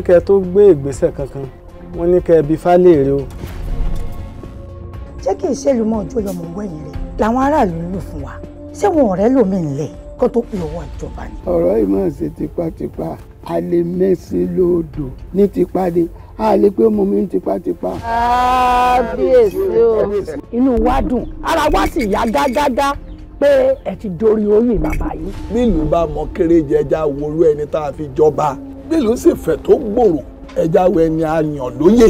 ní kẹ́ tó gbé ìgbésẹ̀ kankan wọ́n ní kẹ́ bí fálẹ́rẹ́ o. ṣé kì í ṣèlú mọ́ ọjọ́ lọ́mọ wẹ̀yìn rẹ̀ làwọn aráàlú ń lò fún wa ṣé wọn ọ̀rẹ́ lómi ńlẹ̀ kó tó pe owó ìjọba ni. ọ̀rọ̀ yìí máa ṣe tipátipá a lè mẹ́sìn lóòdù ní tipa ni a lè pé mo mi ń tipátipá. kábíyèsí o inú wa dùn ara wa sì yá gágágá pé ẹ ti dorí oyè bàbá yìí. nílùú bá mọ kéré jẹjà wòlú ẹni tá a fi jọba bíbélì sì fẹ̀ tó gbòòrò ẹja wo ẹni àyàn lóye.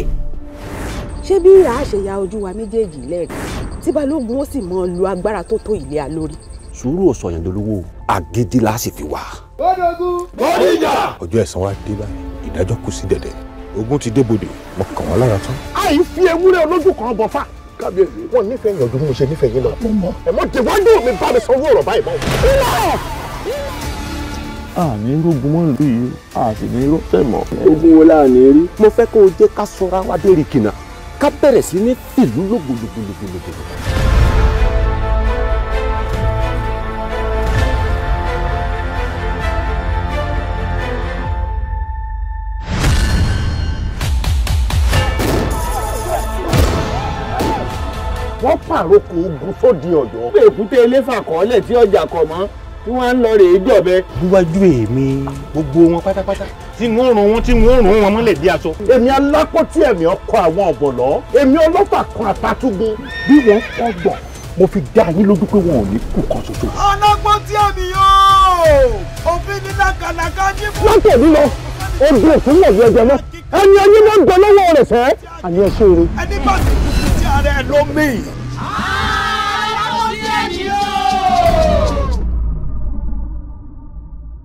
ṣé bí a ṣe ya ojú wa méjèèjì lẹ́ẹ̀kan tí balógun ó sì mọ lu agbára tó tó ìlé alórí. sùúrù ọ̀sọ̀yàn dolówó agídí la sì fi wà. bọ́dọ̀gún bọ́díjà. ọjọ́ ẹ̀san wa dé báyìí ìdájọ́ kù sí dẹ̀dẹ̀ ogun ti débodè mo kàn wọ́n lára tán. àì fi ewúrẹ́ olójú kan bọ̀ fà kábíyèsí. wọn nífẹ̀ẹ́ yànjú bí mo ṣe nífẹ̀ẹ́ yín lọ. ẹ mọ tẹ̀wájú mi bá mi sanwó ọ̀rọ̀ báyìí báyìí àní rógun mọ́ ìlú yìí àti ní rọ́tẹ̀ mọ́. ogun wo láàánú rí. mo fẹ́ kó o jẹ́ ká sọra wa dé rìkìnà ká bẹ̀rẹ̀ sí ní tìlú lògbòlògbòlògbòlò. wọ́n pàrokò ogun sóde ọ̀dọ́. pé èkúté ilé fàkọ́ọ́lẹ̀ tí ọjà kọ̀ mọ́ tí wọ́n á lọ rèé jọ̀bẹ. wíwájú èmi gbogbo wọn pátápátá tí wọ́n rún wọn tí wọ́n rún wọn mọ́lẹ̀ bí aṣọ. èmi alákọ̀tí ẹ̀mí ọkọ àwọn ọ̀bọ̀lọ́ èmi ọlọ́pàá kan àtàtúgbò bí wọ́n kọ́ gbọ̀ mo fi dá yín lójú pé wọn ò ní kú kan ṣoṣo. ọlọ́gbọ́n tí àmì òfin ní làkàlàkà ní. látọ̀dú lọ odò òfin náà yẹ jẹ náà ẹni ẹni ló ń gbọ́ lọ́wọ́ rẹ̀ fẹ́ àní ẹ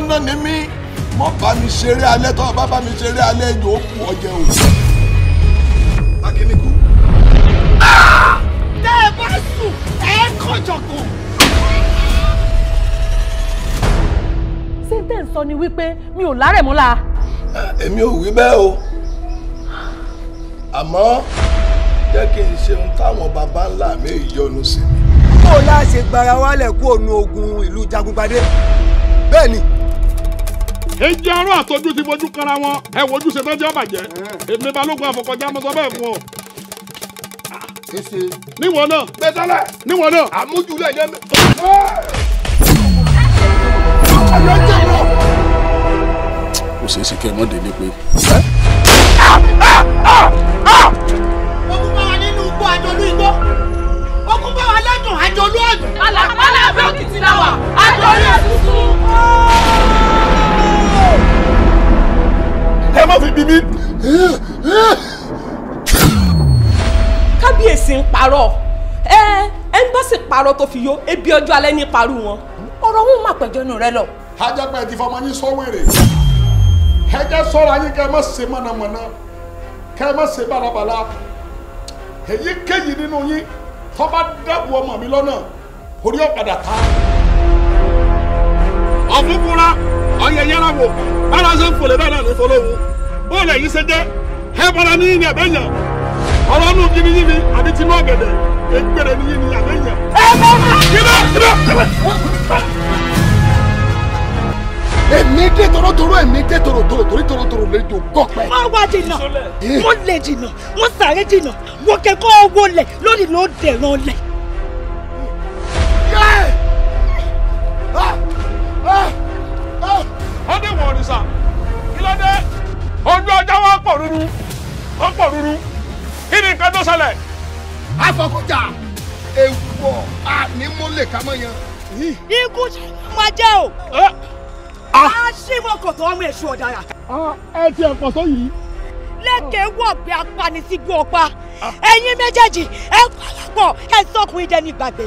ọlọ́nà ni mí mọ bá mi ṣeré alẹ́ tọ́ bá bá mi ṣeré alẹ́ yóò kú ọjẹ́ o. akínníkù. tẹ́ ẹ bá sùn ẹ kọjọ̀gùn. sentence sọ ni wípé mi ò lárẹ̀ mọ́lá. èmi ò wí bẹ́ẹ̀ o àmọ́ jẹ́ kí n ṣe ohun táwọn baba ńlá mi yọ́nú sí mi. kó o láṣẹ gbara wálẹ̀ kó o nu ogun ìlú jagunpadé bẹ́ẹ̀ ni èjì arọ àtọjú ti fojú kara wọn ẹ wojú ṣe ọbàjẹ èmi balógun àfọkọjá mo sọ fún ọ. níwọ náà. gbẹdọlẹ. níwọ náà. àmójúlẹ yẹn mi. ayọ jẹ mọ. kò ṣeé ṣe kẹ ẹ mọ délé pé. ó bá wa nínú igbó àjọlú igbó ó bá wa lọ́dún àjọlú ọ̀dùn. alàpàlà abẹ́òkìtì la wà àjọlú ẹ̀sùn sùn ẹ má fi bí mi. kábíyèsí ń parọ́ ẹ ẹni bá sì parọ́ tó fi yó ebi ọjọ́ alẹ́ ní parú wọn ọ̀rọ̀ wọn má pẹ̀jọ́ nù rẹ lọ. ajápẹ́ ti fọmọ yín sọ́wèrè ẹ jẹ́ sọ́ra yín kẹ́ ẹ má ṣe mọ̀nàmọ́ná kẹ́ ẹ má ṣe bàlàbàlà èyíkéyìí nínú yín tó bá ọmọ mi lọ́nà orí ọ̀padà ta. ọ̀fun kúra ọyẹ yẹra wò bára ṣe ń fòlè bẹ́ẹ̀ ní fọlọ́wọ́ bóòlù ẹ̀yìn ṣe jẹ́ ẹ̀bọ̀dà ní ìní àbẹ̀yàn ọ̀rọ̀ nù jìbìjìbì àti tinú ọ̀gẹ̀dẹ̀ ẹgbẹ̀rẹ̀ ní ìní àbẹ̀yàn. ẹ bọ́ mi. kíbẹ̀ kíbẹ̀ kíbẹ̀. èmi dé torotoro èmi dé torotoro torí torotoro lè jò gọ́pẹ́. wọ́n wá jìnnà wọ́n lè jìnnà wọ́n sàré jìnnà wọ́n kẹ́kọ́ wọlé lónìí ló dẹ̀ràn lẹ̀. Ah! Ah! ó ní ìwọ̀n òrìṣà kí ló dé ojú ọjọ́ wọn pọ̀ rúru wọn pọ̀ rúru kí ni nǹkan tó ṣẹlẹ̀. afọkọjà èèwọ̀ ànímúlẹ̀ kámọ́yàn. ikú ṣe máa jẹ́ o. Ah! a ṣì mọ kòtò ọmọ èṣù ọ̀daràn. ẹ ti ẹ̀ pọ̀ sóyìí. lẹ́kẹ̀ẹ́ wọ̀ bí apani sí gbọ́ ọ̀pá ah! ẹ̀yin méjèèjì ẹ pàlàpọ̀ ẹ sọkùnrin dẹni gbàgbé.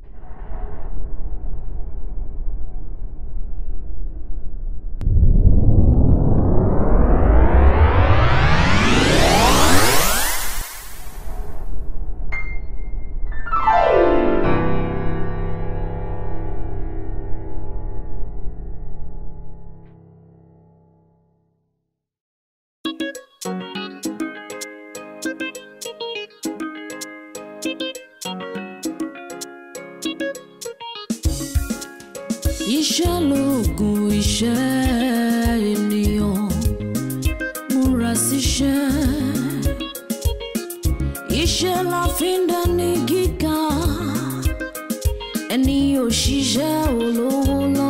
síṣẹ́ iṣẹ́ la fi ń dání gíga ẹni òṣìṣẹ́ olówó lọ.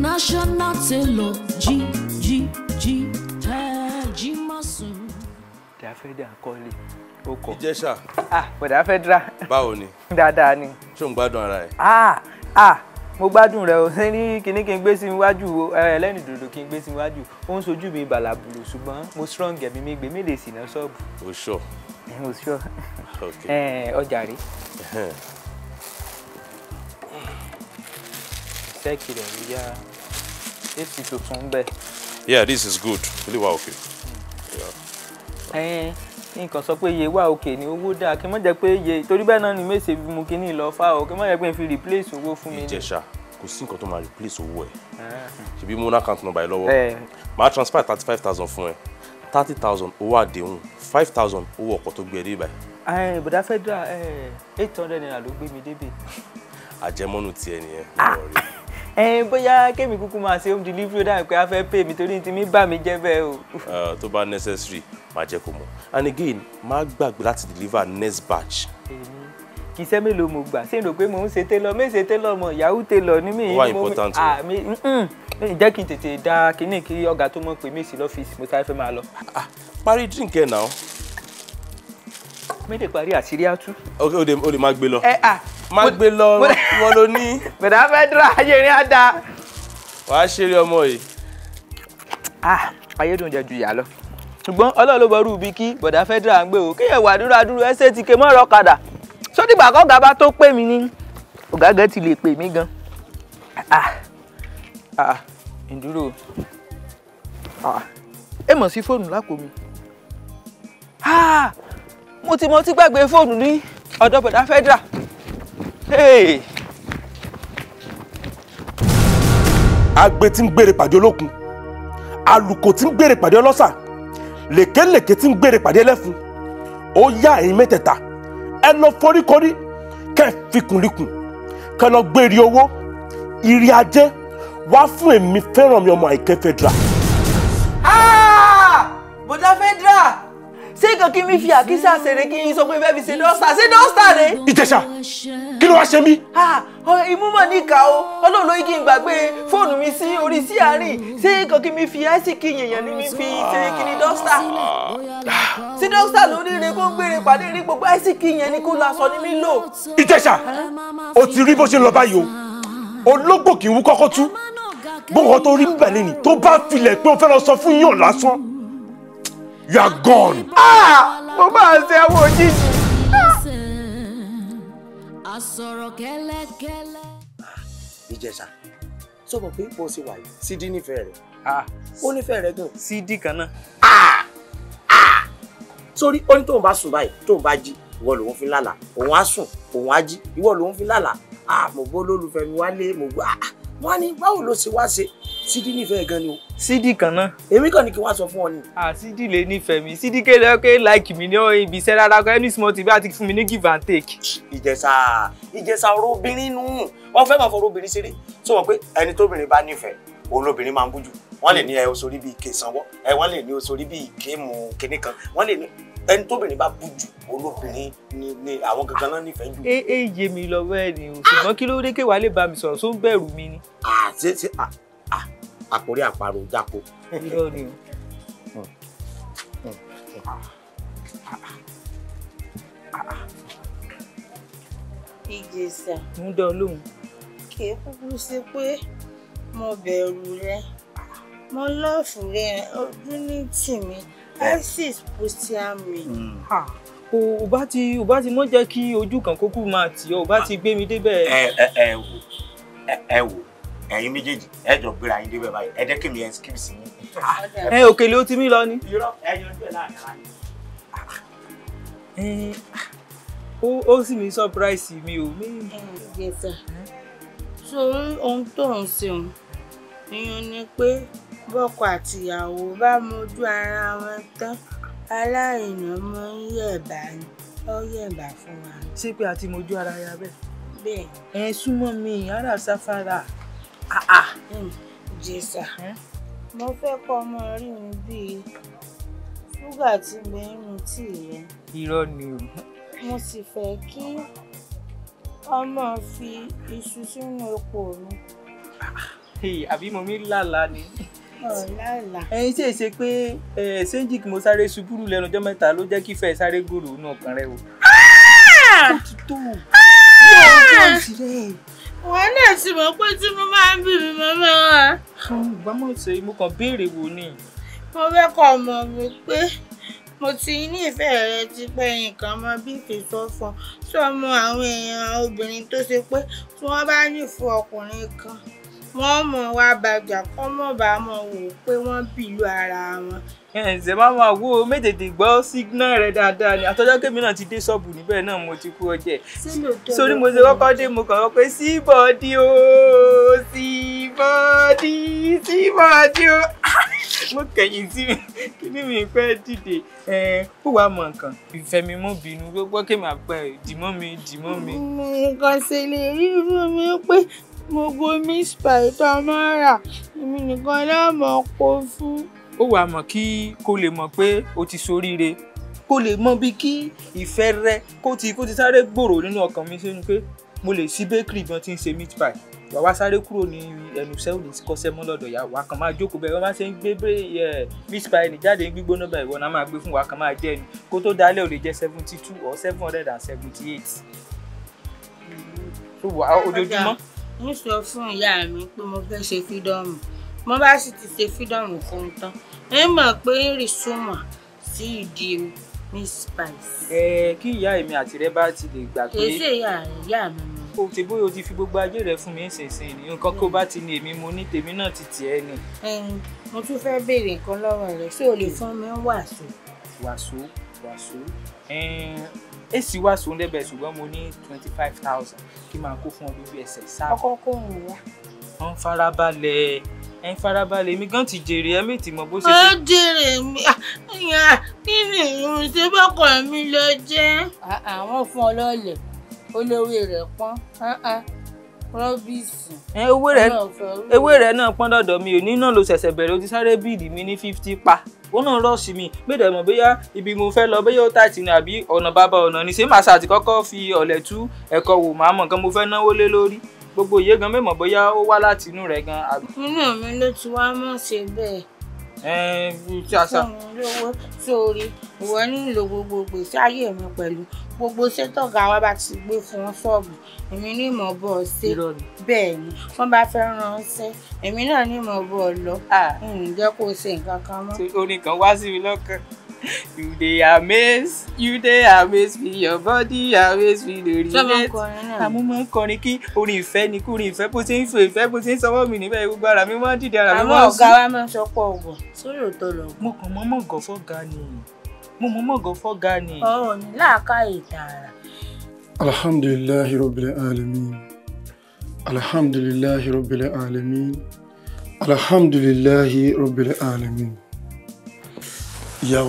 national tailor jí jí jí jí má sùn. dáfẹ́dà kọ́lé ó kọ. ìjẹsà. ah bọ̀dá fẹ́ dra. báwo ni. dáadáa ni. ṣé o gbádùn ara ẹ. ah ah mo gbádùn rẹ o ṣe ní kíní kí n gbé sí iwájú eh, ẹlẹ́ni dòdò kí n gbé sí iwájú ó ń sojú mi bàlàbùlù ṣùgbọ́n mo strong ẹ̀mí mi gbé mi lè sì ná ṣọ́ọ̀bù. o sọ. o sọ eh, ọjà rí. Eh, sẹ́ẹ̀kì rẹ̀ ń yá. AC tuntun ń yeah this is good Really wa òkè. ẹyin nǹkan sọ pé iye wà Okay, ni owó dáa kí n má jẹ́ pé iye torí bẹ́ẹ̀ náà ni mèsè bí mo kíní lọ fà ó kí n má jẹ́ pé n fi replace owó fún mi. ìjẹsà kò sí nǹkan tó máa replace owó ẹ ah. ṣebí mo ná account ẹ lọ́wọ́ màá transfer thirty five thousand fún ẹ thirty thousand owó àdéhùn five thousand owó ọkọ̀ tó gbé ẹ dé báyìí. bùdá fẹ́ dà eight hundred naira ló gbé mi débè. àjẹmọ́nù tiẹ̀ nìyẹn. Ah ẹ bóyá kémi kúkú máa ṣe home delivery ó dàbí pé a fẹ́ pè mí torí ti mi bà mí jẹ́ bẹ́ẹ̀ o. tó bá necessary máa jẹ́ kó mọ̀ and again má gbàgbé láti deliver next batch. kì í ṣe mélòó mo gbà ṣé n rò pé mò ń ṣe tailor mé ṣe tailor mọ yahoo tailor ní mi. wá important o ah, mi jẹ́ kí n tètè da kíní kí ọ̀gá tó mọ̀ pé mi sí lọ́fíìsì mo sáré fẹ́ máa lọ. Ah, parí drink ẹ̀ náà. mi lè parí àṣírí àtú. ok o lè máa gbé lọ. ẹ ah má gbé lọ wọn ló ní. bẹ̀dá fẹ́ dúró ayé rí àdá. wàá ṣeré ọmọ yìí. ah ayédùn jẹ ju ìyá lọ ṣùgbọ́n ọlọ́run ló bọ̀rù bí kí bọ̀dá fẹ́ dúró à ń gbé o kíyẹn wà dúró adúró ẹsẹ̀ ti ké mọ́rọ̀ kadà sódìgbà kọ́gà bá tó pè mí ní ọ̀gágẹ́ ti lè pè mí gan. ah ah ìdúró ah ẹ mọ̀ sí fóònù lápò mi ah mo ti mo ti gbàgbé fóònù ní ọ̀dọ̀ bọ̀dá fẹ́ dúró Hey! agbe tí ń gbére pàdé olókun alùkò tí ń gbére pàdé ọlọ́sà lèkélèké tí ń gbére pàdé ẹlẹ́fun ó yá ẹ̀yin mẹ́tẹ̀ẹ̀ta ẹ lọ foríkorí kẹ́ fikùnlikùn kẹ́ lọ gbére owó ìrì ajé wá fún èmi fẹ́ràn mi ọmọ àìkẹ́ fẹ́dra. Ah! bọ́dá fẹ́dra. ṣé nǹkan kí mi fi àkísà ṣeré kí n sọ pé bẹ́ẹ̀ fi ṣe dọ́sítà ṣe dọ́sítà rè. ìjẹsà kí ló wá ṣe mí. ìmúmọ̀ níkà o ọlọ́run ló yí kí n gbàgbé fóònù mi sí orí sí àárín e. ṣé nǹkan kí mi fi àìsíkì yẹ̀yàn ni mi fi ṣeré kí ni dọ́sítà. ṣé dọ́sítà ló ní ire kó ń gbére pàdé rí gbogbo àìsíkì yẹn ni kó lásọ ní mí lò. ìjẹsà o ti rí bó ṣe lọ báyìí o ológbò kì í wú kọ́kọ́ tú bó wọn tó rí bẹ́ẹ̀ ni tó bá filẹ̀ pé o fẹ́ lọ sọ fún yàn you are gone. Ah, mo máa ṣe àwọn òjijì. Ah. àsọ̀rọ̀ kẹ́lẹ́kẹ́lẹ́. ìjẹsà sọ mọ pé bó ṣe wà yìí sídí nífẹ̀ẹ́ rẹ̀ ah. ó nífẹ̀ẹ́ rẹ̀ gan. sídí kan náà. sórí ó ní tóun bá sùn báyìí tóun bá jí ìwọ lòun fi lálàá òun á sùn òun á jí ìwọ lòun fi lálàá mo gbọ́ olólùfẹ́ mi wálé mo ah, wọ́n á ní báwo ló ṣe wá ṣe CD nífẹ̀ẹ́ gan ni o. sídì kan náà. èmi kàn ní kí wọ́n sọ fún ọ ni. à sídì lè nífẹ̀ẹ́ mi CD kéde pé like mi ní ibi iṣẹ́ rárá kọ́ any small tv bí a ti fún mi ní give and take. ìjẹsà ìjẹsà ọ̀rọ̀ obìnrin nù wọ́n fẹ́ máa fọ ọ̀rọ̀ obìnrin ṣeré sọ wọn pé ẹni tóbìnrin bá nífẹ̀ẹ́ òun lóbìnrin máa ń bójú wọ́n lè ní ẹ oṣoorí bíi ike sanwó ẹ wọ́n lè ní oṣoorí bíi ike mu kinní kan wọ́n lè ní ẹni tóbìnrin bá bójú olóbìnrin ni ni àwọn gangan náà nífẹ̀ẹ́ jù. ee yé mi lọ bẹ́ẹ̀ ni o ṣùgbọ́n kí ló dé kéwàá lè bá mi sọ̀rọ̀ tó ń bẹ̀rù mi ni. àti àti àkórí àparò jáko. ìjẹsà ń dán lóhùn. kì í kúkú sí pé mo bẹ̀rù rẹ mo lọ́ọ̀fù rẹ ọdún ní tìmí isis postiam rẹ. o bá ti o bá ti mọ jẹ́ kí ojú kan kókó máa tì ọ́ o bá ti gbé mi débẹ̀. ẹ ẹ ẹ wò ẹ wò ẹ̀yin méjèèjì ẹ jọ gbéra yín débẹ̀ báyìí ẹ jẹ́ mi excuse sí yín. ẹ òkèlè ó ti mí lọ ni. irọ́ ẹ yanjú ẹ láàrin ó sì mí surprise mi ò mí. gẹ̀ẹ́sà torí ohun tó ń ṣeun ìyẹn ni pé bọ́kọ àtìyàwó bá mojú ara wọn tán aláìná mọ́ ń yẹ̀bà ni ó yẹ̀bà fún wa. ṣé pé a mojú ara ya bẹ́ẹ̀. bẹ́ẹ̀. ẹ súnmọ́ mi ara sáfárà. Ah, hmm, jésà hmm? mo fẹ́ kọ́ ọmọ rí mi bíi ṣúgà tí mi ń mu tí rẹ. irọ́ ni o. mo sì fẹ́ kí ọmọ fi iṣu sínú epo mi. àbí mo mi lálàá ni ẹyin tí ì ṣe pé sẹ́ńjìkì mo sáré ṣubúrú lẹ́nu ọjọ́ mẹ́ta ló jẹ́ kí ìfẹ́ sáré gbòòrò inú ọkàn rẹ o. Ah! tó tó ah! tó wọn náà ti mọ̀ pé tí mo máa ń bì mí mọ́mọ́ wa. ìgbàmọ̀ ṣe mo kàn béèrè wò ni. mo fẹ́ kọ́ mọ̀ wípé mo ti ní ìfẹ́ rẹ ti pẹ́ nǹkan mọ bí ìfìsọ́fọ́ sọmọ àwọn èèyàn obìnrin tó ṣe pé tí wọ́n bá nífọ̀ ọkùnrin kan wọ́n mọ̀ wá bàjá kọ́ mọ̀ bá mọ̀ wò pé wọ́n bìlú ara wọn ṣe máa máa wo méjèèjì gbọ́ signal rẹ dáadáa ni àtọ́jọ́ kémi náà ti dé ṣọ́ọ̀bù níbẹ̀ náà mo ti kú ọjẹ́ sórí mo ṣe kọ́kọ́ dé mo kàn wọ́n pé síbọ̀dí o síbọ̀dí síbọ̀dí o mo kẹ̀yìn sí mi kíní mi pẹ́ dìde kó wàá nǹkan ìfẹ́ mú bínú gbogbo kémi àpẹ dìmọ́ mi dìmọ́ mi. nǹkan ṣẹlẹ̀ rí fún mi pé gbogbo miss pàtó máa èmi nìkan náà kó fún ó wàá mọ̀ kí kó lè mọ̀ pé o ti soríire kó lè mọ̀ bí kí ìfẹ́ rẹ kó ti kó ti sáré gbòòrò nínú ọkàn mi ni pé mo lè sí bakery gan tí ń ṣe meat pie wàá sáré kúrò ní ẹnu sẹ́wọ̀n kọ́sẹ́ mọ́ lọ́dọ̀ ìyá wa kàn máa jókòó bẹ́ẹ̀ wọ́n máa ṣe ń gbé meat pie ní jáde ń gbígbóná bẹ́ẹ̀ ìwọ náà máa gbé fún wa kàn máa jẹ́ ẹni kó tó dalẹ̀ ò lè jẹ́ seventy two or seven hundred and seventy eight. ojoojúmọ́. mo sọ fún ìyá mi pé mo fẹ́ ṣe fídọ́ọ̀mù mo bá sì ti ṣe fídọ́ọ̀mù fún un tán ẹ mọ̀ risuma, ń rì súnmọ̀ sí spice. ẹ kí ìyá èmi àti rẹ bá ti lè gbà pé. kì í ṣe ìyá ìyá mi mọ. o ti bóyá o ti fi gbogbo ayé rẹ fún mi ìsinsìnyí ni nǹkan kó bá ti ní èmi mo ní tèmi náà ti tiẹ̀ ni. mo tún fẹ́ béèrè nǹkan lọ́wọ́ rẹ ṣé o lè fún mi wàásù. wàásù wàásù èsì wàásù ń débẹ̀ ṣùgbọ́n mo ní twenty five thousand kí n máa kó fún ọ lórí ẹsẹ̀ sáà. ọkọ kò ń wọ́n farabalẹ̀ ẹ farabalẹ̀ mi gan ti jèrè ẹ méjì mọ bó ṣe. ó jèrè mi ah, ìyá kí ni ìrùn tí bọ́kọ̀ mi lọ jẹ́. àwọn ah, ah, fún ọ lọ́lẹ̀ olówó rẹ̀ pọ́n rọ́bìsì. ẹ owó rẹ ewé rẹ náà pọ́n dọ̀dọ̀ mi ò ní náà lo ṣẹ̀ṣẹ̀ bẹ̀rẹ̀ o ti sáré bíìdì mi ní fífítì pa òun náà rọ̀ọ̀sì mi gbẹ̀dẹ̀ mọ̀ bóyá ibi mo fẹ́ lọ bóyá ó tàìtì ni àbí ọ̀nà bàbá ọ̀nà ni ṣé màá ṣàtìkọ́kọ́ fi ọ̀lẹ̀ tú ẹ̀kọ́ wò máa mọ̀ nǹkan mo fẹ́ náwó lé lórí gbogbo ìyé gan mẹ́mọ̀ bóyá ó wá láti inú rẹ̀ gan. inú mi ló ti wá mọ̀ ṣe bẹ́ẹ̀. ẹ ẹ tí a sà. fún mi lówó sórí ìwọ nílò gbogbo gbèsè ayé mi pẹ̀lú gbogbo sétọ̀gá wa bá ti gbé fún ṣọ́ọ̀bù èmi ní ìmọ̀ bọ̀ ṣe bẹ́ẹ̀ ni wọ́n bá fẹ́ ránṣẹ́ èmi náà ní ìmọ̀ bọ̀ lọ ǹjẹ́ ah. kò ṣe nǹkan kan mọ́. orin kan wá sí mi lọ́kàn you dey amaze you dey amaze me your body amaze me lórí net àmú mọ kọrin kí orin ìfẹ́ ni kú orin ìfẹ́ bó ṣe ń fò ìfẹ́ bó ṣe ń sọwọ́ mi níbẹ̀ gbogbo ara mi máa ń dìde ara mi máa ń sùn. àwọn ọ̀gá wa máa ń sọpọ̀ ọ̀gọ̀ sórí òótọ́ lọ. mo kàn mọ́ mọ̀gàn fọ́gà ni mo mọ́ mọ̀gàn fọ́gà ni. ọ̀rọ̀ ní láàká ìtara. alhamdulilayi rabbil alamin alhamdulilayi rabbil alamin alhamdulilayi rabbil alamin ìyá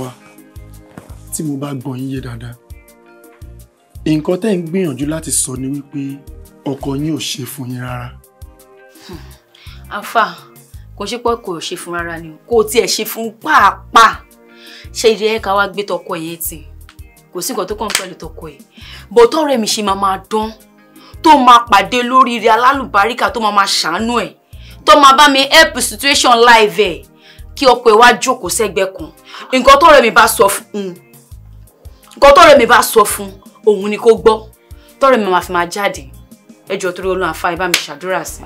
tí mo bá gbọ́ yín yé dáadáa nǹkan tẹ́ ń gbìyànjú láti sọ ni wípé ọkọ yín ò ṣe fún yín rárá. Hmm. àfà kò ṣe pé kò ṣe fún rárá ni kò tiẹ̀ ṣe fún pàápàá ṣe ìdí ẹ̀ ká wá gbé tọkọ yẹn tì kò sí nǹkan tó kàn pẹ̀lú tọkọ ẹ̀ bọ́ tọ́rọ̀ mi ṣe máa máa dán tó máa pàdé lóríire alálùbáríkà tó máa máa ṣàánú ẹ̀ tó máa bá mi help situation live ẹ̀ kí ọkọ ẹ̀ wá jókòó sẹ́gbẹ̀ẹ́ kan nǹkan tọ́rọ̀ mi bá sọ fún un nǹkan tọ́rẹ́ mi bá sọ fún òun ni kó gbọ́ tọ́rẹ́ mi máa fi máa jáde ẹjọ́ torí olóhùn àfa ibà mi ṣàdúrà sí.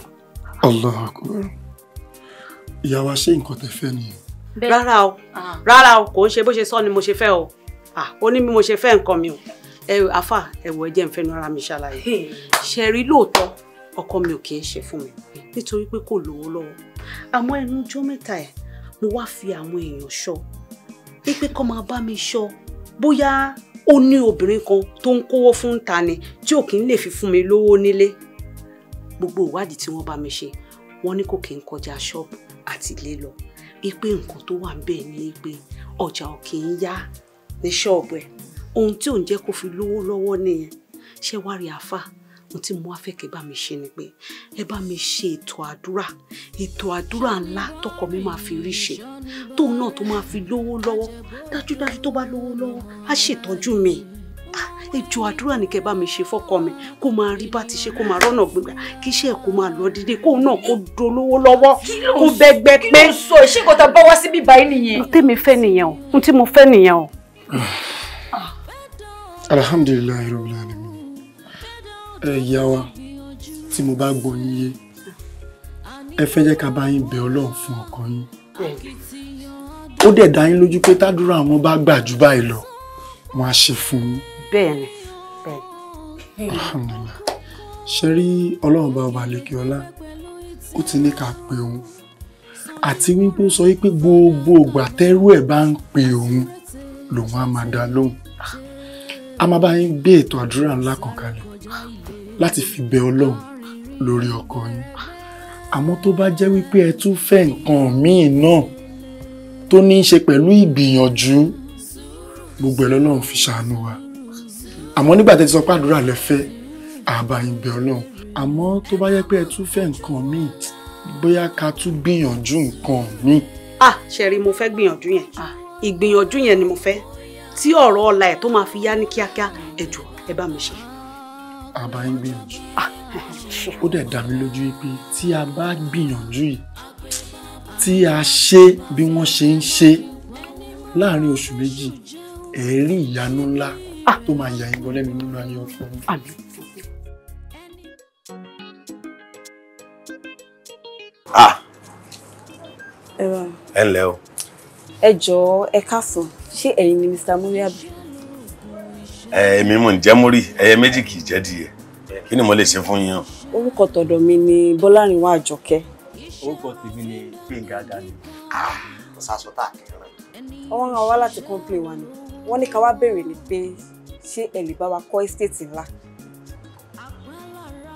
Allahu akbar ìyá wa ṣé nǹkan tẹ fẹ́ nìyẹn. rárá o ah. rárá o kò ń ṣe bó ṣe sọ ni mo ṣe fẹ́ o ó ní bí mo ṣe fẹ́ nǹkan mi o àfà ẹ̀wọ̀ ẹ̀jẹ̀ ń fẹ́nu ara mi ṣàlàyé ṣe rí lóòótọ́ ọkọ mi ò kì í ṣe fún mi nítorí pé kò lówó lọ́wọ́ àmọ́ ẹnu ọjọ́ mẹ́ta ẹ̀ mo wá fi àwọn èèyàn ṣọ́ pé kó máa bá mi ṣọ́ bóyá ó ní obìnrin kan tó ń kówó fún ta ni tí ò kí ń lè fi fún mi lówó nílé gbogbo ìwádìí tí wọ́n bá mi ṣe wọ́n ní kò kí ń kọjá ṣọ́ọ̀bù àti ilé lọ wípé nǹkan tó wà níbẹ̀ ni pé ọjà ò kí ń yá ní ṣọ́ọ̀bù ẹ̀ ohun tí ò ń jẹ́ kó fi lówó lọ́wọ́ nìyẹn ṣé wàá rí àáfàá nǹkan tí mo wá fẹ́ kẹ́ bá mi ṣe ni pé ẹ bá mi ṣe ètò àdúrà ètò àdúrà ńlá tọkọ mi máa fi rí ṣe tóun náà tó máa fi lówó lọ́wọ́ dájúdájú tó bá lówó lọ́wọ́ á ṣètọ́jú mi ètò àdúrà ni kẹ́ bá mi ṣe fọ́kọ mi kó máa rí bá ti ṣe kó máa rọ́nà gbígbà kí iṣẹ́ kó máa lọ dídé kóun náà kó dolówó lọ́wọ́ kó bẹgbẹ pé. kí ló sọ ṣé kò tá bọ́wọ́ síbí báyìí nìyẹn. tèmi fẹ́ nìyẹn o ohun tí mo fẹ́ nìyẹn o. alhamdulilayi rabbil alamin ẹ̀yà wa tí mo bá gbọ́ yín yé ẹ fẹ́ jẹ́ ká bá yín bẹ̀ ọlọ́run fún ọkọ yín ó dẹ̀ dá yín lójú pé tádúrà wọn bá gbà jù báyìí lọ wọn á ṣe fún yín. bẹ́ẹ̀ni bẹ́ẹ̀ni. ṣe rí ọlọ́run bá ọba àlekè ọlá ó ti ní ká pe òun àti wípé ó sọ wípé gbogbo ìgbà tẹ́rú ẹ̀ bá ń pe òun lòun á máa dá lóhùn a máa bá yín gbé ètò àdúrà ńlá kan kalẹ̀ láti fi bẹ ọlọ́run lórí ọkọ yín àmọ́ tó bá jẹ́ wípé ẹ tún fẹ́ nǹkan míì náà tó ní í ṣe pẹ̀lú ìgbìyànjú gbogbo ẹ̀ lọ́lọ́run fi ṣàánú wa àmọ́ nígbà tẹ́ ti sọ pé àdúrà lẹ fẹ́ àbá yín bẹ ọlọ́run àmọ́ tó bá jẹ́ pé ẹ tún fẹ́ nǹkan míì bóyá ká tún gbìyànjú nǹkan míì. ah ṣẹ̀rí mo fẹ́ gbìyànjú yẹn ah. ìgbìyànjú yẹn ni mo fẹ́ tí ọ̀rọ̀ ọ̀la ẹ̀ tó máa fi yá ní kíákíá ẹ̀jọ̀ ẹ bá mi ṣe àbá ń gbìyànjú ó dẹ̀ dá mi lójú pé tí a bá gbìyànjú yìí tí a ṣe bí wọ́n ṣe ń ṣe láàárín oṣù méjì ẹ̀rí ìyanu ńlá tó máa yà yín bọ́lẹ́mi nínú ayé ọ̀fun. Ah! ẹ ǹlẹ́ o. ẹ jọ̀ọ́ ẹ káàsán ṣé ẹ̀yin ni Mr. Muriabi èmi mò ń jẹ́ mórí ẹyẹ méjì kì í jẹ́ díẹ̀ kí ni mo lè ṣe fún yín o. orúkọ tọ̀dọ̀ mi ni bọ́lárìnwá àjọkẹ́. orúkọ tèmi ni gbẹ̀ngà dání. sàṣọtà kẹrin. ọwọ́n àwọn wá láti kọ́ńpìlì wa ni wọ́n ní ká wá béèrè ni pé ṣé ẹ lè bá wa kọ́ ẹ́stéètì ńlá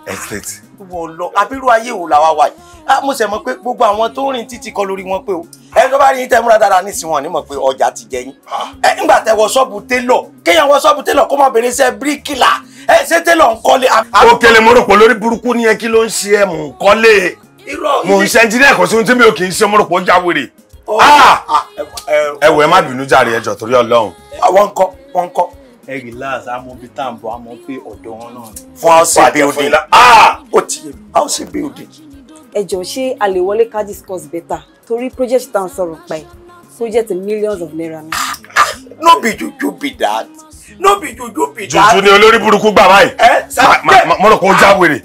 expert. wọ́n lọ abirú ayé wo làwa wà yìí ah, mo ṣe mọ̀ pé gbogbo àwọn tó rìn títí kọ lórí wọn pé o ẹni tó bá rí tẹ múra dára nísìnyí wọn ni mọ̀ pé ọjà ti jẹ yín ẹ ah. nígbà eh, tẹ wọ ṣọ́ọ̀bù télọ̀ kéèyàn wọ ṣọ́ọ̀bù télọ̀ kó má bèrè iṣẹ́ bíríkìlà ẹ eh, ṣé télọ̀ ń kọ́lé. Ah, ó kẹlẹ̀ mo rò pé lórí burúkú ni e kí ló ń ṣe ẹ mò ń kọ́lé mò ń ṣe ẹnjíníà kò sí ohun tí mi ò kì í ṣe mo rò pé ó jáwèrè oh. ẹ wò ẹ má bínú jàre ẹjọ torí Ọlọ́run. wọn kọ wọn ẹ relax àmọ́ bíi tá à ń bọ̀ àmọ́ pé ọ̀dọ̀ wọn náà ni. fún house building ah! ah ó ti yẹ house building. ẹ jọ̀ọ́ ṣé a lè wọlé ká discuss better torí project tá à ń sọ̀rọ̀ pa ẹ̀ project millions of naira ni. Ah! no be juju be that no be juju be that. juju ni olórí burúkú gbà báyìí mo rò pé ó jáwèrè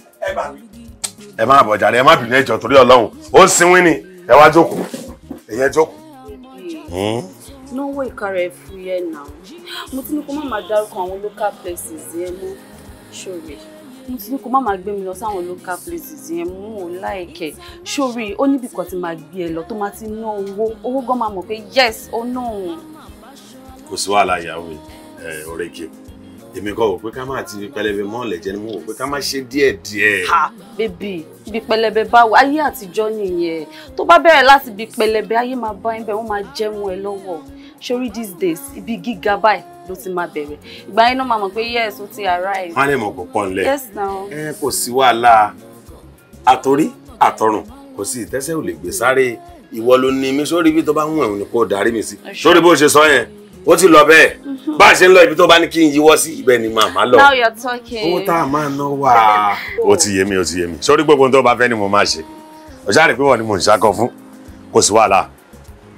ẹ má bọ̀ jàre ẹ má bínú ẹjọ́ torí ọlọ́run ó ń sinwín ni ẹ wá jókòó ẹ̀yẹ jókòó. No way, ẹ̀ fún yẹn náà mo ti ní kó má máa dárúkọ local places yẹn mọ́ ṣòro mo ti ní kó má mi lọ sáwọn local places yẹn mú ò láìkẹ sórí ó níbì kan ti máa gbé ẹ lọ tó máa ti ná owó gan máa mọ̀ pé yes ó no? òun. kò sí wàhálà ìyàwó ẹ ọ̀rẹ́ kí èmi kò wò pé ká ti fi pẹlẹbẹ mọ ọlẹjẹ ni mo wò pé ká máa ṣe díẹ̀ díẹ̀. ha bèbè ibi pẹlẹbẹ báwo ayé àtijọ́ nìyẹn tó bá bẹ̀rẹ̀ láti ibi pẹlẹbẹ ayé máa bá ẹ bẹ́ẹ̀ wọ́n máa jẹun ẹ lọ́wọ́ sórí these days ibi gíga báyìí ló ti máa bẹ̀rẹ̀ ìgbà yẹn náà máa mọ̀ pé yes ó ti arrive. wọ́n á lè mọ̀ pọ̀ pọ̀ nílẹ̀ ẹ kò sí wàhálà àtòrí àtọrùn kò sí ìtẹ́sẹ̀ ò lè gbé sáré ìwọ ló ní mi sórí ibi tó bá ń wọ̀n ni kò darí mi sí sórí bó ṣe sọ yẹn ó ti lọ bẹ́ẹ̀ mm-hmm. bá a ṣe ń lọ ibi tó bá ní kí n yíwọ́ sí ibẹ̀ ni màmá lọ owó tá a máa ná wà. ó ti yé mi ó ti yé mi sórí gbogbo tó bá fẹ́ ni mo máa ṣe ọ̀ṣà rẹ̀ ni mo ń ṣakọ fún kò sí wàhálà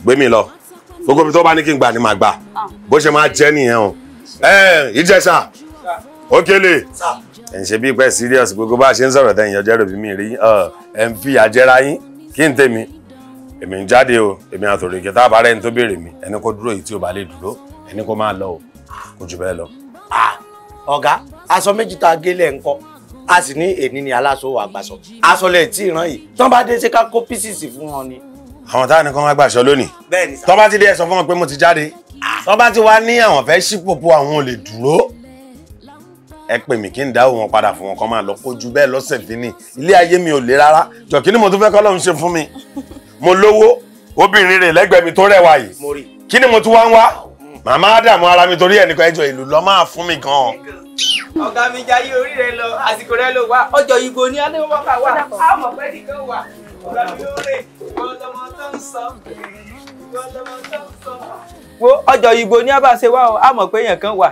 gbé mi lọ gbogbo ibi tó bá ní kí n gbà ni màá gbà ah. bó ṣe máa jẹ́ nìyẹn o ìjẹsà Okele ẹ̀ ń ṣe bí pẹ́ serious gbogbo bá a ṣe ń sọ̀rọ̀ tẹ̀yìn ọjọ́ rẹ̀ bí mi rí ẹ̀ ń fi àjẹra yín kí n tèmi èmi ń jáde o èmi àtòrò ìkẹta àbárẹ́ ní tó béèrè mi ẹni kó dúró yìí tí o bá lè dúró ẹni kó máa lọ o kò jù bẹ́ẹ̀ lọ. ọ̀gá aṣọ méjì tá a gé lẹ̀ ń kọ́ a sì ní èní ni aláṣọ wà gbàṣọ aṣọ lẹ̀ tí ì rán yìí tán bá dé ṣe ká kó písìsì fún wọn ni àwọn táwọn nìkan wá gbàṣọ lónìí tó bá ti dé ẹ sọ fún wọn pé mo ti jáde tó bá ti wá ní àwọn fẹ́ ṣípòpò àwọn ò lè dúró ẹ pè mí kí n dáwọ́ wọn padà fún wọn kan máa lọ kojú bẹ́ẹ̀ lọ́sẹ̀ fínì ilé ayé mi ò le rárá jọ kí ni mo tún fẹ́ kọ́lọ́run ṣe fún mi mo lówó obìnrin rẹ̀ lẹ́gbẹ̀ẹ́ mi tó rẹwà yìí kí ni mo tún wá ń wá màmá àdàmú ara mi torí ẹnìkan ẹjọ ìlú lọ máa fún mi gan. ọ̀gá mi jayé orí rẹ lọ àsìkò rẹ ló wá ọjọ́ ìgbò ní adéwọ́ká wà á mọ̀ pẹ́ nìkan wà wo ọjọ́ ìgbò ní abáṣe wa o a mọ̀ pé èèyàn kan wà.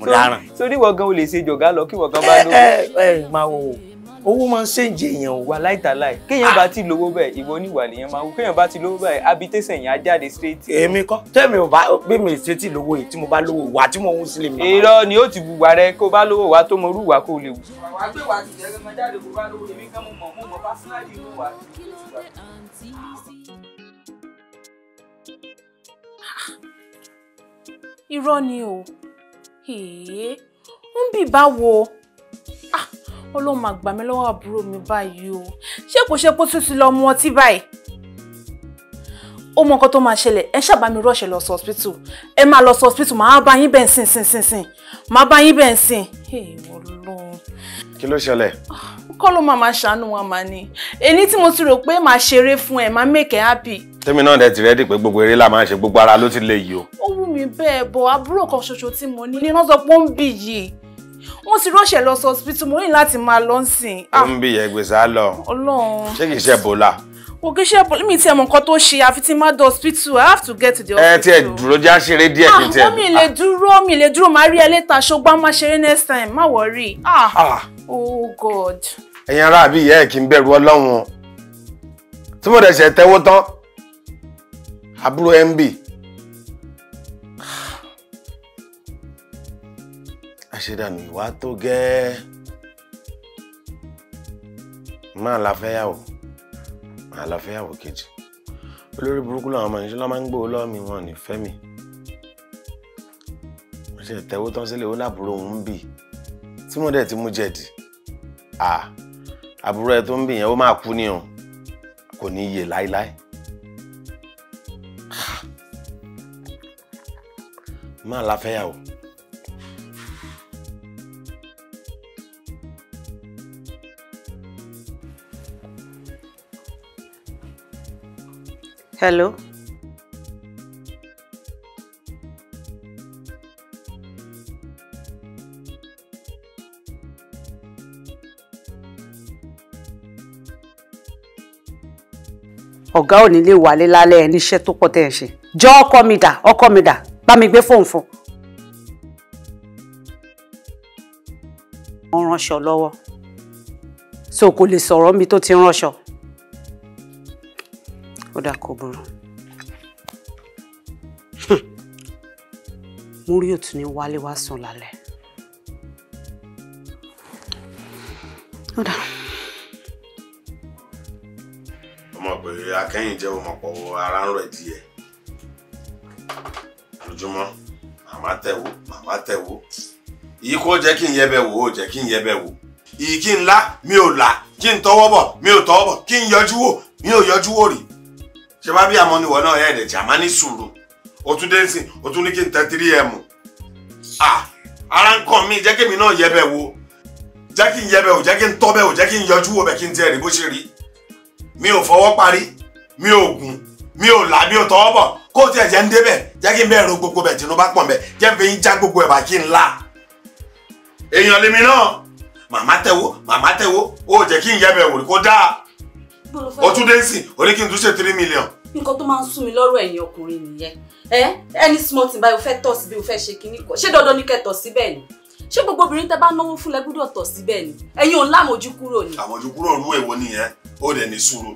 mo dáràn. sórí ìwọ gan o lè ṣe jọ̀gá lọ kí ìwọ gan bá lóko. ẹ ẹ máa wò ó owó máa ń ṣèǹjẹ èèyàn wà láìtàláì kéèyàn bá ti lówó bẹ́ẹ̀ ìwọ oníwà lèèyàn máa wù kéèyàn bá ti lówó bẹ́ẹ̀ abitéṣẹ̀ yẹn á jáde straight. èmi kọ́ tẹ́mi ò bá gbé mi ṣe tí lówó yìí tí mo bá lówó wà tí mo ń sílẹ̀ mi. irọ́ ni ó ti wùwà rẹ kó bá lówó wà tó morú wà kó lè wù. wàá ti jẹ́rẹ́ mọ jáde kó bá lówó èmi kàn mọ̀ mọ̀ mọ̀ pásínálì ló wà irọ́ ni o ń bì báwo ah Ọlọ́run máa gbà mí lọ́wọ́ àbúrò mi báyìí o ṣé kò ṣe pé tún ti lọ mu ọtí báyìí ó mọ nǹkan tó máa ṣẹlẹ̀ ẹ ṣáà bá mi rọ́ọ̀ṣẹ̀ lọ sí hospital ẹ máa lọ sí hospital màá bá yín bẹ́ẹ̀ sìn sìn sìn sìn màá bá yín bẹ́ẹ̀ sìn. kí ló ṣẹlẹ̀. Ah, kọ́ ló máa máa ṣàánú wa máa ní ẹni tí mo ti rò pé màá ṣeré fún ẹ máa make ẹ happy. tèmi náà dẹ̀ ti rẹ́dì pé gbogbo eré la máa ṣe gbogbo ara ló ti lè yìí o. ó wù mí bẹ́ẹ̀ bọ̀ àbúrò kan ṣoṣo tí mo ní ní wọ́n sọ pé ó ń bì yìí wọ́n ti ránṣẹ́ lọ sí hospital mo ní láti máa lọ sìn. ó ń bí ẹgbèsè á lọ ṣé kìí ṣe bọ́lá. kò kí ṣe bọ́lá mi ti ẹ̀ mọ̀ nǹkan tó ṣe àfi tí n má dọ̀ hospital I have to get to the hospital. ẹ tiẹ̀ dúró já ṣeré díẹ̀ kí n ah, tiẹ̀. àwọn mi ah. lè dúró mi lè dúró máa rí ẹ létà ṣùgbọ́n má ṣeré next time má worry. Ah. oh god. ẹ̀yin ará àbí ìyá ẹ̀ kì í bẹ̀rù ọlọ́run tí mo dẹ̀ ṣẹ̀ tẹ́wọ́ tán àbúrò mb àṣedànù ìwà tó gẹ́ẹ́ máa la fẹ́yàwó máa la fẹ́yàwó kejì olórí burúkú làwọn ọmọ ìṣúná máa ń gbòó lọ́ọ̀mì wọn ní fẹ́mi wọ́n ṣe tẹ́wó tán sílẹ̀ ó láàbúrò òun ń bì tí mo dẹ̀ ti mú jẹ̀dì àbúrò ẹ tó ń bì yẹn ó máa kú ni o kò ní yè láéláé máa la fẹ́yàwó. Hello ọ̀gá ò ní lè wálé lálẹ́ ẹ̀ níṣẹ́ tó pọ̀ tẹ́ ẹ̀ ṣe jọ ọkọ mi dà ọkọ mi dà bá mi gbé fóònù fún. wọ́n ránṣọ lọ́wọ́ so kò lè sọ̀rọ̀ mi tó ti ránṣọ ó dà kó burú múrí hm. ò tún ní wálé wá sùn lálẹ́ ó dà. ọmọ pé akẹ́yìn jẹ́ ọmọ pọ̀ ara ń rẹ̀ díẹ̀ lójúmọ́ màmá tẹ̀wó màmá tẹ̀wó yìí kò jẹ́ kí n yẹ bẹ̀ wò ó jẹ́ kí n yẹ bẹ̀ wò yìí kí n lá mi ò là kí n tọwọ́ bọ̀ mi ò tọwọ́ bọ̀ kí n yọjú wò mi ò yọjú wò rí ṣe bá bí àmọ́ ni wọ́n náà ẹ̀ ẹ̀dẹ̀jà má sùúrù o tún dé sí o tún ní kí n tẹ tírí ẹ̀ mú ara ń kàn mí jẹ́ kí èmi náà yẹ bẹ̀ wo jẹ́ kí n yẹ bẹ̀ o jẹ́ kí n tọ́ bẹ̀ o jẹ́ kí n yọjú wo bẹ̀ kí n tiẹ̀ rí bó ṣe rí mi ò fọwọ́ parí mi ò gùn mi ò là mi ò tọwọ́ bọ̀ kó o tiẹ̀ jẹ́ ń débẹ̀ jẹ́ kí n bẹ́ẹ̀ ro gbogbo bẹ̀ tìǹbù pọ̀ bẹ̀ jẹ́ kí n la èèyàn lèmi náà màmá tẹ̀wó màmá o jẹ́ n yẹ bẹ̀ ọtúndé ń sìn ó ní kí n tún ṣe three million. nǹkan tó máa ń sún mi lọ́rọ̀ ẹ̀yin ọkùnrin nìyẹn ẹ ẹni small tí báyìí o fẹ́ tọ̀ síbi o fẹ́ ṣe kinní kan ṣé dandan ni kẹ́ tọ̀ síbẹ̀ ni ṣé gbogbo obìnrin tẹ́ bá náwó fún lẹ gbọ́dọ̀ tọ̀ síbẹ̀ ni ẹ̀yin ò ń lámọ̀jú kúrò ni. àmọ̀jú kúrò rú èwo nìyẹn ó dẹ̀ ní sùúrù.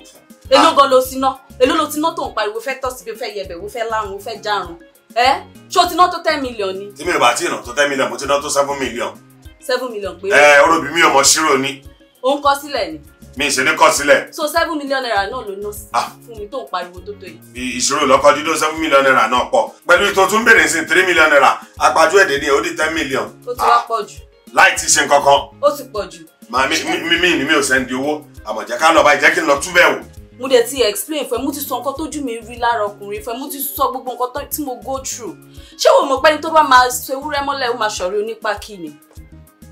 èló gan ló ti èló ló ti tó ń pariwo fẹ́ tọ̀ síbi o fẹ́ yẹbẹ̀ o fẹ́ lárun o fẹ́ járun ẹ ṣó ti ná tó ten million ni. tí mi ò bá tí ì ná tó ten million mo ti ná tó seven million. seven million pé. ẹ orobì mi ò mọ ṣírò ni. ó ń kọ sílẹ̀ ni mi ì ṣe ní kọ̀ so seven million naira náà ló ná ah. fún mi tó ń pariwo tó tó yìí. ìṣòro lọ́kọ́ dídó seven million naira náà pọ̀ pẹ̀lú ètò tún bèrè sí three million naira àpàjù èdè ni ó di ten million. ó ti wá ah. pọ̀ jù. láì ti ṣe nǹkan kan. ó ti pọ̀ jù. màá mi mi ni mi ò sẹ́ndì owó àmọ̀ jẹ́ ká lọ báyìí jẹ́ kí n lọ tú bẹ́ẹ̀ wò. mo dẹ̀ ti explain fún ẹ mo ti sọ nǹkan tójú mi rí lára ọkùnrin fún ẹ mo ti sọ gbogbo nǹkan tí mo go through ṣé wo mọ̀ pé ẹni tó bá máa ṣe ewúrẹ́ mọ́lẹ̀ ó máa ṣọ̀rí onípa kí ni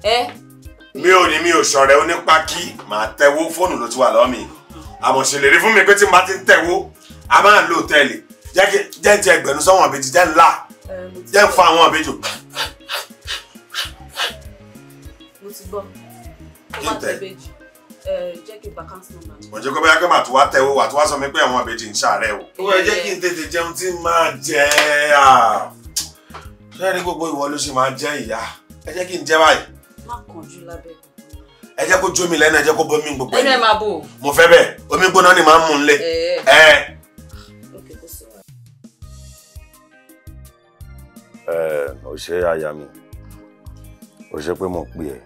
ẹ mi ò ní mi ò ṣọ̀rẹ́ onípákí màá tẹ̀wó fóònù ló ti wà lọ́mì àmọ̀ ṣèlérí fún mi pé tí n bá ti ń tẹ̀wó a máa ń lo hòtẹ́ẹ̀lì jẹ́ ń ti ẹgbẹ̀rún sọ́wọ́n àbèjì jẹ́ ń là jẹ́ ń fa àwọn àbèjò. mo ti gbọ́ kí n tẹ̀ jẹ́ kí n bá káńtì nọ́mbà mi. mo jẹ́ kó bóyá kí màá tún wá tẹ̀wó wà tún wá sọ mi pé àwọn àbèjì ń ṣàárẹ̀ o. ó yẹ jẹ́ kí n tètè jẹun tí n máa jẹ ṣẹ́ni gbogbo ìwọ ló ṣe máa jẹ ìyá ẹ jẹ́ kí n jẹ báyìí má kánjú lábẹ́ ẹ jẹ́ kó jómi lẹ́nu ẹ jẹ́ kó bomi gbogbo ẹni mo fẹ́ bẹ́ẹ̀ omi gbóná ni màá mú un lé ẹ. ẹ ò ṣe aya mi ò ṣe pé mo pè ẹ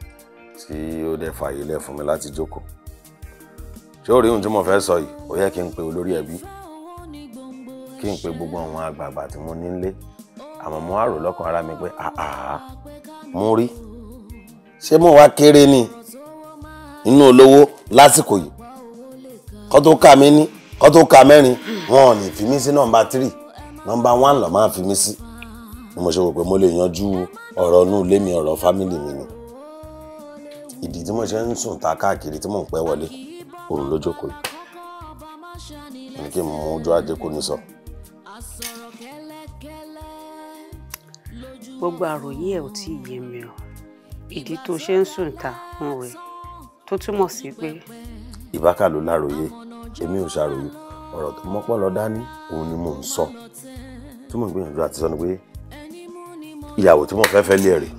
tí ó dẹ fààyè lẹ fún mi láti jókòó ṣé ó rí ohun tí mo fẹ́ sọ yìí ó yẹ kí n pe olórí ẹbí kí n pe gbogbo àwọn àgbààgbà tí mo ní nílé àmọ́ mo á rò lọ́kàn ara mi pé àhà mo rí ṣé mò ń wá kéré ni inú olówó lásìkò yìí kọ́ tó kà mí ní kọ́ tó kà mẹ́rin wọn ò ní fi mí sí nọ́mbà tírì nọ́mbà wán lọ́ máa fi mí sí ni mo ṣe rò pé mo lè yanjú ọ̀rọ̀ inú ilé mi ọ̀rọ̀ fámìlì mi ni ìdí tí mo ṣe ń sùn ta káàkiri tí mò ń pẹ́ wọlé òun ló jókòó yìí ní kí n mú ojú ajé kò ní sọ. gbogbo àròyé ẹ ò tí ì yé mi o ìdí tó ṣe ń sùn ta ń wẹ̀ tó túmọ̀ sí pé. ìbákà ló láròyé èmi ò ṣàròyé ọ̀rọ̀ tó mọ́pọ́n lọ dání òun ni mò ń sọ tí mò ń gbìyànjú àti sọ ni pé ìyàwó tí mo fẹ́ fẹ́ lé rè.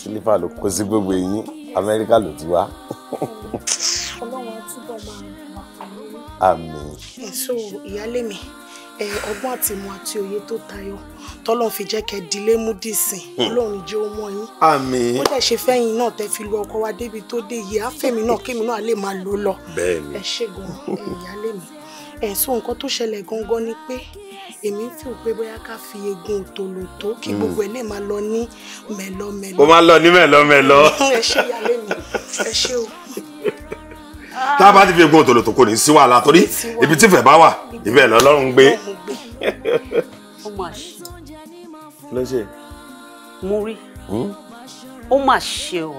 ṣègùn ló kó sí gbogbo eyín amẹ́ríkà ló ti wá. ọlọ́run àtúbọ̀ máa ń wà pẹ̀lú mi. àmín. èso ìyáálé mi ọgbọ́n àtìmọ̀ àti òye tó tayọ tọ́lọ́n fi jẹ́ kẹ́ dilé mú dìsìn hmm. ọlọ́run jẹ́ ọmọ yín. àmín. ó dẹ̀ ṣe fẹ́yìn náà tẹ́ fi lu ọkọ wa débi tó dé yìí àfẹ́mi náà kémi náà lè máa lò lọ. bẹ́ẹ̀ ni ẹ ṣègùn ìyáálé mi ẹ̀sùn nǹkan tó ṣẹlẹ̀ gangan ni pé èmi ń fìwò pé bóyá ká fi egun òtòlótó kí hmm. gbogbo ẹ̀ lè máa lọ ní mẹ́lọ́mẹ́lọ́. ó máa lọ ní mẹ́lọ́mẹ́lọ́. ẹ ṣe ìyáálé mi ẹ ṣe o. tá a bá ti fi egun òtòlótó kò ní sí wàhálà torí ibi tí ìfẹ́ bá wà ibẹ̀ lọ́lọ́run gbé. ló ṣe. mo rí hmm? ó mà ṣe o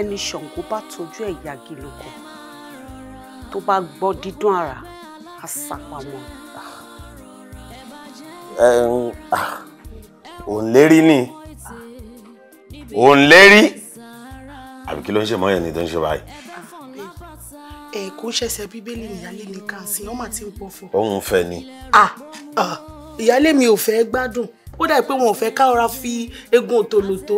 ẹni ṣàǹkó bá tọ́jú ẹ̀ yagi tó bá gbọ́ dídùn ara á sápamọ́. òun lérí ni òun lérí àbí kí ló ń ṣe mọ́ ẹni tó ń ṣe báyìí. ẹ kò ṣẹ̀ṣẹ̀ bíbélì mi ní kàǹsì ọmọ àti ìpọfọ. òun fẹ́ ni. ìyálé mi ò fẹ́ gbádùn ó dà pé wọn ò fẹ́ ká ọra fi egun òtòlótó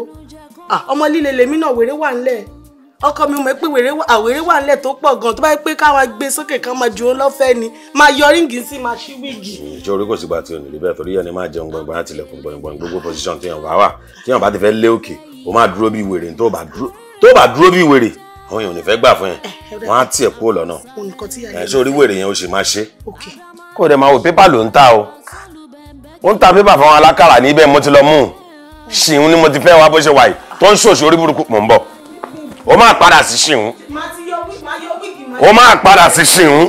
ọmọ líle lèmi náà wèrè wà ńlẹ̀ ọkọ mi mọ̀ pé àwèrè wà nílẹ̀ tó pọ̀ gan tó bá yẹ pé káwa gbé sókè kan máa ju òun ni máa yọ ríǹgì sí máa ṣí wíìgì. ìjọ orí kò sígbà tí o nílé bẹ́ẹ̀ torí ẹni máa jẹun gbọ̀ngbọ̀n láti ilẹ̀kùn gbọ̀ngbọ̀n gbogbo position tí yàn bá wà tí yàn bá ti fẹ́ lé òkè o máa dúró bí wèrè tó bá dúró bí wèrè àwọn èèyàn ò ní fẹ́ gbà fún yẹn eh, eh, wọ́n á tiẹ̀ kúrò lọ́nà eh, ẹ̀ ṣé orí wèrè yẹn o sì máa ṣe kó o dẹ̀ máa wo ṣe o máa padà sí ṣìhún o máa padà sí ṣìhún.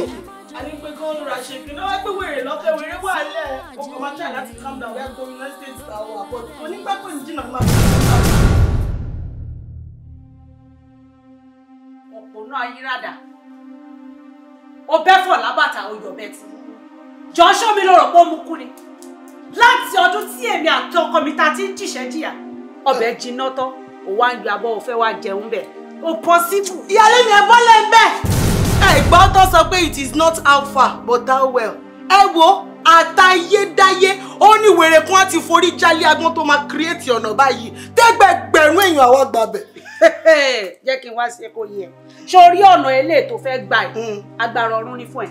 òpònà ayírádà ó bẹ́fọ̀ lábàtà oyọ̀ bẹ́ẹ̀ tí jọ ṣọ́ mi lọ́rọ̀ pé ó mú kú ni láti ọdún tí èmi àti ọkọ mi ta ti ń jìṣẹ́ jìyà ọbẹ̀ jiná tán òun wá ń yọ abọ́ òfẹ́ wá jẹun bẹ́ẹ̀ o possible. ìyáálé mi ẹ bọ́lẹ̀ ń bẹ̀. ẹ̀gbọ́n tó sọ pé it is not how far but how well. ẹ wo àtayédáyé ó ní wèrè kan ti forí jálé agbọ́n tó máa kírètì ọ̀nà báyìí tẹ́gbẹ̀gbẹ̀rún èèyàn àwa gbàbẹ̀. jẹ́ kí n wá sí ẹ kó yé ẹ sórí ọ̀nà eléyìí tó fẹ́ gbà ẹ̀ hmm. agbára ọ̀run ni fún ẹ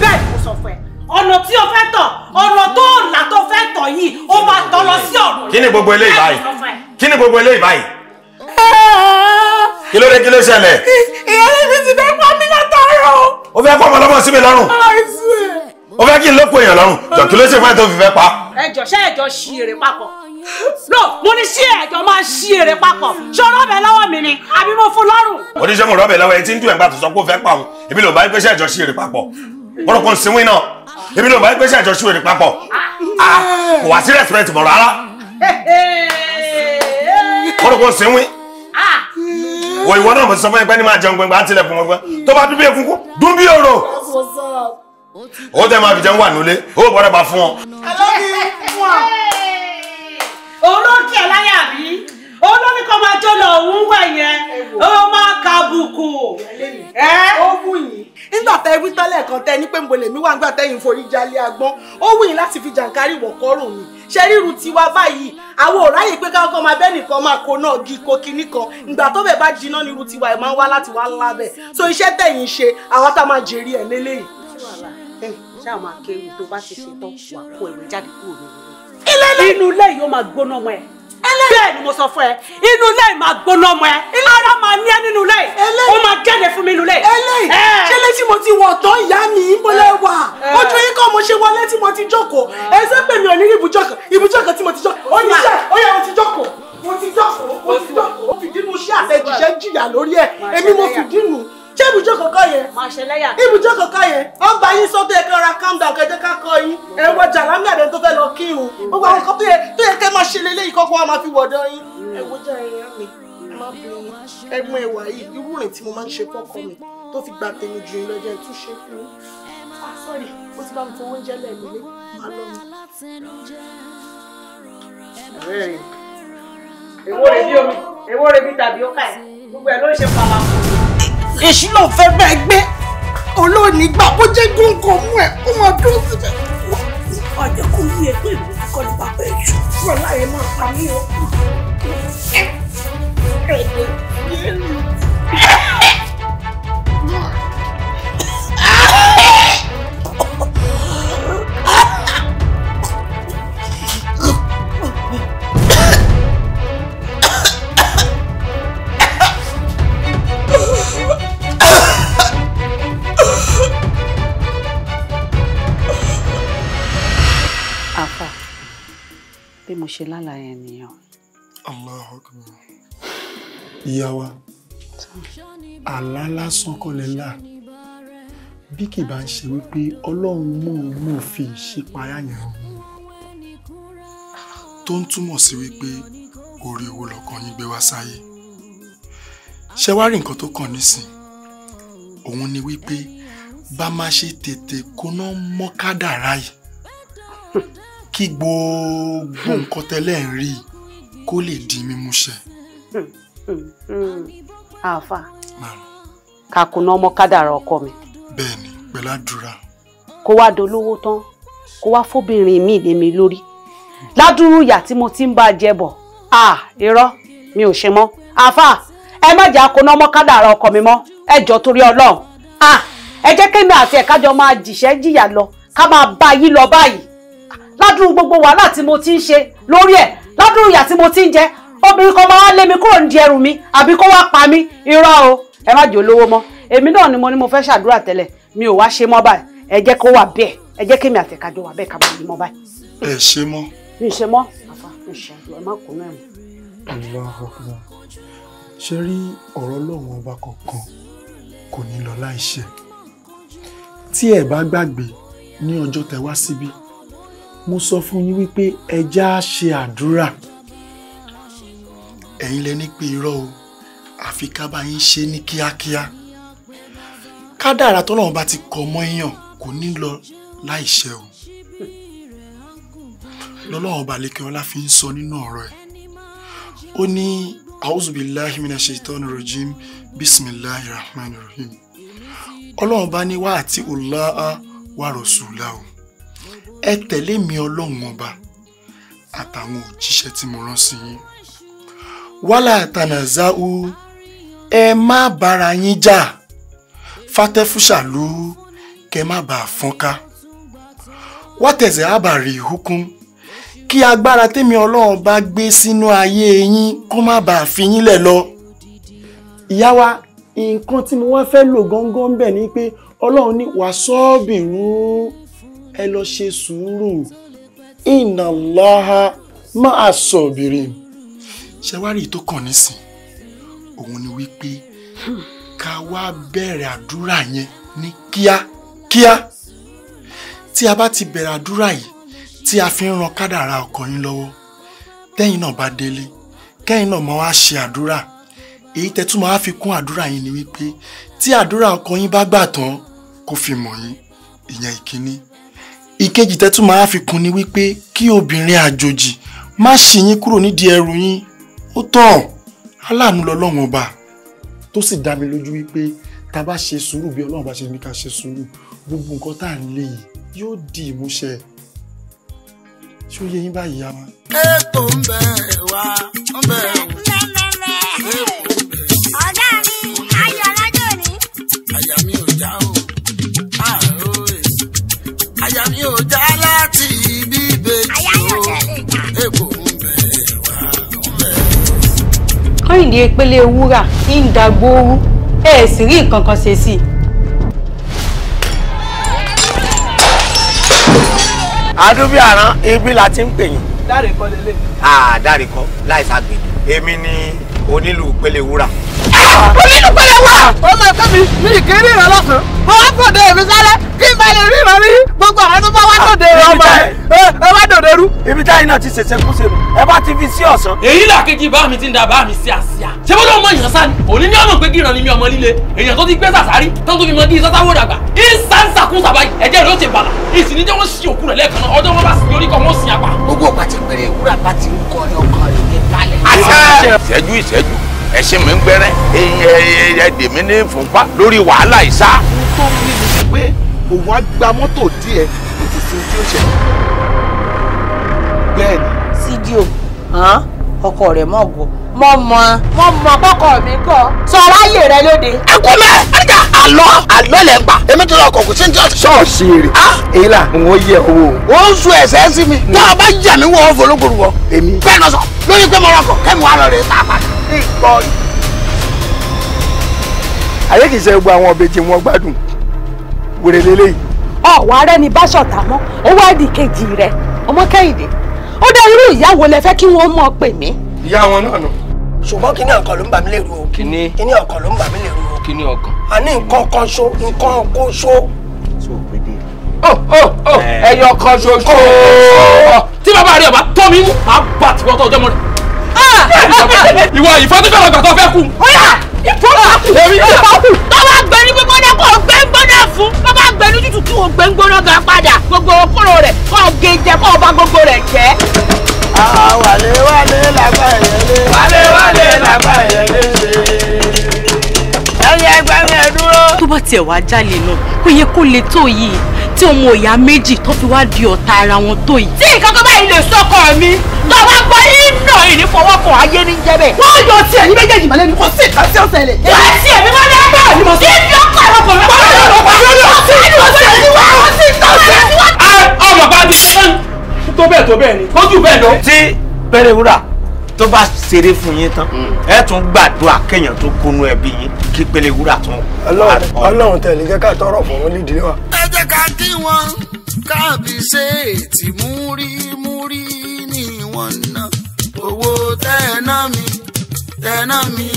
bẹ́ẹ̀ mo sọ fún ẹ ọ̀nà tí o fẹ́ tọ̀ ọ̀nà tó là tó fẹ́ tọ̀ yìí ó máa tọ̀ lọ sí ọ̀run. kí ni gbogbo eléyìí báyìí kí ni gbogbo eléyìí báyìí kí ló dé kí ló ṣẹlẹ̀. ìyáálé mi ti fẹ́ pa mí látàárọ̀. o fẹ́ kọ́ ọmọ lọ́mọ sí mi lọ́rùn. o fẹ́ kí n lóko èèyàn lọ́rùn jọ kí ló ṣe fún ẹ tó fi fẹ́ pa. ẹ ṣé ẹjọ ṣí èrè papọ̀ no mo ní ṣí ẹjọ máa ṣí èrè papọ̀ ṣé rọ́ọ̀bẹ lọ́wọ́ mi ni àbí mo fún lọ́rùn. mo ní ṣé mo rọ́ọ̀bẹ lọ́wọ́ ẹ tí ń dùn ẹ̀ ń tó sọ pé ó fẹ́ pa òun èmi ló bá ń pèsè ẹjọ ṣí èrè papọ̀ orúkọ ń sinwó iná èmi ló bá ń pèsè ẹjọ ṣí èrè papọ̀ ah, ah, kò wá sí rẹ́sipẹ̀tì mọ̀ rárá orúkọ ń sinwó Ah! wọ ìwọ náà mo sọ fún ẹgbẹ́ ní máa jẹun gbẹngbẹ́ àtìlẹ̀kùn ọgbẹ́ tó bá dún bí egungun dún bí òrò ó tẹ máa fi jẹun wà nílé ó bọ́dọ̀ bá fún ọ. olókè láyà mi olórí kan máa jó lọ òun wẹ̀ yẹn ó máa ka àbùkù. ó wù yín nígbà tẹ wí tọ́lẹ̀ kan tẹ ní pé mo lè mí wà nígbà tẹ́yìn forí jalè agbọ́n ó wù yín láti fi jàǹkárì wọ̀kọ́rùn mi ṣe ríru tiwa báyìí àwọn ò ráyè pé káwọn kan máa bẹ́ẹ̀ nìkan máa kó náà gi ko kinní kan ìgbà tó bẹ̀ bá jiná ní irú tiwa ẹ̀ máa ń wá láti wá lábẹ́ so iṣẹ́ tẹ̀yìn ṣe àwa tá máa jèrè ẹ̀ lélẹ́yìn. ṣáà máa kéwì tó bá ti ṣe tán wà kó ẹ̀wẹ̀ jáde kúrò nínú ilé yìí ó máa gbóná ọmọ ẹ̀ bẹ́ẹ̀ ni mo sọ fún ẹ inú ilé yìí máa gbóná ọmọ ẹ ara máa ní ẹ nínú ilé yìí ó máa jáde fún mi nínú ilé yìí. ṣẹlẹ tí mo ti wọ ọtọ ìyá mi ìmọlẹ wà ojú yín kọ́ mo ṣe wọlé tí mo ti jókòó ẹ ṣe pé mi ò ní ibùjókòó ibùjókòó tí mo ti jókòó ó ní iṣẹ́ ó yẹ mo ti jókòó mo ti jókòó mo ti jókòó ó fi dínú iṣẹ́ àtẹ̀jíṣẹ́ jìyà lórí ẹ̀ èmi mo fi máa ṣe lẹ́yà. ibùjọ́ kọ̀ọ̀kan yẹn ó ń bá yín sọ tó yẹ kẹ́ ra calm down kẹjẹ ká kọ yín ẹ wọ jàlámì àdé tó fẹ́ lọ kí o gbogbo àwọn kan tó yẹ tó yẹ kẹ́ máa ṣe lélẹ́yìí kọ́kọ́ wa máa fi wọ̀dọ̀ yín. ẹ wo jẹ́ ẹ̀yà mi ẹ má bẹ ẹ mọ ẹwà yìí irú rìn tí mo máa ń ṣe fọ́kọ mi tó fi gba tèmi ju yín lọ́jọ́ ìtúnṣe fún un. sọ́ọ̀rì ó ti bá mi fowó oúnjẹ lẹ́ẹ̀mílé má lọ mi. fẹ́ bẹ́ẹ̀ gbé olóòní gbà bó jẹ́ góńgó mú ẹ̀ ó máa dúró síbẹ̀. ọjọ́ kò yí ẹ pé ìlú kíkọ́ ni bàbá ẹ̀ jù wọ́n láyé máa pa mí o. bí mo ṣe lálàá yẹn nìyẹn. Allahu Akbar ìyá wa àlá lásán kọlẹ̀ là bí kì bá ń ṣe wípé ọlọ́run mọ̀ọ́mọ̀ fi ìṣípayá yẹn hàn tó ń túmọ̀ sí wípé orí owó lọ́kàn yín gbé wá sáyé ṣe wá rí nǹkan tó kàn nísìn òun ni wípé bá má ṣe tètè kóná mọ́ kádàrá kí gbogbo hmm. nǹkan tẹ́lẹ̀ ń rí kó lè di mímúṣẹ. Hmm. Hmm. àáfà kàkùnà ọmọ kádàrá ọkọ mi. bẹ́ẹ̀ni pẹ̀lú àdúrà. kó wá dolówó tán kó wá fóbìnrin mi lé mi lórí ládùúrú ìyà tí mo ti ń bá jẹ bọ̀ ah irọ́ mi ò ṣe mọ́ àáfà ẹ má jẹ́ akọ̀nà ọmọ kádàrá ọkọ mi mọ́ ẹ jọ torí Ọlọ́run ah ẹ jẹ́ kémi àti ẹ̀ka jọ máa jìṣẹ́ jìyà lọ ká máa bá yí lọ báyìí ládùn gbogbo wàhálà tí mo ti ń ṣe lórí ẹ̀ ládùn ìyà tí mo ti ń jẹ obìnrin kan máa wá lé mi kúrò ní ẹrù mi àbí kó wá pa mí irọ́ o ẹ má jò lówó mọ́ èmi náà ni mo ní mo fẹ́ ṣàdúrà tẹ́lẹ̀ mi ò wá ṣe mọ́ báyìí ẹ jẹ́ kó wà bẹ́ẹ̀ ẹ jẹ́ kémi àtẹ̀kájọ wà bẹ́ẹ̀ ká bá mi mọ́ báyìí. ẹ ṣe mọ. mi ṣe mọ àfa mi ṣe má kó náà. aláhùn ṣe rí ọ̀rọ̀ Ọlọ́run ọba kankan kò ní lọ láìṣẹ tí ẹ bá gbàgbé ní ọjọ́ tẹ wá síbí mo sọ fún yín wípé ẹja á ṣe àdúrà. ẹ̀yin lẹ ní pé irọ́ o àfi ká bá yín ṣe ní kíákíá kádàrá tọ́lọ́run bá ti kọ mọ́ èèyàn kò ní lọ láìṣẹ o lọ́lọ́run balẹ̀kẹ́ ọlá fi ń sọ nínú ọ̀rọ̀ ẹ̀ ó ní auzubillahi minash shaitani rojim bismillahir rahmanir rahim ọlọ́run bá ní wá àti ọ̀la wa rọ̀ sùn láwọn ẹ tẹ̀lé mi ọlọ́run ọba àtàwọn òjíṣẹ́ tí mo rán sí yín wálá tànàzáú ẹ má bára yín jà fatẹ́fúsà ló kẹ má bàa fọ́nká wátẹ̀sẹ̀ àbàrí hukum kí agbára tèmi ọlọ́run bá gbé sínú ayé yín kó má bàa fi yín lẹ̀ lọ. ìyá wa nǹkan tí mo wá fẹ́ lò gángan bẹ̀ ni pé ọlọ́run ní wàásọ́ọ̀bì rún ẹ lọ ṣe sùúrù inna Allaha máa sabirin. ṣé wàá rí tó kàn nísìn òun ni wípé ká wá bẹ̀rẹ̀ àdúrà yẹn ní kíákíá tí a bá ti bẹ̀rẹ̀ àdúrà yìí tí a fi ń ran kádàrá ọkọ yín lọ́wọ́ tẹ́yìn náà bá délé kẹ́yìn náà máa wá ṣe àdúrà èyí tẹ́tún máa fi kún àdúrà yín ni wípé tí àdúrà ọkọ yín bá gbà tán kó fi mọ̀ yín ìyẹn ìkíní ìkejì tẹ́tún máa fi kún ni wípé kí obìnrin àjòjì má ṣì yín kúrò nídìí ẹrù yín ó tọ́ aláàánú lọ́lọ́run ọba tó sì dá mi lójú wípé tá a bá ṣe sùúrù bí ọlọ́run bá ṣe ní ká ṣe sùúrù gbogbo nǹkan tá à ń lé yìí yóò di ìmúṣẹ ṣé ó yẹ yín báyìí àwọn. ètò ń bẹ̀ wá ń bẹ̀ wò. ò já láti ibi ìbejì o èkó ń sì rí nǹkan kan ṣe sí i. àdúbí àrán ibi la ti ń pè yín. dáre kọ́ lélẹ̀. Ah, dáre kọ́ láì èmi ni onílù pélewúrà. onílù pélewúrà. ọmọ ẹ̀kọ́ mi mi kì í ríran lọ́sàn-án mo wá fòde èmi sálẹ̀ kí n bá lè ríran rí gbogbo àwọn tó bá wá dòde rú ọmọ ẹ ẹ wá dòde rú. ibi táyì náà ti ṣẹ̀ṣẹ̀ kú sẹ́nu ẹ bá ti fi sí ọ̀sán. èyí làkejì bá mi ti ń da bá mi sí àsíá. ṣé bọ́dọ̀ mọ èèyàn sáni òní ní ọmọ pé kíran ni mi ọmọ líle èèyàn tó ti gbé sàsárí tó tún fi mọ kí sọ́sáwó dàgbà. ìsánsàkún sàbáyì ẹ̀jẹ̀ rẹ̀ ó ti bàlà ìsìn ní jẹ́ wọ́n sí òkú rẹ̀ lẹ́ẹ̀kan náà ọjọ́ wọn bá sì ní oríkọ̀ wọn sì yapa. gbogbo pàtẹ́pẹ̀rẹ̀ ìwúrà bá ti kọ́ ọ àṣẹ. ìṣẹ́jú ìṣẹ́jú ẹṣin mi ń gbẹ́rẹ́ ẹ̀ẹ́dẹ̀ ní fúnpá lórí wàhálà ìṣá. tó ń bí mi pé òun á gba mọ́tò díẹ̀ kò sì ojú ìṣẹ̀. bẹ́ẹ̀ni. sídìò ọkọ rẹ̀ mọ̀ gbọ́ mo mọ mo mọ kọkọ mi kọ sọra ayé rẹ lóde. ẹ kú mẹ ẹja àlọ àlọ lẹ ń pa. èmi tó lọ kọ kò sí ní ṣọ́ọ̀ṣì rẹ̀. Ah! èyí là ń wọ́n yẹ owó. ó ń sun ẹ̀sẹ̀ sí mi. Hmm. tá a bá yà mí wọ́n fọlọ́gbọ̀rù wọ. èmi. bẹ́ẹ̀ náà sọ lórí pé mo rọkọ̀ kẹ́mi wà lọ rè é tá a padà. ìgbọ́ ayé kìí ṣe gbogbo àwọn ọbẹ̀jì wọn gbádùn wèrè lélẹ́yìí. ọ̀wọ́ arẹ́ ni báṣọ̀tà mọ́ owó ẹ̀dì kejì rẹ̀ ọmọ kẹ́hìndé ó dá irú ìyàwó lẹ fẹ́ kí wọ́n mọ̀ pè mí. ìyá wọn náà nù ṣùgbọ́n kíní ọkàn ló ń bà mí lẹ́rù o. kíní kíní ọkàn ló ń bà mí lẹ́rù o. kíní ọkàn. a ní nǹkan kan ṣo nǹkan kó ṣo. so gbẹdẹ. Eh. ẹyọ kan ṣoṣo tí bàbá rẹ bá tọ́ mi mú máa bá tiwọn tó ọjọ́ mọ́ rẹ. Ah! ìwọ ìfẹ́ tó fẹ́ràn gbàtọ́ fẹ́ kú. ó yà ìfowópamọ́ tọ́wọ́ gbẹ̀rù gbígbóná kò gbẹ̀ngbóná fún tọ́wọ́ gbẹ̀rù tútù kí wọ́n gbẹ̀ngbóná padà gbogbo òkúrò rẹ̀ kò gé jẹ kò b tiẹ̀ wá jálè náà kò yẹ kó le tó yìí tí ọmọ ìyá méjì tó fi wá di ọ̀tá ara wọn tó yìí. tí nǹkan kan báyìí lè sọkọ mi tó bá gbọ́ iná ìní ayé ní jẹ́bẹ̀. wọ́n yọ ti ẹ̀yìn méjèèjì mọ́lẹ́ ní kò sí ìka sí ọ̀sẹ̀ lẹ̀. wọ́n ti ẹ̀mí wọn lé ẹgbẹ́ òní mọ̀ sí. ibi ọkọ̀ ẹ̀rọ kò rẹ̀ wọ́n lọ́wọ́ bá yọ ní ọ̀sẹ̀ ní ọ̀sẹ̀ ní wọ́n sì ń tọ́sẹ̀. ọmọ bá ti tó bẹ́ẹ̀ tó bẹ́ẹ̀ ni tó jù bẹ́ẹ̀ lọ. tí tó bá ṣeré fún yín tán mm. ẹ tún gbàdúrà kéèyàn tó kunu ẹbí yín kí wúrà tún. ọlọ́run tẹ̀lé jẹ́ ká tọrọ fún wọn nídìí wa. ẹ jẹ́ ká kí wọn káàbí ṣe ètì múrímúrí ni wọ́n ná owó tẹ́ẹ̀ná mi tẹ́ẹ̀ná mi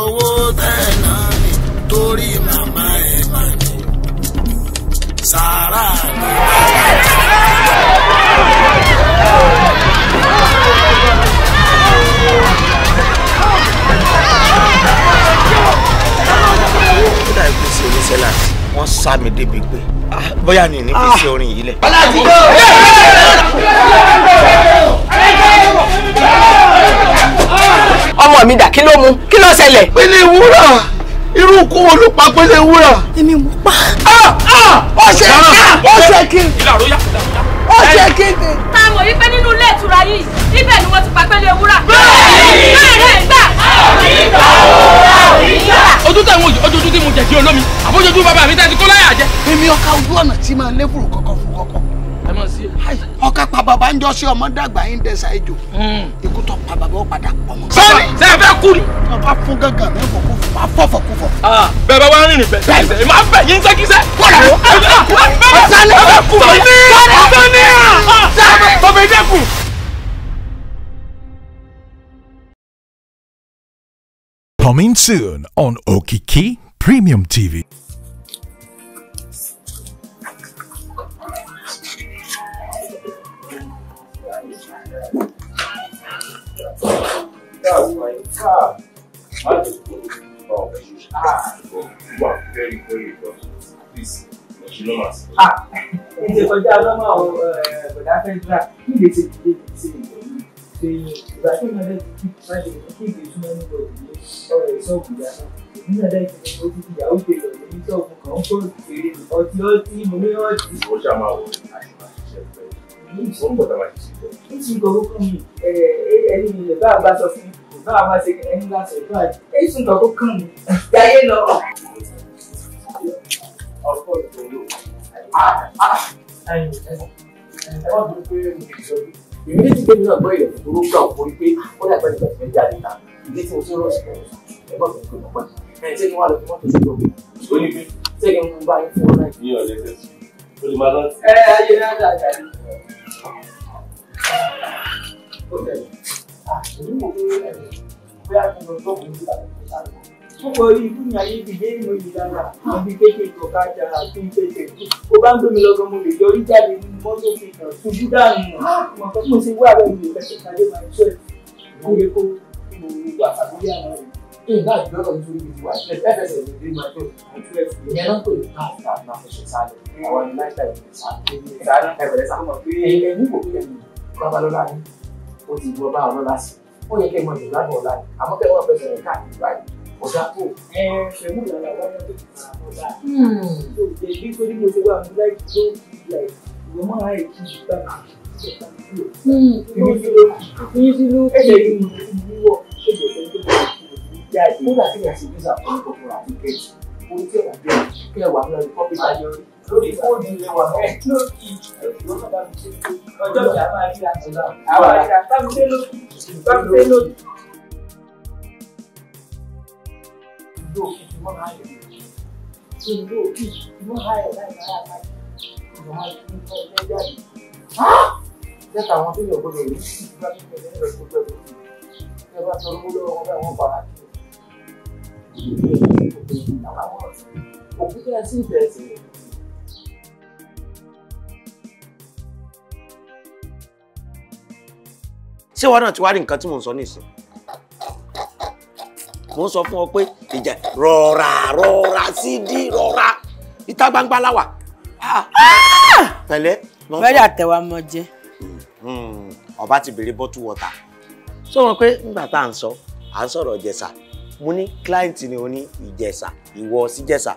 owó tẹ́ẹ̀ná mi torí màmá ẹ̀ máa ní sàárà ní bàbá. sí oníṣẹ́lá wọ́n sá mi débi pé ah, bóyá ni ní fi ṣe ah. orin yìí lẹ̀. ọlátijọ́ ọmọ mi dà kí ló mu kí ló ṣẹlẹ̀. pélé wúrà irú kó wọn ló pa pélé wúrà. èmi mo pa. Ah, ó ṣe kí ó ṣe kí ó ṣe kí mọ̀ wípé nínú ilé ìtura yìí ibẹ̀ ni wọ́n ti pa pẹ́lú ewúrà. ojú tẹ̀ ojú tí mo jẹ̀ kí olómi àbójútó bàbá mi tẹ́ ti kó láyà jẹ. èmi ọkà ojú ọ̀nà tí máa lébùrù kọ̀ọ̀kan fún ọkà pa bàbá ń jọ́sí ọmọ dàgbà yín dẹ̀sà ìjò hmm. ikú tó pa bàbá ó padà ọmọ. sọ́ọ̀nì ṣe é fẹ́ kú ni. bàbá fún gángan mi fọ̀kú fà fọ̀fọ̀ kú fọ̀. Ah, bẹ́ẹ̀ bá rìnrìn bẹ́ẹ̀ sẹ́sẹ́ ẹ̀ máa bẹ̀ yín sẹ́kísẹ́. kọ́lá ọ̀sán ẹ̀ kú ni sọ́ọ̀nì bọ́bẹ̀ jẹ́ Coming soon on Okiki Premium TV. Ah, ẹ̀jẹ̀ kọjá lọ́mọ àwọn bọ̀dá fẹ́ntìrà kí lè ṣe ìdílé ṣe ìdílé ṣe ìgbà tí ìnáwó ti máa ṣe kí ìgbè tí wọ́n ń bọ̀ ìdílé ọ̀rọ̀ ìṣọ́ọ̀bù ìyá náà èmi náà lẹ́yìn tí mo ti ìyàwó ṣe ìrọ̀lẹ́ ní ṣọ́ọ̀bù kan ó kó èrè ọtí ọtí mo ní ọtí. ó ṣàmà wọ̀ ọ́ ó ń bọ̀dà wájú sí i. ní ti nǹkan kókó mi ẹni ilẹ̀ bá a bá sọ fún mi kò bá a bá ṣe ẹni láti ẹ̀dọ́ àjẹ èyí ti nǹkan kókó mi jáyé lọ. ọ̀pọ̀ ìṣòro ẹ wá dúró pé mo ti sọ bí. èmi ní ti tẹ́lẹ̀ náà gbọ́ ìyẹ̀wò tó ló gbà wọ́n pé ó ní àgbàdo ìgbà tí jáde ta ìdí tí mo ti rọ̀ sí ẹgbọ́n mi kò mọ̀ pẹ́ ẹ̀ i ó lè máa ó dẹ̀ èmi mọ̀ pé bí a ti lọ sọ́ọ̀bù ní ìlànà ìlànà púpọ̀ orí ikú ni ayé ti dé ìmọ̀ ìdára àbí kékeré ọ̀kadà àti ìpèsè ó bá ń gbé mi lọ́gọ́ mo lè yọ orí jáde nínú mọ́tò fi hàn ṣubú dànù mọ̀ pé mo ti wá àbẹ̀ mi lè fẹsẹ̀ kálé máa tó ẹ̀ kó lè kó nínú ìgbà àbúrí àwọn rẹ̀. Nígbà tí lọ́kọ̀ nítorí mi ti wà sílẹ̀ lẹ́fẹ̀sẹ̀ lè dé máa tó àti ẹ̀ fún mi. Ìyẹn náà pè ní káàkiri àwọn afẹ́ṣẹ̀ sálẹ̀. Àwọn ìlànà ìgbà ìgbà sálẹ̀. Ìgbà ìgbà ìgbà sálẹ̀. Ẹ̀yìn kò kí ẹ̀yìn babalọ́lá ni ó ti gbọ́ bá ọlọ́lá sí ó yẹ kẹ́ ẹ mọ ìgbàgbọ́ ọ̀la ni àmọ́ kẹ́ ẹ wọ́n fẹsẹ̀ rìn káàkiri báyìí ọ̀dà tó. ẹ ẹ ṣẹ̀mú ìlànà wọn ló ti fà á lọ́la. tó o tẹ̀lé torí mo ti wà ní láì tó ìlà ìwọ máa ń kí ìgbà máa Ìyí ti ló kí ẹ̀yìn hmm. ìwúwọ̀ ṣe lè fẹ́ tó bá ìyá ìkúrò àti ìyàsí ìgbésà fún ìkọ̀kọ̀ àti kẹ̀kẹ́ orí tí ẹ̀wà bẹ́ẹ̀ kí ẹ̀wà náà ní kọ́pítà yọrí lórí kóòdù rẹ̀ wà bẹ́ẹ̀ lórí ìjọba ọjọ́ ìjà máa rí àtúndà àwọn àjà tábìlẹ́ lórí tábìlẹ́ lórí. ìlú òkè tí wọ́n máa yẹ̀ ìlú òkè tí máa yẹ̀ láì máa yà ìjọba máa yẹ kí wọ́n yẹ jáde. jẹ́ka àwọn tó yẹ gbọ́dọ̀ rí sí ìgbà tó yẹ lẹ́yìn rẹ̀ tó gbọ́dọ̀ rí ẹ bá tọrọ owó lọ́wọ́ bá wọn bàrà kí òkúta sí ìbẹ̀rẹ̀ sí i. ṣé wọn náà ti wá rí nǹkan tí mò ń sọ nísìn mò ń sọ fún ọ pé ìjà rọra rọra sí di rọra ìta gbangba láwà ah! ah! pẹ̀lẹ́. bẹ́ẹ̀ àtẹ̀wá mọ jẹ́. Hmm, ọba ti bèrè bottle water sọ wọn pé nígbà tá à ń sọ à ń sọ̀rọ̀ ìjẹsà mo ní client ni o ní ìjẹsà ìwọ sí jẹsà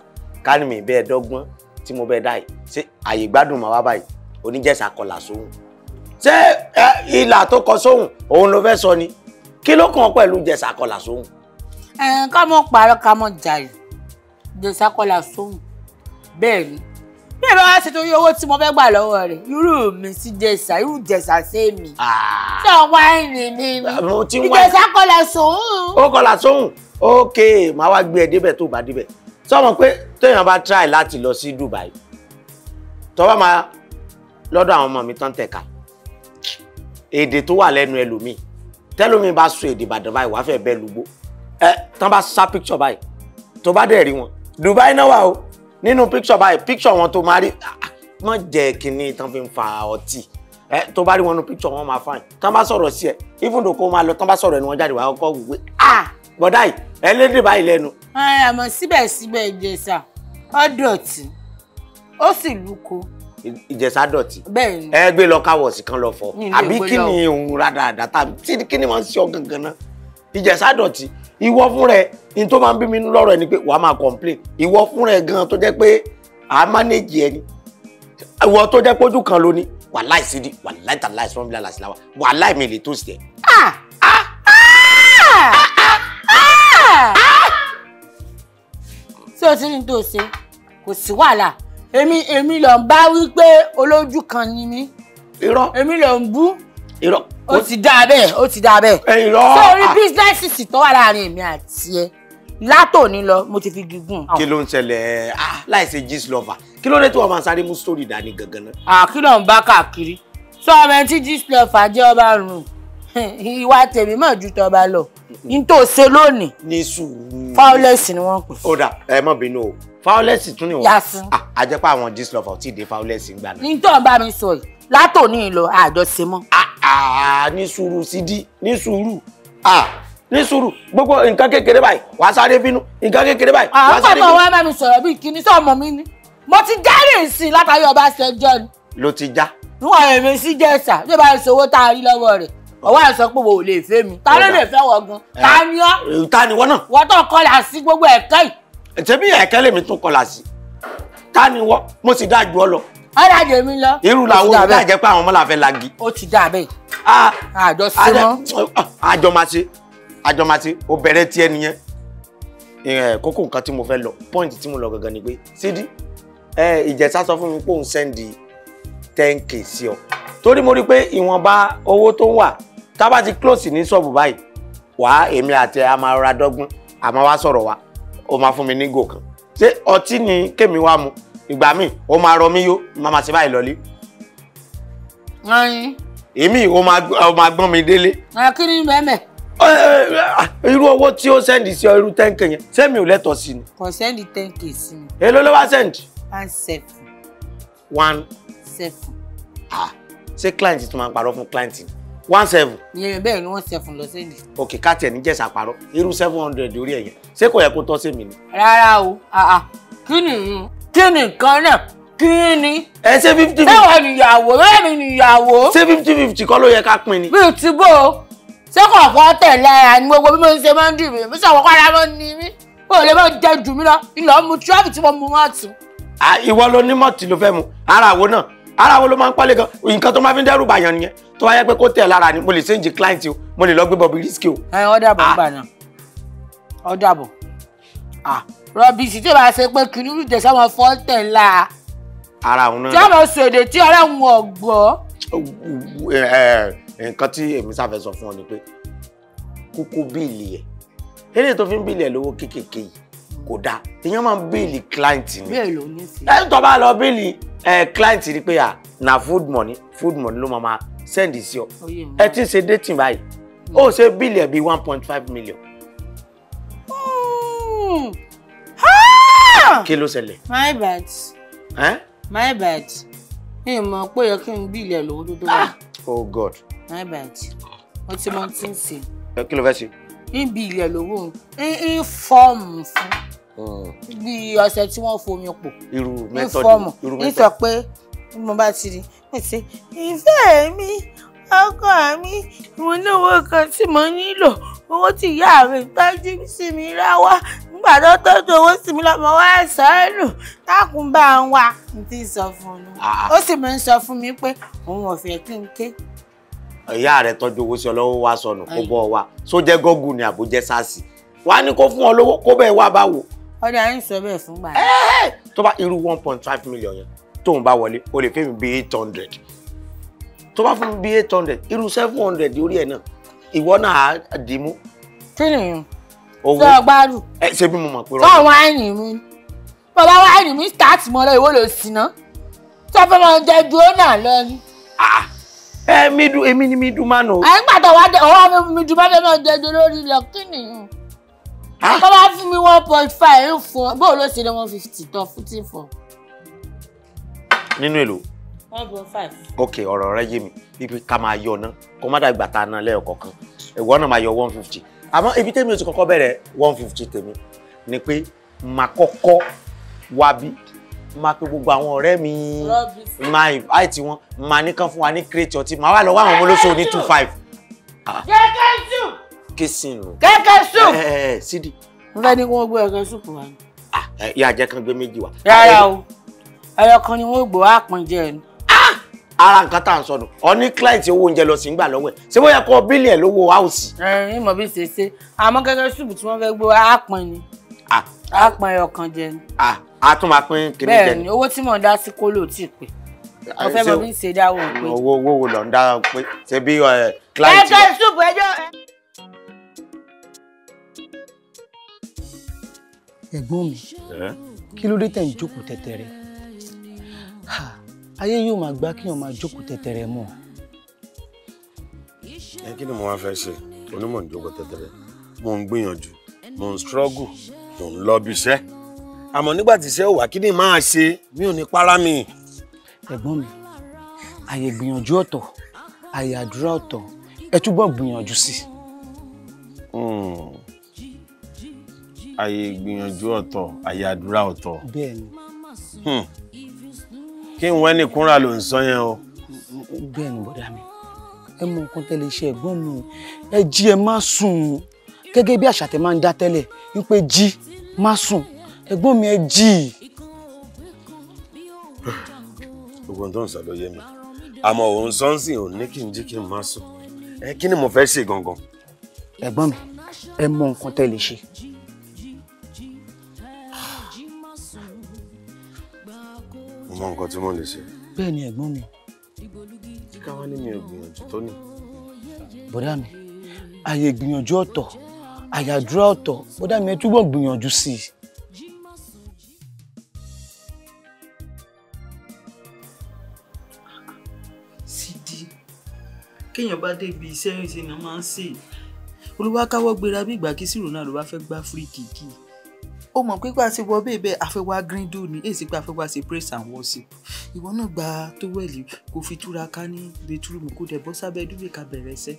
kánìmí bẹ́ẹ̀ dọ́gbọ́n tí mo bẹ́ẹ̀ dá yìí ṣé àyè gbádùn màá wá báyìí oníjẹsà kọlà sóhun ṣé ìlà tó kọ sóhùn òun ló fẹ́ sọ ni kí ló kàn pẹ̀lú jẹ̀sàkọlà sóhùn. ká mọ̀ pààrọ̀ ká mọ̀ jàre jẹ̀sàkọlà sóhùn bẹ́ẹ̀ ni bí ẹ bá wá ṣètò owó tí mo fẹ́ gbà lọ́wọ́ rẹ̀ irú mi sí jẹ̀sà irú jẹ̀sà sí mi tí ọwọ́ ẹ̀yìn mi ni ìjẹ̀sà kọlà ó kọlà sóhùn ok màá wá gbé ẹ débẹ̀ tó bá débẹ̀ sọmọ pé téèyàn bá try láti lọ sí Dubai tó bá máa lọ́dọ̀ àwọn ọmọ mi tán tẹ̀ka èdè tó wà lẹ́nu ẹlòmíì tẹ́lómi bá sọ èdè Ìbàdàn báyìí wàá fẹ́ bẹ́ẹ̀ lùgbó ẹ tán bá sá picture báyìí tó bá dẹ̀ rí wọn Dubai náà wà o nínú picture báyìí picture wọn tó máa rí ah, ah, má jẹ́ kínní tán fi ń fa ọtí ẹ tó bá rí wọn nu picture wọn máa fine tán bá sọ̀rọ̀ sí ẹ even though kó máa lọ tán bá sọ̀rọ̀ ẹni wọn jáde wàá kọ́ wíwé ah bọ́dá yìí ẹlẹ́dẹ̀ báyìí lẹ́nu. àmọ́ síbẹ̀síbẹ̀ ìjẹsà ọ̀dọ̀tí ó sì lúko ìjẹsà dọ̀tí ẹ gbé lọ káwọ̀sì kan lọ fọ àbí kí ni òun rádaràdà tàbí kí ni wọ́n ń ṣe ọ gangan náà ìjẹsà dọ̀tí ìwọ fún rẹ ní tó máa ń bí mi lọ́rọ̀ ẹ ni pé wàá máa complain ìwọ fún rẹ gan tó jẹ́ pé à á manage ẹni ìwọ tó jẹ́ pójú kan ló ní wàláì sídi wàláì tàlá ìsọ́n bíi àlàsí làwà wàláì mi lè tó sí ẹ. tí ah! ah! ah! o ti ní tó ṣe kò sí wàhálà èmi èmi ló ń bá wípé olójú kan ni mí. irọ́ èmi ló ń bú. irọ́ o ti dáa bẹ́ẹ̀ o ti dáa bẹ́ẹ̀. irọ́ sórí bísínẹ́sì tó wà láàrin èmi àti ẹ látòní lọ mo ti fi gígùn. kí ló ń ṣẹlẹ̀ ah, láìsí gist lover kí ló dé tí wọ́n máa sáré mú sórí dání gangan náà. àkìlọ̀ ah, ń bá káàkiri sọ ọmọ ẹni lover jẹ́ ọba rùn ìwà tèmi mọ̀ ju tọba lọ n tó ṣe lónìí. ní sùúrù fowlẹ́sì ni wọ́n pè. ó dà ẹ má bínú o fowlẹ́sì tún ni wọ́n. yasun ah, a jẹ́ pé àwọn gist lover ti dé fowlẹ́sì ń gbà náà. ní tó ń bá mi sọ yìí látòní lọ àjọṣe mọ́. Ah, ah, ní sùúrù sídìí ní sùúrù ní sùúrù gbogbo nǹkan kékeré báyìí wàá sáré bínú nǹkan kékeré báyìí wàá sáré bínú. àwọn ọmọ wa bá mi sọ̀rọ̀ bíi kíní sọ́ọ̀mọ́ mi ni mo ti já ọwọ́ ẹ̀ sọ pé wo lè fẹ́ mi tani ló lè fẹ́ wọ gan ta ni ọ́ ta ni wọ́n náà wọ́n tó kọlà sí gbogbo ẹ̀kẹ́ yìí. ṣebí ẹ̀kẹ́ lèmi tún kọlà sí ta ni wọ́n mo sì dáa ju ọ lọ. ọ̀rẹ́ àjẹ́ mi lọ. irú làwọn ò dáa jẹ́ pé àwọn ọmọ làfẹ́ lagi. ó ti dáa bẹ́ẹ̀. àjọ súnmọ́. àjọ máa ṣe àjọ máa ṣe ó bẹ̀rẹ̀ tiẹ̀ nìyẹn kókó nǹkan tí mo fẹ́ lọ point tí mo lọ gangan ni pé sídi ìjẹ̀sà sọ fún mi pé òun sẹ́ndì ten k sí ọ torí mo rí i pé ìwọ̀nba owó tó ń wà tá a ti close ní ṣọ́ọ̀bù báyìí wàá emi àti a máa ra dọ́gbọ́n a máa wá sọ̀rọ̀ wa o máa fún mi ní gò kan ṣé ọtí ni kémi wá mu ìgbà míì ó máa rọ mí yó má máa ṣe báyìí lọlé. èmi ò máa gbọ́n mi délé. kí ni bẹ́ẹ̀ irú owó send. ó sẹ́ndì sí irú tẹ́ǹkì yẹn sẹ́mi ò lẹ́tọ̀ọ́ sí ni. kò sẹ́ndì tẹ́ǹkì sí mi. èló ló wá sẹ́ndì. one seven. one seven. ah Se client tún máa ń parọ́ fún client ni one seven. iye bẹ́ẹ̀ ni one seven lọ sẹ́yìn. ok ká tiẹ̀ ní jẹ̀sà parọ́ irú seven hundred orí ẹ̀yẹn ṣé kò yẹ kó tọ́ sí mi ni. rárá o kí ni kí ni nǹkan náà kí ni. ẹ ṣe fifty fifty. bẹ́ẹ̀ ni ìyàwó bẹ́ẹ̀ ni ìyàwó. ṣé fifty fifty kọ́ ló yẹ ká pín ni. bí o ti bó o ṣé kọ̀ọ̀kan tẹ̀lé ara ni gbogbo bí mo ṣe máa ń dì mí mi sọ̀rọ̀ kọ́ra máa ń ní mí o lè máa jẹ jù mí lọ ìlọ́ mu tíráfì tí mo mu wọn tù. ìwọ lo ní mọ̀tì ló fẹ́ mu ara àwo náà ara wo ló máa ń pálẹ̀ gan nǹkan tó máa fi ń dẹ́rù bàyàn nìyẹn tó wáyé pé kó tẹ̀ lára ni mo lè change client o mo lè lọ gbé Bobrisky o. ẹ ọ dàbọ̀ ah. gbà náà ọ dàbọ̀ ah, rọbìsì tí o bá ṣe pé kìnìún jẹ sáwọn fọ́ńtẹ̀ ńlá ara òun náà. tí a lọ sèdè tí ọ̀rẹ́ òun ò gbọ́. nǹkan tí èmi sáfẹ́ sọ fún ọ ni pé kókó bíìlì ẹ̀ eré tó fi ń bíìlì ẹ̀ lówó kéékèèké yìí kò dáa èèyàn máa ń bíìlì client ni. bẹ́ẹ̀ ló ní sí. ẹ̀ ń tọ́ bá lọ bíìlì ẹ client rí pé à na food money food money ló máa máa send sí ọ ẹ ti ṣe dating báyìí ó ṣe billion ẹ̀ bíi one point five million. Hmm. Ah! kí ló ṣẹlẹ̀. my bad. Eh? my bad. mi ò mọ̀ pé yẹ kí n bíìlì ẹ̀ lówó tó tó wá. Ah! oh god. my bad. mo ti mọ ti ń sè. kí ló fẹ́ ṣe. ń bíìlì lówó ń fọ́ọ̀mù fún bí ọ̀sẹ̀ tí wọ́n fomi pò irú mẹ́tọ́dù irú mẹ́tọ́dù nítorí pé mo bá ti rí mo ti ìfẹ́ mi ọkọ mi mo lówó kan tí mo nílò owó tí ìyá rẹ̀ tọ́jú sí mi láwá nígbà tó tọ́jú owó sí mi lọ́mọ wá sọ́ọ̀nù tákùn bá ń wà n ti sọ fún un ah, ah. ó sì máa ń sọ fún mi pé òun ò kí n ké ìyá rẹ tọjú owó sí ọlọ́wọ́ wá sọnù kó bọ́ wa só jẹ́ gọ́gù ni àbójẹ́ sars wàá ní kó fún ọ lówó kó bẹ́ẹ̀ wá bá wò ọdẹ àyìn sọ bẹ́ẹ̀ fún gbà. tó bá irú one point five million yẹn tóun bá wọlé o lè fẹ́ mi bí eight hundred tó bá fún mi bí eight hundred irú seven hundred orí ẹ̀ náà ìwọ náà á dì í mú. kí ni yun sọ gbárù ẹ ṣe bí mo mọ̀ pé. fún wáìnì mi bàbá wáìnì mi start mọ́ lọ ìwọ ló sì ná sọfẹ́ máa ń jẹ dúró náà lọ ni. Ah, ẹ mi dùn èmi ni mi dùn máa nù. àyìnbá tó wá dé ọwọ́ mi dùn máa fẹ́ máa jẹ dúró lórí lọ kí ni yun. Ah. bọ́ bá fún mi one point five ń fún ọ bóun ló ṣe ní one fifty tó fútì fún ọ. nínú èlò. one point five. ok ọ̀rọ̀ rẹ yé mi ibi ká máa yọ ná kó má dàgbà tá a ná lẹ́ẹ̀kọ̀ọ̀kan ìwọ náà máa yọ one fifty àmọ́ ibi tèmi ò ti kọ́kọ́ bẹ̀rẹ̀ one fifty tèmi ni pé màá kọ́kọ́ wá bí máa pe gbogbo àwọn ọ̀rẹ́ mi máa invite wọn máa ní kán fún wa ní crate ọtí máa wà lọ́wọ́ àwọn ọmọ ní two five. Ah. jẹ́ kẹ́ńtù kẹ́sìnù. kẹ́kẹ́ soup. ẹ ẹ sídi. mo fẹ́ ní kí wọ́n gbé ẹ̀kẹ́ soup wa. Ah, eh, ìyá àjẹ kan gbé méjì wá. rárá ah, o ẹyọ kan ni wọ́n gbọ́ àpọ̀n jẹ ah ara nǹkan tá à ń sọnù ọ ní client owó oúnjẹ lọ sí ń gbà lọ́wọ́ ẹ̀ ṣé bóyá kọ bílì ẹ̀ lówó áùsì. ẹ ẹ mọ̀ bí ṣe ṣe àmọ́ kẹ́kẹ́ soup tí wọ́n fẹ́ gbé àpọ̀n ni ah. àpọ̀n ẹyọ kan jẹ ni. ah tún máa pín kiri jẹ ni. bẹ́ẹ̀ni owó tí mò ń dá sí kóló tí ì pè mo fẹ́ mọ bí ń ṣe dáwọ́ pé. owó owó wo lọ ń dá pé ṣe bí eh, client. kẹ́kẹ́ soup ẹjọ́. ẹ̀gbọ́n mi kí ló dé tẹ̀ ń jókòó tẹ̀tẹ̀rẹ̀ ayé yóò máa gbá kéèyàn máa jókòó tẹ̀tẹ̀rẹ̀ mọ́. ẹ kí ni mo wá fẹ́ ṣe onímọ̀ ń jókòó tẹ̀tẹ̀rẹ̀ mo ń gbìyànjú mo ń struggle mo ń lọ bíṣẹ́ àmọ́ nígbà tí iṣẹ́ ò wá kí ni máa ṣe mi ò ní para mi. ẹ̀gbọ́n mi àyè gbìyànjú ọ̀tọ̀ àyè àdúrà ọ̀tọ̀ ẹ túbọ̀ gbìyànjú sí àyè ìgbìyànjú ọ̀tọ̀ àyè àdúrà ọ̀tọ̀. bẹ́ẹ̀ni. Hmm. kí n wẹ́n kúnra ló ń sọ yẹn o. bẹ́ẹ̀ni bọ́dà mi ẹ mọ nǹkan tẹ́lẹ̀ iṣẹ́ ẹ̀gbọ́n mi ẹ jí ẹ má sùn gẹ́gẹ́ bí àṣà tẹ máa ń dá tẹ́lẹ̀ wípé jí má sùn ẹ̀gbọ́n mi ẹ jí. gbogbo tó ń sọ ló yé mi àmọ́ òun sọ́nsìn ò ní kí n jí kí n má sùn ẹ kí ni mo fẹ́ ṣe gangan. ẹ̀gbọ́n mi ẹ mọ nǹkan tẹ́lẹ̀ ṣe mo mọ nǹkan tí mo lè ṣe. bẹ́ẹ̀ ni ẹ̀gbọ́n mi. tí káwá ní mi ò gbìyànjú tó ní. bọ́dà mi àyè ìgbìyànjú ọ̀tọ̀ àyàdúrà ọ̀tọ̀ bọ́dà mi ẹ túbọ̀ gbìyànjú sí i. Sidi kéèyàn bá débi iṣẹ́ ìṣìnà máa ń sè olùwàkáwọ́ gbéra bí ìgbà kí sírò náà bá fẹ́ gbá fúrí kìkì ó mọ̀ pé gbà tí wọ bẹ́ẹ̀ àfẹ́wà green do ni èsì pé àfẹ́wà ṣe praise and worship ìwọ náà gba tówẹ́lì kò fi túra ká ní bẹtúrúmù kó dẹ̀ bọ́ sábẹ́ dúbì ká bẹ̀rẹ̀ ṣẹ́.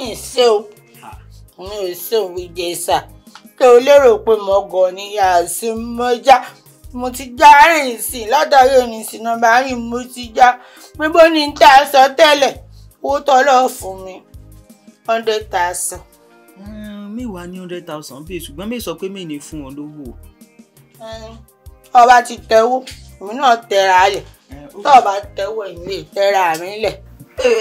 ń ṣe o mi ò ṣe òwe jẹ sà pé o lérò pé mo gọ̀ ni àṣì mo já mo ti já rìn sí ládàáyé oníṣìí nọ́mbà rìn mo ti já pé bó ni tá a sọ tẹ́lẹ̀ owó tọ́lọ́ fún mi hundred thousand mi wà ní hundred thousand bẹ́ẹ̀ ṣùgbọ́n mi sọ pé mi ní fún ọ lówó. ọba ti tẹwó èmi náà tẹra lẹ tọba tẹwó èmi tẹra mi lẹ.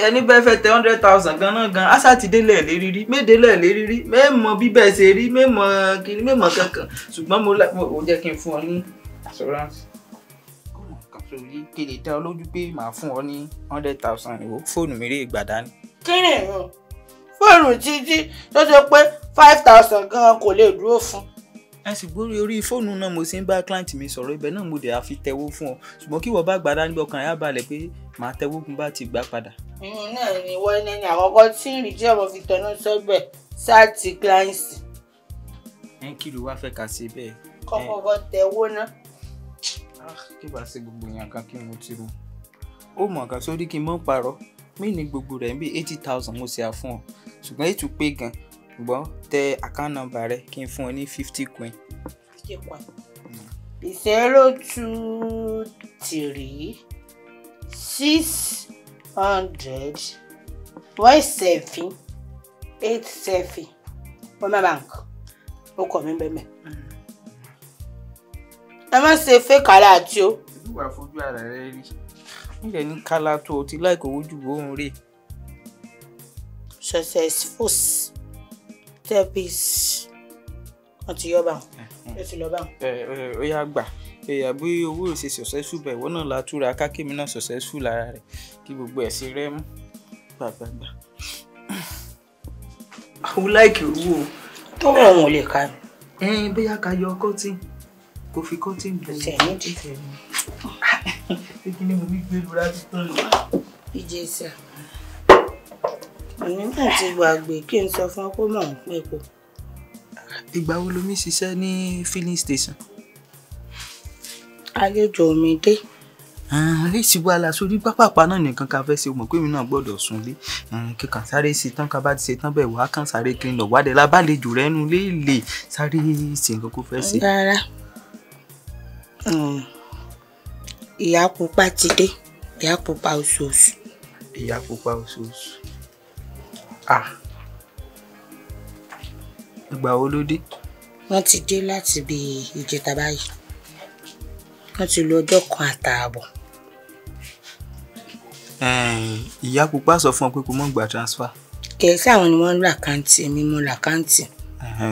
ẹni bẹ́ẹ̀ fẹ́ tẹ hundred thousand ganan gan ásà ti délẹ̀ lérírí médélẹ̀ lérírí mẹ́mọ bíbẹ̀ ṣe rí mẹ́mọ kiri mẹ́mọ kankan ṣùgbọ́n mo jẹ́ kí n fún ọ ní assurance sórí kí lè dá ọ lójú pé màá fún ọ ní hundred thousand ìwọ fóònù mi rí ìgbà dání. kí ni ìrún fóònù títí tó ṣe pé five thousand gan kò lè dúró fún. a sì gbórí orí fóònù náà mo sì ń bá client mi sọ̀rọ̀ ibẹ̀ náà mo dẹ̀ àfi tẹ̀wó fún ọ ṣùgbọ́n kí wọ́n bá gbàdá nígbà ọkàn yà balẹ̀ pé màá tẹ̀wó fún bá ti gbà padà. ìyún náà ni wọ́n ní ẹni àkọ́kọ́ tí ìrìn jẹ́ ọmọ fi tẹnu sọ́bẹ̀ sáà ti client. ẹ kí ló wá fẹ́ kà sí bẹ́ẹ̀. kọ́kọ́ bọ́ tẹ̀wó náà ah, kí bá ṣe gbogbo èèyàn kan kí n mo ti mí ní gbogbo rẹ̀ bí eighty thousand mo ṣe à fún ọ ṣùgbọ́n ètò pé gan ṣùgbọ́n tẹ account number rẹ kí n fún ọ ní fifty coin. Hmm. zero two three six hundred one seven eight seven women bank ó kọ mí bẹ́ẹ̀ ẹ má ṣe fẹ́ kàrà àti o. ìlú fojú ara rẹ rí nílẹ̀ ní kálá tó o ti láìkó ojú òun rè. successful therapist wọn ti yọ báwọn yóò ti lọ báwọn. ẹ ẹ ó yá gbà èyà bí owó ìṣe successful bẹ̀ ìwọ náà la kákémi náà successful lára rẹ̀ kí gbogbo ẹ̀ sí rẹ́ mú gbàgbàgbà. àwọn láìkì owó tọrọ wọn lè ka mi. bóyá ká yọ kọ́tìn kò fi kọ́tìn bò ó. ọ̀sẹ̀ ní ti tẹ̀lé kíni mo bí gbé lura ti tán lọ. ìjẹsà nígbà tí gbàgbé kí n sọ fún ọ pé mò ń pẹ́ kó. ìgbà wo lomi ṣiṣẹ́ ní filling station. àlejò mi dé. ààrẹ ti wá la sórí pápápá náà nìkan ká fẹ́ ṣe mọ̀ pé mi náà gbọ́dọ̀ sunlé kíkan sáré ṣe tán ká bá ti ṣe tán bẹ́ẹ̀ wá kàn sáré kiri lọ wádẹ lábàlejò rẹ nu léèlè sáré ṣe nǹkan kó fẹ́ ṣe. rárá ìyá pupa ti dé ìyá pupa oṣooṣù. ìyá pupa oṣooṣù ah ìgbà wo ló dé. wọ́n ti dé láti ibi ìjẹta báyìí wọ́n ti lo ọjọ́ kan àtààbọ̀. ìyá pupa sọ fún ọ pé kó mọ̀ gba transfer. kẹ̀sí àwọn ni wọ́n ń lo àkáǹtì mi mú lo àkáǹtì.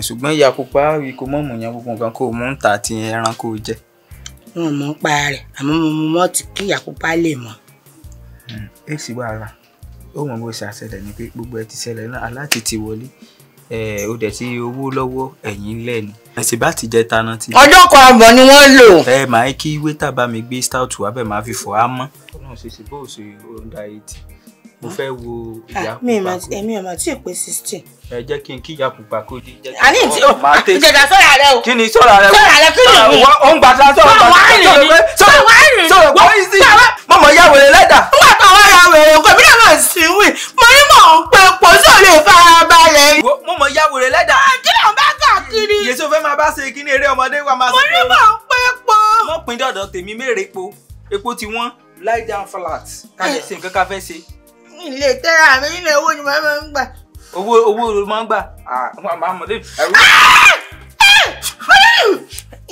ṣùgbọ́n ìyá pupa rí kó mọ̀ mú yẹn gbogbo nǹkan kó mú ń ta àti ẹran kó jẹ wọn mọ̀ ń pa rẹ̀ àmọ́ mo mú mọ́ọ̀tì kí àkópa lè mọ̀. ẹ sì wá ara ó mọ̀ bó ṣe àṣẹlẹ̀ ni pé gbogbo ẹ ti ṣẹlẹ̀ náà aláàtì ti wọlé ó dẹ̀ ti owó lọ́wọ́ ẹ̀yìn lẹ́nu ẹ̀sìn bá ti jẹ tana ti. ọjọ́ kan àbọ̀ ni wọ́n lò. ẹ máa kí wétà bá mi gbé stout wá bẹ́ẹ̀ máa fi fọ̀ á mọ́. ọlọ́run ṣe ṣe bó o ṣe ó ń da etí mo fẹ́ wo ah, ìyá pupa kó èmi ọmọ tí èpè sixteen. ẹ jẹ́ kí n kí ìyá pupa kó di. àní tí o jẹjà sọ̀rọ̀ rẹ o. kí ni sọ̀rọ̀ rẹ o rẹ kí ni mi. o ń gbàdúrà sọ̀rọ̀ gbàdúrà sọ̀rọ̀ pé sọ̀rọ̀ pé wọ́n sì mọ̀mọ́ ya wèrè lẹ́dà. nígbà tó wá ya wèrè kò bí náà sì ń wì mo ní mò ń pe pò sí òde ìfarabalẹ̀. mọ̀mọ́ ya wèrè lẹ́dà. Ah, kí ló ń bá káàkiri. yèsò fẹ́ máa bá ṣe kí ni ilé tẹ́ra mi nílẹ̀ owó ni màá máa ń gbà. owó owó ló máa ń gbà màá mọ̀ lẹ́yìn.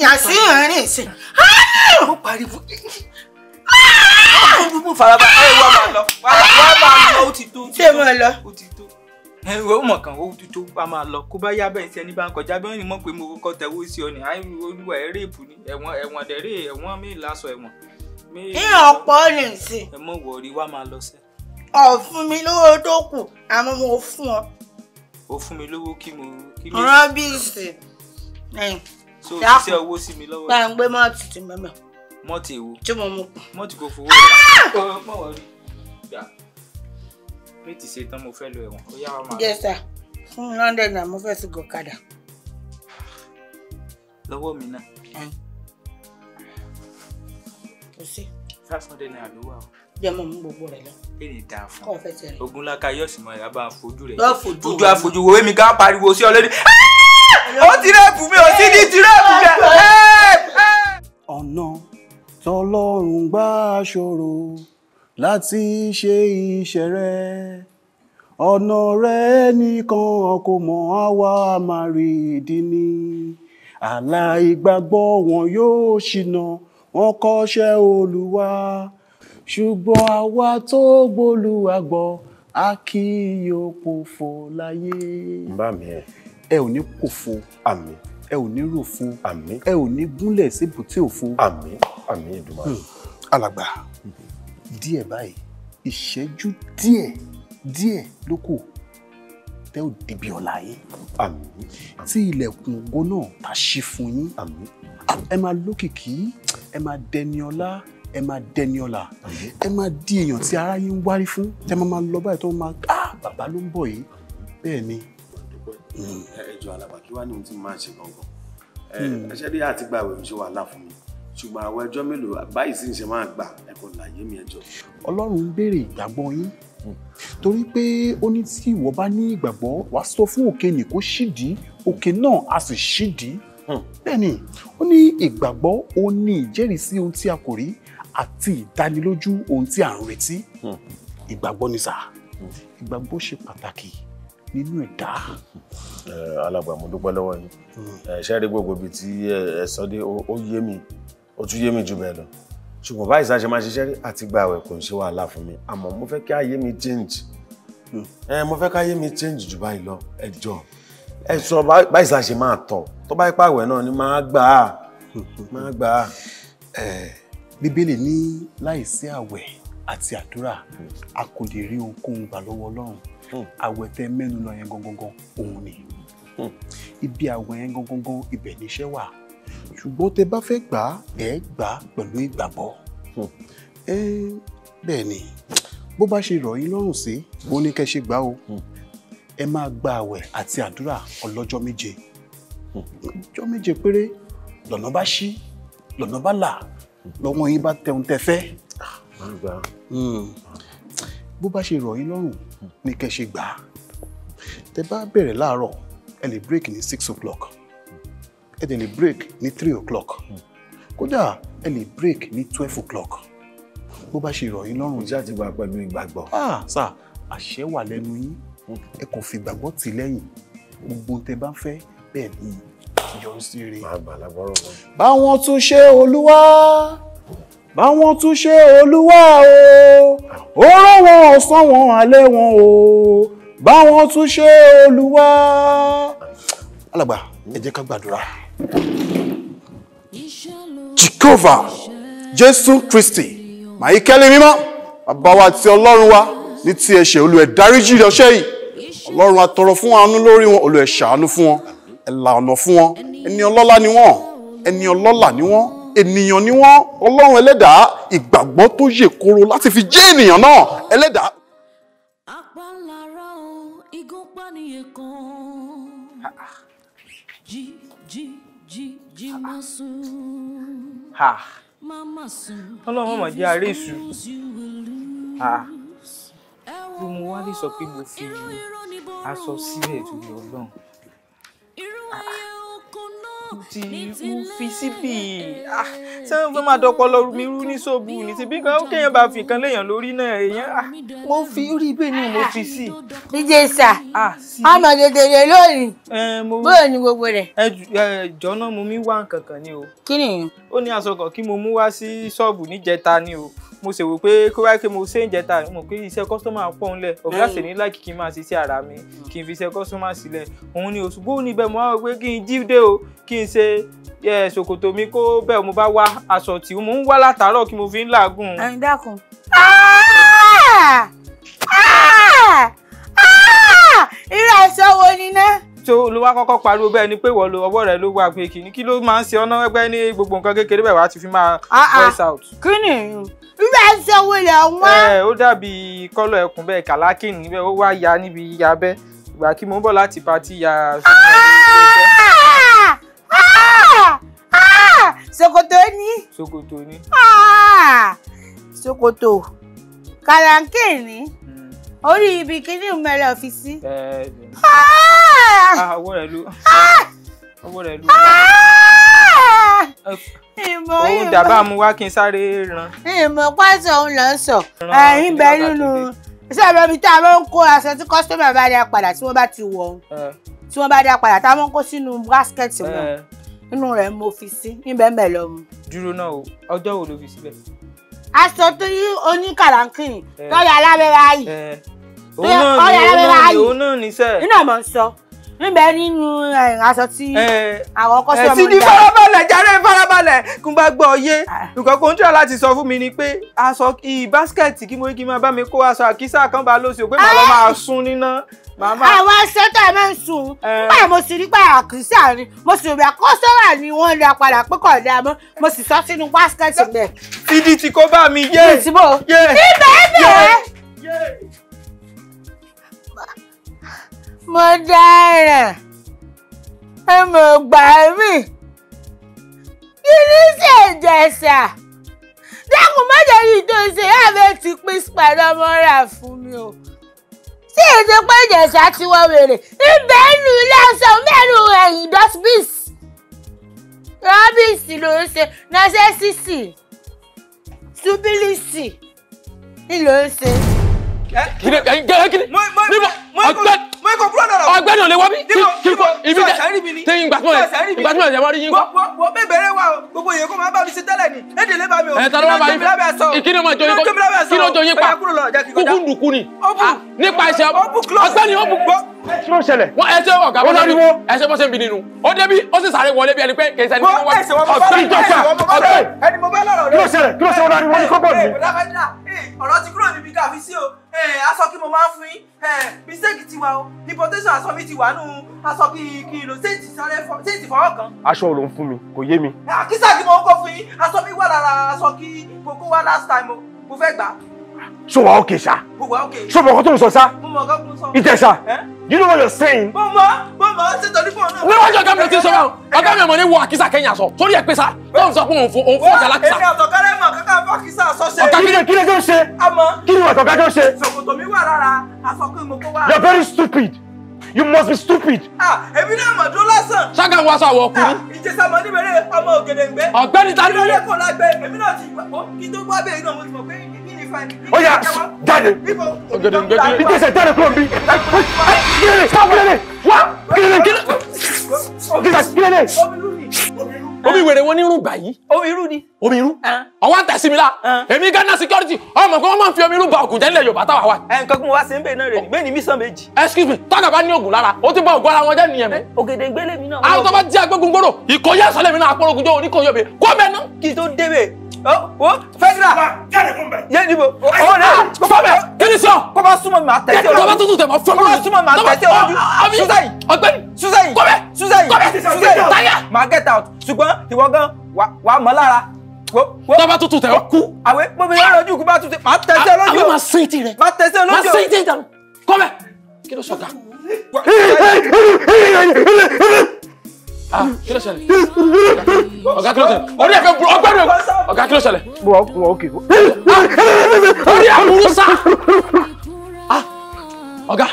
yàtí ìrìn ìsìn. ó ah! pariwo mú faraba ẹ wá máa lọ wá máa lọ ó ti tó ṣé mo lọ ó ti tó ẹ ò mọ̀ kàn ó ti tó wá máa lọ kó bá yá bẹ́ẹ̀ sí bá ń kọjá bẹ́ẹ̀ ni mọ̀ pé mo kọ́ tẹ̀wó sí ọ ní olúwa ẹ̀ réèpù ni ẹ̀wọ̀n ẹ̀wọ̀n dẹ̀ rèé ẹ̀wọ̀n mi lásọ ẹ̀wọ̀n. ní ọ̀pọ̀ ní ìsìn. ẹ mọ̀ wọ̀ọ́rí wá máa lọ sẹ́ẹ̀ ọ̀ fún mi lówó tó kù àmọ́ mo fún ọ. o fún mi lówó kí mo. rán bíìsì. so ṣiṣẹ́ owó sí mi lọ́wọ́. bá ń gbé mọ́ọ̀tì tí mẹ́mẹ́. mọ́ọ̀tì èwo. tí mo mú. mọ́ọ̀tì kò fowó rẹ̀. mọ̀ wọ́n rí gbà. mi ti ṣe tán mo fẹ́ lo ẹ̀wọ̀n ó yá wa máa. jẹ́sà fún london náà mo fẹ́ sí gòkadà. lọ́wọ́ mi náà. kò sí. five hundred naira ló wà o. jẹ́ mọ̀ mú gbogbo rẹ̀ lọ péré da fún ogunlaka yóò sì mọ ìyá bá fojú rẹ fojú àfojú wo èmi kan pariwo sí ọlẹ́ni ó ti rẹ́ẹ̀pù mi ò sí ní ti rẹ́ẹ̀pù mi. ọ̀nà tọlọ́run gbà ṣòro láti ṣe iṣẹ́ rẹ̀ ọ̀nà rẹ̀ nìkan kò mọ̀ àwa máa rí ìdí ni àlà ìgbàgbọ́ wọn yóò ṣìnà wọn kọ́ṣẹ́ Olúwa ṣùgbọ́n àwa tó gbólúwa gbọ́ a kì í yóò pòfo láyé. bá mi ẹ. ẹ ò ní pòfo. àmín. ẹ ò ní ròfo. àmín. ẹ ò ní gúnlẹ̀ síbò tí ò fo. àmín àmín Èdùmàrè. Hmm. alàgbà díẹ̀ báyìí ìṣẹ́jú díẹ̀ díẹ̀ ló kù tẹ́ ò dìbì ọ̀la yín. àmín. tí ilẹ̀kùn ògo náà bá ṣí fún yín. àmín. ẹ máa lókìkí ẹ máa dẹni ọlá ẹ máa dẹni ọ̀la ẹ máa di èèyàn tí aráyé ń wárí fún tẹ máa máa lọ báyìí tó máa á ah, bàbá ló ń bọ̀ yìí bẹ́ẹ̀ ni. ẹ jọ alaba kí wàá ní ohun tí mo máa ṣe gangan ẹ hmm. ṣe dé àti gbàwé ń ṣe wàhálà fún mi ṣùgbọ́n àwọn ẹjọ́ mélòó báyìí sì ń ṣe máa gbà ẹ̀kọ́ láyé mi ẹjọ́. ọlọ́run ń béèrè ìgbàgbọ́ yín hmm. torí pé ó ní tí ìwọ bá ní ìgbàgbọ́ wà sọ fún òkè nì kó ṣídìí òkè náà a sì ṣídìí hmm. bẹ́ẹ̀ ni ó ní ìgbàgbọ́ ó ní ìjẹ́rìísí ohun tí a kò rí àti ìdánilójú ohun tí à ń retí hmm. ìgbàgbọ́ ni sà hmm. ìgbàgbọ́ ṣe pàtàkì nínú ẹ̀dá. Eh, alàgbà mo dúpẹ́ lọ́wọ́ yín hmm. eh, ṣẹ́ẹ́rì gbogbo ibi tí ẹ sọ dé ó yé mi ó tún yé mi jù bẹ́ẹ̀ lọ ṣùgbọ́n báyìí sáṣẹ máa ṣiṣẹ́ rí àti gba àwẹ̀ kò ń ṣe wàhálà fún mi àmọ́ mo fẹ́ kí ayé mi change ẹ eh, mo fẹ́ kí ayé mi change jù báyìí lọ ẹ jọ ẹ sọ báyìí sáṣẹ máa tọ̀ tó bá ipá àwẹ̀ náà ni máa gbà á máa gbà á bíbélì ní láìsí àwẹ̀ àti àdúrà a kò lè rí ohunkóhun gbà lọ́wọ́ ọlọ́run hmm. àwẹ̀ tẹ mẹ́nu lọ yẹn gangan òun ni hmm. ibi àwẹ̀ yẹn gangan ibẹ̀ níṣẹ́ wà ṣùgbọ́n tẹ bá fẹ́ gbà ẹ gbà pẹ̀lú ìgbàgbọ́ hmm. bẹ́ẹ̀ ni bó bá ṣe rọ̀ yín lọ́rùn sí bó ní kẹ́ ṣe gbà o ẹ máa gba àwẹ̀ àti àdúrà ọlọ́jọ́ méje ọjọ́ méje péré lọ́nà bá ṣí lọ́nà bá là lọ́mọ yín bá tẹun tẹfẹ́ hmm. bó bá ṣe rọ̀ yín lọ́rùn ní kẹ́ ṣe gbà á tẹ bá bẹ̀rẹ̀ láàárọ̀ ẹ lè break ní six o'clock ẹ dẹ̀ lè break ní three o'clock kódà ẹ lè break ní twelve o'clock bó bá ṣe rọ̀ yín lọ́rùn. ìjà ti wà pẹ̀lú ìgbàgbọ́. Ah, sà àṣẹ wà lẹ́nu yín ẹ kàn fi ìgbàgbọ́ tì lẹ́yìn gbogbo tẹ bá fẹ́ bẹ́ẹ̀ ni yọrí sí rere. báwọn tún ṣe olúwa báwọn tún ṣe olúwa o ó rọ̀ wọn ọ̀sán wọn alẹ́ wọn o báwọn tún ṣe olúwa. alàgbà ẹ ká gbàdúrà. Jehovah Jésù Kristi màíkẹ́lẹ́ mímọ́ bàbá wa àti ọlọ́run wa ní ti ẹ̀ṣẹ̀ olùẹ̀ dáríjì ọ̀ṣẹ́ yìí ọlọ́run a tọrọ fún àánú lórí wọn olùẹ̀ ṣàánú fún wọn ẹ la ọ̀nà fún wọn ẹni ọlọ́lá ni wọ́n ẹni ọlọ́lá ni wọ́n ènìyàn ni wọ́n ọlọ́run ẹlẹ́dàá ìgbàgbọ́ tó yè koro láti fi jẹ́ ènìyàn náà ẹlẹ́dàá. ọlọ́run mà jẹ́ èṣù bí mo wá sọ pé mo fi aṣọ sílẹ̀ torí ọlọ́run di fi síbì ṣé wọn máa dọpọ lọ mi rú ní ṣòbù ní ti bí kan ó kéèyàn bá fi kan léèyàn lórí náà èèyàn ah, mo fi rí ibẹ̀ ni mo fi sí. ìjẹsà ọmọ dèdèrè lónìí eh, bóyá ni gbogbo rẹ. ẹ jọ náà mo mi wá nǹkan kan ni o. kí nìyẹn ó ní aṣọ kí mo mú wá sí ṣọ́ọ̀bù níjẹta ni o mo ṣe wò pé kó wáyé pé mo ṣe ń jẹta mo pé iṣẹ́ kọ́sọ́mà pọ̀ ńlẹ̀ ọ̀gá sì ní láìkí kí n máa ṣiṣẹ́ ara mi kí n fi iṣẹ́ kọ́sọ́mà sílẹ̀ òun ni òṣùgbó ní bẹ́ẹ̀ mo wá wọ pé kí n jíde o kí n ṣe ṣòkòtò mi kó bẹ́ẹ̀ mo bá wá aṣọ tí mo ń wá látàárọ̀ kí mo fi ń làágùn. ẹ̀yin dákun. Ah! Ah! tó ló wá kọ́kọ́ pariwo bẹ́ẹ̀ ni pé ìwọ lo ọwọ́ rẹ ló wà pé kí ni kí ló máa ń ṣe ọ̀nà ẹgbẹ́ ní gbogbo nǹkan kékeré bẹ́ẹ̀ wá ti fi máa ah, ah. voice out. kí ni nígbà tí owó ilẹ̀ wá. ẹ ó dàbí kọ́lọ̀ ẹkùn bẹ́ẹ̀ kàlákì níbẹ̀ ó wá ya níbi ya bẹ́ẹ̀ ìgbà kí mo ń bọ̀ láti patí ya. ṣòkòtò ni. ṣòkòtò ni. Ah, ṣòkòtò kàlákì ni orí ibi kíní mẹ́rẹ̀ fi sí. owó rẹ̀ lu owó rẹ̀ lu. ìmọ̀ ìmọ̀ òun dàbá mu wá kí n sáré ran. ìmọ̀ pásọ̀ òun lọ sọ ẹ̀yìn bẹ nínú sọ̀rọ̀ ibi tá a máa ń kó aṣọ tí kọ́sítọ́mà bá dá padà tí wọ́n bá ti wọ̀ ọ́n tí wọ́n bá dá padà tá a máa ń kó sínú báskẹ̀tì wọn inú rẹ̀ mo fi sí níbẹ̀ mẹ́ lọ dúró náà o ọjọ́ wo ló fi sílẹ̀. aṣọ tó yí oníkàlàkìnì lọ́yà alábẹ́rẹ́ ayì ọ̀rẹ́ rẹ bẹ báyìí òun náà ní sẹ́ iná mọ̀ ń sọ níbẹ̀ nínú aṣọ tí àwọn ọkọ sí ọmọ ìgbà. ẹ̀sìn ní farabalẹ̀ jàre farabalẹ̀ kí n bá gbọ́ yé nǹkan kan tó yà láti sọ fún mi ni pé aṣọ báskẹ̀tì kí mo kí n máa bá mi kó aṣọ àkísà kan bá lóṣù pé màá lọ máa sùn níná. àwọn aṣọ tó ẹ máa ń sùn nígbà mo sì rí pé àkísà ni mo sì rí àkọ́sọ́rà ni wọ́n lè padà pé kò dáa mọ́ mo sì sọ sínú báskẹ̀tì bẹ́ẹ̀. fìdí tí kò bá mi yé. ìdí mo dáràn ẹ mọ̀ gbà mí kìíní sí ìjẹsà dákun mọ́jọ yìí tó ṣe àbẹ̀ ti pín sípàdé ọmọ rà fún mi o sí èdè pé ìjẹsà ti wọ wèrè ibẹ̀ nù ilé ọsẹ mẹ́rin ẹ̀yìn dustbins rọ́bìsì ló ń ṣe nọ́sẹ́sìsì súbílìsì ni ló ń ṣe. kìnìún kìnìún kìnìún níbo ọgbẹ́ mo ikọ̀ kúrò lọ́rọ̀. ọgbẹ́ni ò lè wọ́ bí. kíkọ ibi tẹ tẹyin ìgbà tí mo lè ìgbà tí mo lè jẹ wọ́n rí yín kọ́. wọ́n bẹ bẹ̀rẹ̀ wa o gbogbo èèyàn kò máa bá mi ṣe tẹ́lẹ̀ ni èdè lè bá mi o. ẹ̀ta ló bá yín ìkíni ọmọ ìjọ yín kọ́ kí ló jọ yín pa kúkú ndùkú ni ah, nípa ẹsẹ̀ ọgbẹ́ni ó bu kí ló ṣẹlẹ̀. wọ́n ẹsẹ̀ ọ̀gá wọn lórí wọn ẹsẹ̀ bọ́sẹ̀ ń bi nínú. ó débi ó sì sáré wọlé bí ẹni pé kèsì ẹni mo bá lọ́rọ̀ rẹ. ọ̀gbẹ́ni ìjọba ọ̀gbẹ́ni kí ló ṣẹlẹ̀ kí ló ṣẹlẹ̀ wọn lórí wọn ní kọ́bọ̀ọ̀dù mi. Eh, ọ̀rọ̀ ti kúrò níbi káfí sí o eh, aṣọ kí mo máa ń fún yín eh, mistake ti wa o importation aṣọ mi ti wà nù aṣọ kí kí n lò séètì sáré séètì fọwọ́ kan. aṣọ ló ń fún mi kò yé mi. àkísà kí mo kó fún yín aṣọ mi wà lára aṣọ kí kókó wá last time o mo fẹ́ gbà á so wa okay sha so mo ko to so sha ite sha you know what you're saying mama mama se to ni phone na we want your government to so now oga mi mo ni wo akisa kenya so sori e pe sha don so pé on fo on fo ja la kisa èmi atokare mo kaka fo kisa so se oga kile kile go se ama kile wa toka go se so to mi wa rárá aso pe you're very stupid You must be stupid. Ah, èmi náà mọ̀ dúró lásán. Ṣága ń waṣọ àwọn ọkùnrin. Ìjẹsà mọ̀ níbẹ̀rẹ̀ ọmọ ògèdèǹgbẹ. Ọ̀gbẹ́ni ta ni. Ìbẹ̀rẹ̀ kọ̀ lágbẹ́. Èmi náà ti gbà kí tó gbọ́ abẹ́ yìí náà mo ti mọ̀ pé Oh yeah, Daddy. ó yá jáde ìdẹ́sẹ̀ jáde kúrò bí kílẹ̀lẹ̀ sáfúlẹ̀lẹ̀ wá kílẹ̀lẹ̀ kílẹ̀lẹ̀ kílẹ̀lẹ̀. omi wèrè wọn nírú gbà yìí. omi oh, irú ni. omi irú. Ah. àwọn àtẹ̀sí mi la ah. èmi Ghana security ọmọ kí wọ́n máa ń fi omi irú ba ògùn jẹ́ nílẹ̀ Yorùbá táwa wa. ẹ eh, nǹkan kún wa ṣe ń bè náà rè gbé ní mísàn méjì. excuse me tọ́ka bá ní ògùn lára ó ti bá ògùn ara wọn jẹ́ nìyẹn mi. Eh, ògèdè gbélé mi náà. àwọn tó bá jí agbégungbòrò ìkòyẹ́sọ̀lẹ̀ mi náà àpọ̀lọ́gùnjọ́ oníkòyọ́bẹ̀ kó bẹ́ẹ̀ náà. kì í tó débè wo fẹ́dúrà yé níbo ọwọ́ rẹ kọ́kọ́ bẹ kíni sọ. kọ́ bá súnmọ́ mi máa tẹ̀sí ojú. kọ́ bá tuntun tẹ̀ mọ́ fún mi. kọ́ bá súnmọ́ mi máa tẹ̀sí ojú. suzayi ọgbẹ́ni suzayi kọ́bẹ suzayi suzayi taya. máa get out ṣùgbọ́n ìwọ gan wà á mọ́ lára. tọ́ bá tuntun tẹ̀ ọ́ kú. àwẹ̀ mo bẹ yọrọ ojú kú bá tuntun máa tẹ̀sí olójú. àwẹ̀ máa sẹ́yìn tì rẹ̀. máa tẹ̀sí olójú. máa sẹ́yìn tì rẹ̀ kọ́bẹ kí ló sọ̀gà. Ah, kí ló ṣẹlẹ̀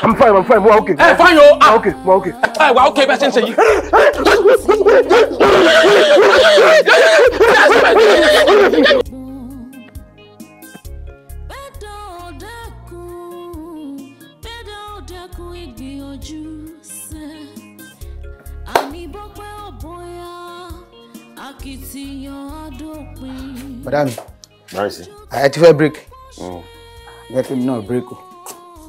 i'm fine i'm fine mo wà ókè. Eh, fine o. Ah. mo wà ókè mo wà ókè. ẹ wà ṣe ń ṣe yìí. bàdá mi ah, ẹ ti fẹ́ break mm. ẹ fi mi náà break o.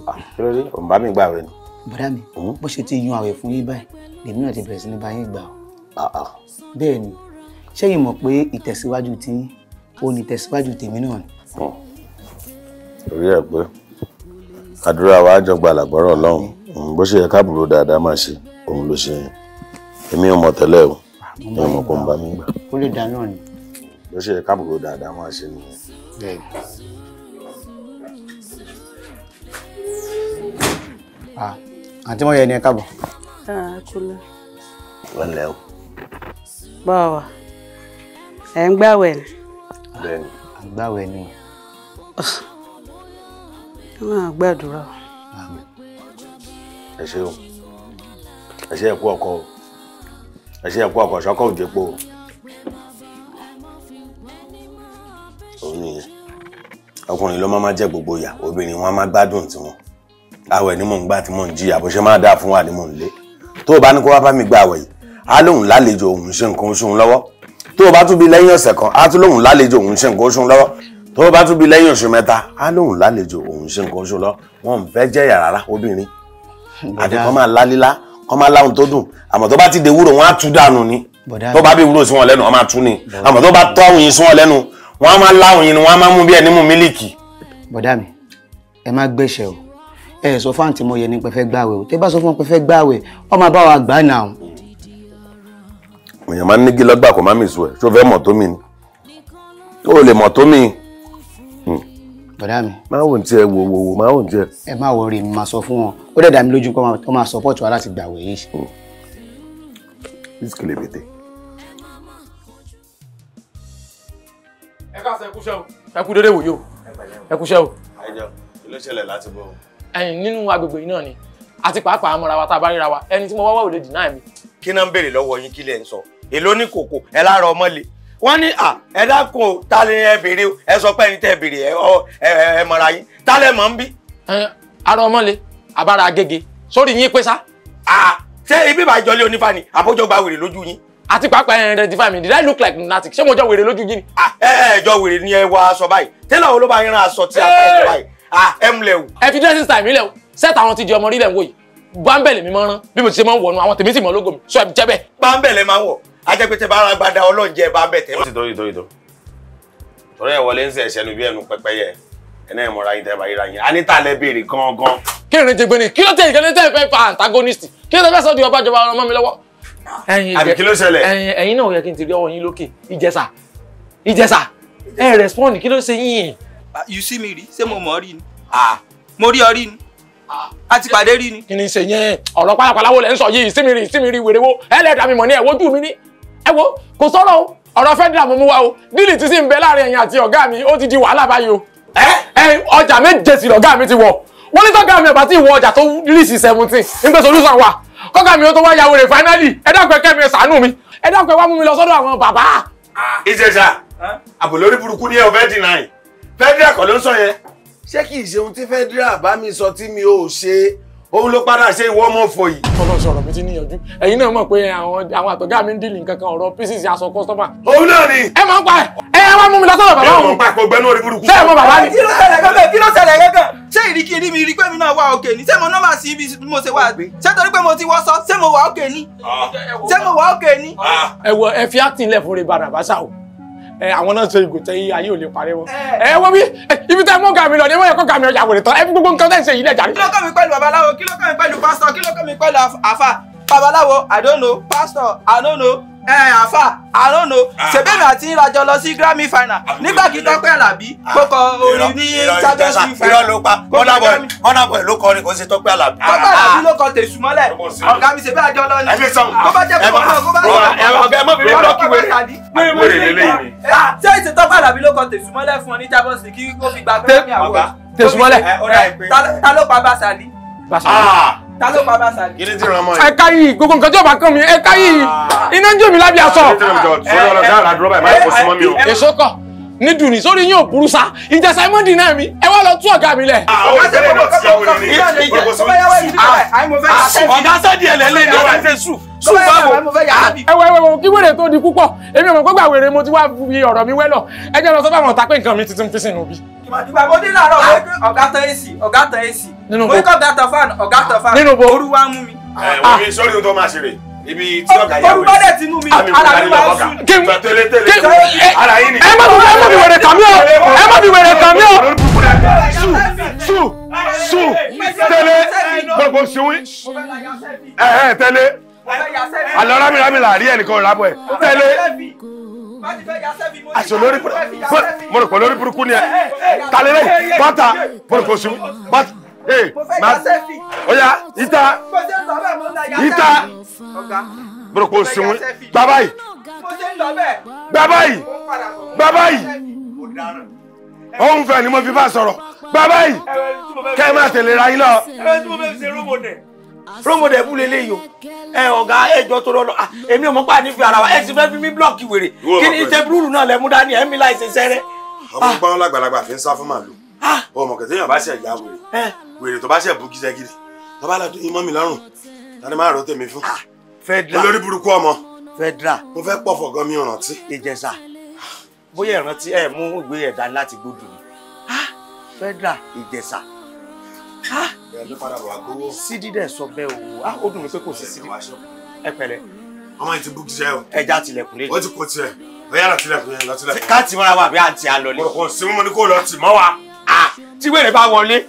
Ah, kí ló dé òun bá mi gbà wẹ ni. bàdá mi mm. bó ṣe ti yan àwẹ̀ fún yín báyìí lèmi náà ti bẹ̀rẹ̀ sí ní bá yín gbà o. Ah, bẹ́ẹ̀ ni ṣé yìí mọ̀ pé ìtẹ̀síwájú tí ó ní ìtẹ̀síwájú tèmi náà ni. Mm. torí ẹ pé àdúrà wa jọgbà làgbọ́rọ̀ ọlọ́run bó ṣe yẹ káàbùrò dáadáa máa ṣe òun ló ṣe èmi ò mọ̀ o mo mọ kó ń bá mi gbà. ó lè dáná ni. ló ṣe káàbùrò dáadáa máa ṣe ni. àǹtí mo yẹ ni ẹ káàbọ̀. àkúlẹ̀. wọ́n lẹ́ o. báwa ẹ̀ ń gbàwẹ̀ ni. bẹ́ẹ̀ ni. à ń gbàwẹ̀ ni o. ẹ máa gbàdúrà. ẹ ṣeun ẹ ṣe é kú ọkọ o ẹ ṣe ẹ̀kú ọ̀kọ̀ṣọ́ kọ́ òjèpo òun nìyẹn ọkùnrin ló má má jẹ gbogbo yà obìnrin wọn má gbádùn tiwọn àwẹ̀ ni mò ń gbà tí mò ń jìyà bó ṣe má dáa fún wa ni mò ń lé tó o bá ní kó wá bá mi gba àwẹ̀ yìí á lóun lálejò òun ṣe nǹkan oṣù lọ́wọ́ tó o bá tún bí lẹ́yìn ọ̀sẹ̀ kan á tún lóun lálejò òun ṣe nǹkan oṣù lọ́wọ́ tó o bá tún bí lẹ́yìn oṣù mẹ́ta á lóun lálejò òun ṣe nǹkan oṣù lọ́wọ́ wọn ò fẹ́ jẹ́ yà rárá obìnrin àti máa lálílá kọ́ máa láhùn tó dùn àmọ́ tó bá ti de wúrò wọ́n á tú dànù ni tó bá bí wúrò sí wọn lẹ́nu wọ́n máa tú ni àmọ́ tó bá tọ́ àwòyìn sí wọn lẹ́nu wọ́n á máa láhùn yìí ni wọ́n á máa mú bí ẹni mú mílíkì. bọ̀dá mi ẹ má gbẹ̀ṣẹ̀ o ẹ sọ fún àǹtí mo yẹ ní pẹ́fẹ́ gbàwẹ̀ o tẹ́ bá sọ fún pẹ́fẹ́ gbàwẹ̀ ọ máa bá wa gbà náà. èèyàn máa ń nígi lọ́gbà kò má mi sùn ẹ̀ ṣó fẹ́ mọ̀ tó ni bọ̀dá mi. máa wò ní tiẹ̀ wò wò wò máa wò ní tiẹ̀. ẹ má wọrí mi máa sọ fún wọn ó dẹ̀ dá mi lójú pé wọ́n máa support wa láti gbàwé yìí. bísí kìlè bètè. ẹ ká sọ ẹ kú iṣẹ́ o ẹ kú dédé wòye o ẹ kú iṣẹ́ o. ẹ jọ kí ló ṣẹlẹ̀ láti bọ̀ o. ẹyin nínú agbègbè yìí náà ni àti pàápàá mọ́ra wa tá a bá ríra wa ẹni tí mo wá wà ò lè dì náà mi. kí náà ń béèrè lọ́wọ́ yín kí lẹ̀ ń wọ́n ní à ẹ dákun o ta lè ẹ béèrè o ẹ sọ pé ẹni tẹ béèrè ẹ ọ ẹ ẹ mọ̀ra yín ta lẹ mọ̀ ń bí. ara ọmọ le abara agége sórí yín pé sá. à ṣé ibi ìbá ìjọlé onífà ni àbójọ gba wèrè lójú yín. àti pàápàá ẹ̀ rẹ̀ define me did I look like lunatic ṣé mo jọ wèrè lójú yín ni. ẹ ẹ jọ wèrè ni ẹ wọ aṣọ báyìí tẹ́lẹ̀ wo ló bá yín rán aṣọ tí a fẹ́ báyìí à ẹ múlẹ̀ o. ẹ fi dressing time ilẹ̀ o sẹ́ẹ̀tì àwọn ti di ọmọ orílẹ̀ ń wò yìí bámbẹ̀lẹ̀ mi máa ń rán bí mo ti ṣe máa ń wọ̀nu àwọn tèmi sì mọ́ lógo mi sọ ẹ jẹ́ ajẹ́pẹ́tẹ́ bá ara gbada ọlọ́njẹ bá bẹ̀ tẹ́. ó ti dórí dórí dó torí ẹ̀ wọlé ń sẹ̀ ṣẹnu bí ẹnu pẹ́pẹ́yẹ ẹ̀nà ìmọ̀ra yín tẹ́ bá yíra yín anita lẹ béèrè gangan. kí ni jẹgbẹ́ ni kí ló tẹ ìkẹ́ni tẹ́ fẹ́ fa antagonist kí ló tẹ́ fẹ́ sọ di ọba ìjọba ọmọ mi lọ́wọ́. àbí kí ló ṣẹlẹ̀. ẹ̀yin náà yẹ kí n ti rí ọwọ́ yín lókè ìjẹsà ìjẹsà ẹ respond kí ló ṣe yín. you see mi rí ṣé mo mọ̀ ọ́ rí ni mo rí ọ rí ni a ti pàdé rí ni. kí ni ṣe yẹn ọ̀rọ̀ pálapàla wo lẹ́ ń sọ yìí sí mi rí sí mi rí wèrè wo ẹlẹ́dàá mi mọ̀ ní ẹ̀ wojú mi ní ẹ wo kò sọ̀rọ̀ o ọ̀rọ̀ federal mo mú wa o díìlì ti sì ń bẹ láàrin ẹ̀yin àti ọ̀gá mi ó ti di wàhálà báyìí o ẹ ọjà méje sí lọ̀gá mi ti wọ̀ wọ́n ní tọ́gá mi ọ̀bà tí ìwọ ọjà tó rìsì seventeen nígbà solution wà kọ́gá mi ó tó wá ya wèrè finally ẹ dákun ẹ kẹ́ mi ẹ ṣàánú mi ẹ dákun ẹ wá mú mi lọ sọ́dọ̀ àwọn bàbá. ìjẹsà àbòlórí burúkú ní ẹ ò fẹ́ dì náà yìí federal kọ́ ló ń sọ yẹn. ṣé kì í ṣe ohun tí federal bá mi sọ tí mi ò ṣe òun ló padà ṣe ìwọ ọmọ fọ yìí. ọlọ sọ̀rọ̀ mi ti níyànjú ẹ̀yin náà mọ̀ pé àwọn àwọn àtọ̀gá mi ń dìlì nǹkankan ọ̀rọ̀ pcc aṣọ kọsítọmà. òun náà ni. ẹ máa ń pa ẹ ẹ wá mú mi lọ sọ́dọ̀ bàbá òun. ẹ máa ń pa àpò gbẹnú orí burúkú. ṣé ẹ mọ̀ bàbá ni. kí ló ṣẹlẹ̀ kankan kí ló ṣẹlẹ̀ kankan ṣé ìrìkì ni mi rí pé mi náà wà òkè ni ṣé mo nọ́mbà sí ibi mo ṣe wà ṣé torí pé mo ti wọ́ sọ àwọn náà ṣe ìgò tẹ yí ayé ò lè parẹ́ wọn. ẹ wọ́n bí ibi tẹ́ mú gàmí lọ ni wọ́n yẹ kó gàmí ọjà wèrè tán ẹ fi gbogbo nǹkan tẹ́ ṣe yìí lẹ́jà. kí ló kàn mí pẹ̀lú babaláwo kí ló kàn mí pẹ̀lú pásítọ̀ kí ló kàn mí pẹ̀lú àfà babaláwo I don't know pásítọ̀ I don't know ẹ eh, àfà I don't know ah. ṣèbéèrè àti ìrajọ lọ sí Grammy final ah. nígbà kí Tọ́pẹ́ Àlàbí kó ah. kọ orin ní Champions League final. irọ́ ló pa mọ́nàbọ̀ mọ́nàbọ̀ ló kọrin kò sí Tọ́pẹ́ Àlàbí. Tọ́pẹ́ Àlàbí ló kọ tèṣù mọ́lẹ̀ ọ̀gá mi ṣèbéèrè àjọ lọ ní. kó bá jẹ́ kó kọ́ kó bá ṣe ṣe Tọ́pẹ́ Àlàbí ló kọ tèṣù mọ́lẹ̀ fún ọ ní Champions League kí ó fi gba Grammy award. tèṣù mọ́lẹ̀ eh, ta ló pa Bàṣálí. Bàṣálí ta ló pa bàtà. kí ni tí ràn mọ́ yìí. ẹ káyì gbogbo nǹkan tí yóò bá kàn mí ẹ káyì ah. iná ń jó mi lábẹ́ aṣọ. kí ni tí ràn mọ́ sọ́dọ̀ ọ̀la dáhà àdúrà báyìí o. èso kọ ní dùnì sórí yín ò burú sa ìjà Simon dínà mi ẹ wá lọ tú ọ̀gá mi lẹ̀. ọ̀gá sẹ́dí ẹ̀ lẹ́lẹ́ ní ọ̀gá ṣe sùn sùn báwo. ẹwẹ ẹwẹ kí wèrè tó di púpọ̀ èmi ò mọ̀ gbọ́gbà wèrè mo ti wá fi ọ̀rọ̀ mi wẹ́lọ̀ ẹ jẹ́ lọ sọ́dọ̀ àwọn ọ̀tá pé nǹkan mi tuntun fi sínú bí. ìmọ̀ ìgbà mo dé láàárọ̀ ọ̀gá tán èsì ọ̀gá nínú bo orúkọ gàtọ̀ fan ọ̀gàtọ̀ fan nínú bo olúwa mú mi. ẹ wọ́n mi sọ́ọ́rì tó máa ṣeré ibi tí oh, ọ̀gá yà wẹ̀ olùbọ́dẹ̀ ti mú mi ara mi máa sùn. kí n tẹ̀lé tẹ̀lé ara yín ni. ẹ má bí ẹ má bí wèrè kàmí o ẹ má bí wèrè kàmí o. su su su tẹ̀lé gbogbo siwin ẹ ẹ tẹ̀lé alọ rámìrámì là rí ẹnìkan rábọ ẹ tẹ̀lé aṣọ lórí burúkú mo rò pé lórí burúkú ni ẹ tàlẹ́lẹ́ bọ́tà mo rò pé o ma oya ita ita burúkú sunwó bàbá yìí bàbá yìí bàbá yìí òun fẹ́ ni mo fi bá sọ̀rọ̀ bàbá yìí kẹ́ ẹ má tẹ̀lé ra yín lọ. rómọdé bú lélẹ̀ yìí o ẹ ọ̀gá ẹjọ́ tó lọ́lọ́ ah, èmi ò mọ̀ pa nífi ara wa ẹ sì fẹ́ fi mí blọ́ọ̀kì wèrè kí ni ìtẹ̀búrúrù náà lẹ́mú dání ẹ̀mí láì ṣe sẹ́rẹ́. àwọn gbọ́n ah. lágbàlagbà fi ń sá fún màlúù ọmọ ah! kẹtẹ yàn bá ṣe ẹ̀yà wèrè wèrè tó bá ṣe bú gíṣẹ́gìrì tó bá lọ́dún imọ́ mi lọ́rùn tani máa rò tèmi fún. Ah! fẹ́dra olórí burúkú ọmọ fẹ́dra mo fẹ́ pọ̀fọ̀ gan mi rántí. ìjẹsà bóyá ìrántí ẹ mú ìwé ẹ̀dá láti gbódùn ni fẹ́dra ìjẹsà sídìí dẹ̀ sọ bẹ́ẹ̀ o ah! ó dùn mí pé kò sí sídìí ẹ pẹ̀lẹ́ ọmọ yìí ti bú jíjẹ o. ẹja tilẹ̀kùn lé. o ti kò tiẹ̀ o yára tilẹ̀kùn yẹn lọ tilẹ̀kùn. káàtì mọ́ra wa àbí àǹtí alọ́lé. mo kò sí mímú ni kò lọ tì mọ́ wa. Ah, tí wèrè bá wọlé.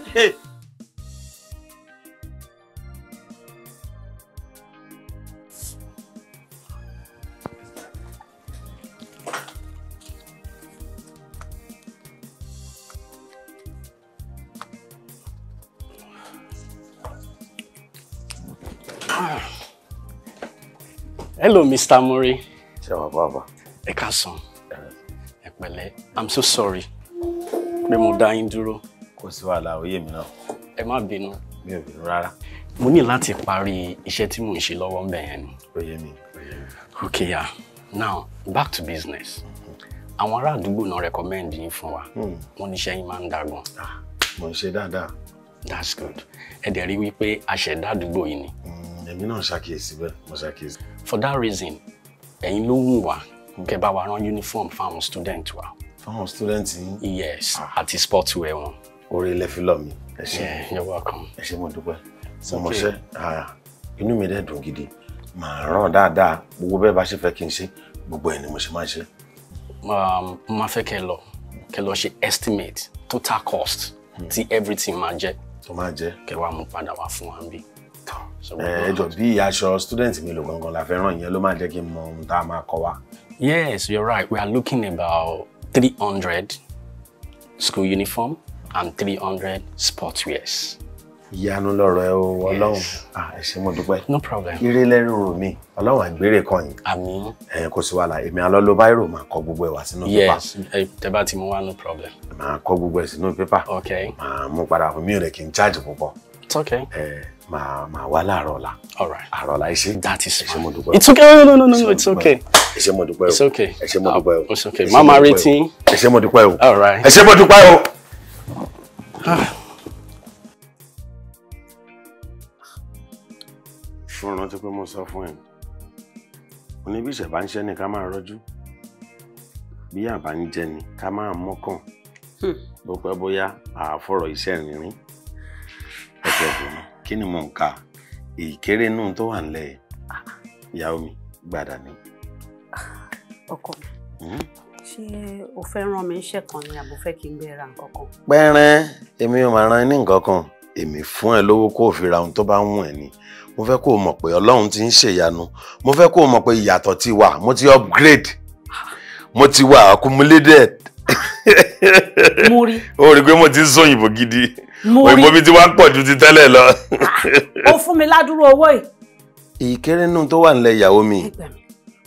Hello, Mr. Mori. Ṣé wàá bá a bá? Ẹ káàsán. Ẹ pẹ̀lẹ́, I'm so sorry pé mo dá yín dúró. kò sí wàhálà òye mi náà. ẹ má bínú. mi ò bínú rárá. mo ní láti parí iṣẹ́ tí mò ń ṣe lọ́wọ́ ń bẹ̀ yẹn ni. òye mi. okay ya now back to business. àwọn ará àdúgbò náà recommend yín fún wa. Hmm. wọ́n ní iṣẹ́ yín máa ń dagun. Ah, mo ń ṣe dáadáa. that's good. ẹ dẹ̀ rí wípé aṣẹ̀dá àdúgbò yìí ni. Hmm, èmi náà ṣàkíyèsí bẹ́ẹ̀ mo ṣàkíyèsí. for that reason ẹ̀yin ló wù wá hmm. kẹ́ bá wa rán uniform fáwọn student wa fáwọn students yín. yes ah. àti sport wear wọn. orí ilé fílọ mi ẹ ṣé you're welcome ẹ ṣé mo dúpẹ́ ọmọọṣẹ́ ah, inú mi dẹ̀ dùn gidi màá ràn dáadáa gbogbo bẹ́ẹ̀ bá ṣe fẹ́ kí n ṣe gbogbo ẹ̀ ni mo ṣe máa ṣe. Um, máa fẹ́ kẹ́ lọ kẹ́ lọ ṣe estimate total cost hmm. ti everything máa jẹ́ tó máa jẹ́ kẹ́ wàá mú padà wá fún wa bí. ẹ jọ bí aṣọ student mi lò gangan la fẹ́ ràn yẹn ló máa jẹ́ kí n mọ ohun tá a máa kọ wa. yes you're right we are looking about 300 school uniform and 300 sportswears. ìyanu lọ̀rọ̀ ẹ o Ọlọ́run ẹ ṣé mo dúpẹ́ no problem ire lẹrú mi Ọlọ́run àgbèrè kan yìí àmín ẹ kò sí wàhálà èmi àlọ ló bá ìrò máa kọ gbogbo ẹ wá sínú pépà yes tẹ bá ti mú wá no problem máa kọ gbogbo ẹ sínú pépà ok máa mú padà fún mi ò lè kí n charge púpọ̀ it's okay. Eh, màá màá wá láàárọ̀ ọ̀la. àárọ̀ ọ̀la ẹ ṣé. that is fine. it's okay no no no no it's okay. ẹ ṣé mo dúpẹ́ o. it's okay. ẹ ṣé mo dúpẹ́ o. Uh, it's okay má máa retí. ẹ ṣé mo dúpẹ́ o. all right. ẹ ṣé mo dúpẹ́ o. ṣùgbọ́n rántí pé mo sọ fún ẹ òní bí ìṣẹ̀bá ń ṣẹ́ ni ká máa rọ́jú bí àbá ń jẹ ni ká máa mọ́kàn hmm. bó pẹ́ bóyá àfọ̀rọ̀ iṣẹ́ rìnrìn ẹ̀jẹ̀ kò kí ni mò ń ka ìkéré nù tó wà nílẹ̀ ìyàwó mi gbàdà mi. ọkọ mi hmm? ṣé o fẹ́ rán mi iṣẹ́ kan ni àbò fẹ́ kí n bẹ ra nǹkan kan. pẹ́ẹ́rẹ́n èmi ò máa ran ní nǹkan kan èmi fún ẹ lówó kó o fi ra ohun tó bá wù ẹ ni mo fẹ́ kó o mọ̀ pé ọlọ́run ti ń ṣèyanu mo fẹ́ kó o mọ̀ pé ìyàtọ̀ ti wà mo ti upgrade mo ti wà accumulated. mo rí. o rí pé mo ti ń òyìnbó gidi òyìnbó mi ti wá ń pọ̀ ju ti tẹ́lẹ̀ lọ. Ah, ó fún mi ládùúrú owó yìí. ìkéré nù tó wà nílẹ̀ ìyàwó mi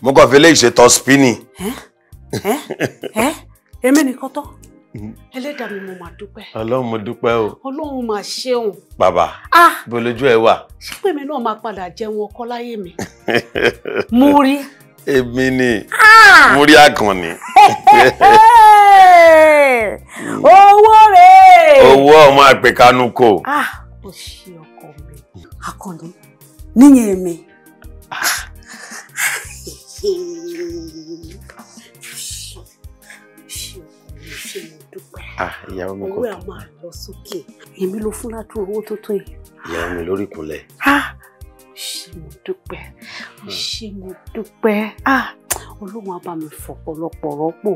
mo kàn fi lè ṣètò spini. èmi nìkan tán mm-hmm. ẹlẹ́dàá mi mo máa dúpẹ́. ọlọ́run mo dúpẹ́ o. ọlọ́run máa ṣeun. bàbá ah! bó lójú ẹ wà. ṣé pèmí náà máa padà jẹun ọkọ láyé mi. mo rí èmi ni ah! mo rí àkànní. owó rè é. owó ọmọ àpèkánú kò. o ah! ṣe ọkọ mi àkànní níyẹn mi. Ah, ìyàwó mi kò tó. Owó àwọn àlọ́ sókè. Èmi ló fún ládùn owó tó tó yìí. Ìyàwó mi lórí ìkúnlẹ̀. Ah, ṣé mo dúpẹ́ hmm. ṣé mo dúpẹ́ ah ọlọ́run á bá mi fọ̀pọ̀lọpọ̀ rọ́pò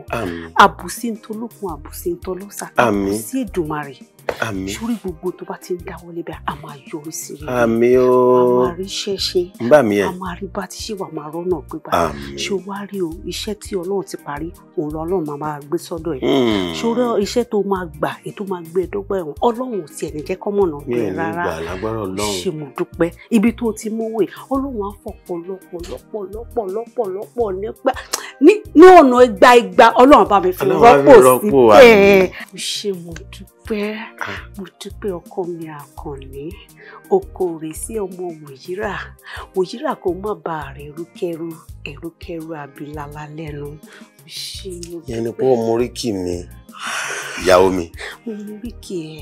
àbùsí ntọ́lókun àbùsí ntọ́lọ́sà àbùsí Èdùmàrè àmín sórí gbogbo tó bá ti ń dáwọ́ lébẹ̀ a máa yọrí sí rere àmín o a máa rí iṣẹ́ ṣe nbà mí ẹ a máa rí bá ti ṣe wà máa rọ́nà pé bá ṣe o wá rí o iṣẹ́ tí ọlọ́run ti parí òun lọ ọlọ́run máa máa gbé sọ́dọ̀ ẹ̀ hmm. ṣòro iṣẹ́ tó máa gbà èyí tó máa gbé dọ́gba ẹ̀wọ̀n ọlọ́run ò tiẹ̀ ní jẹ́ kọ́mọ̀nà pé rárá ṣe mo dúpẹ́ ibi tó ti ní ọ̀nà igba igba ọlọ́run bá mi fi rọ́pò sí bẹ́ẹ̀. mo ṣe mo dúpẹ́ mo dúpẹ́ ọkọ mi àkànní oko rè sí ọmọ wòyíra wòyíra kò má ba àrẹ erúkẹrú erúkẹrú abilala lẹ́nu mo ṣe mo dúpẹ́. yẹn ni pé ọmọ oríkì mi ìyàwó mi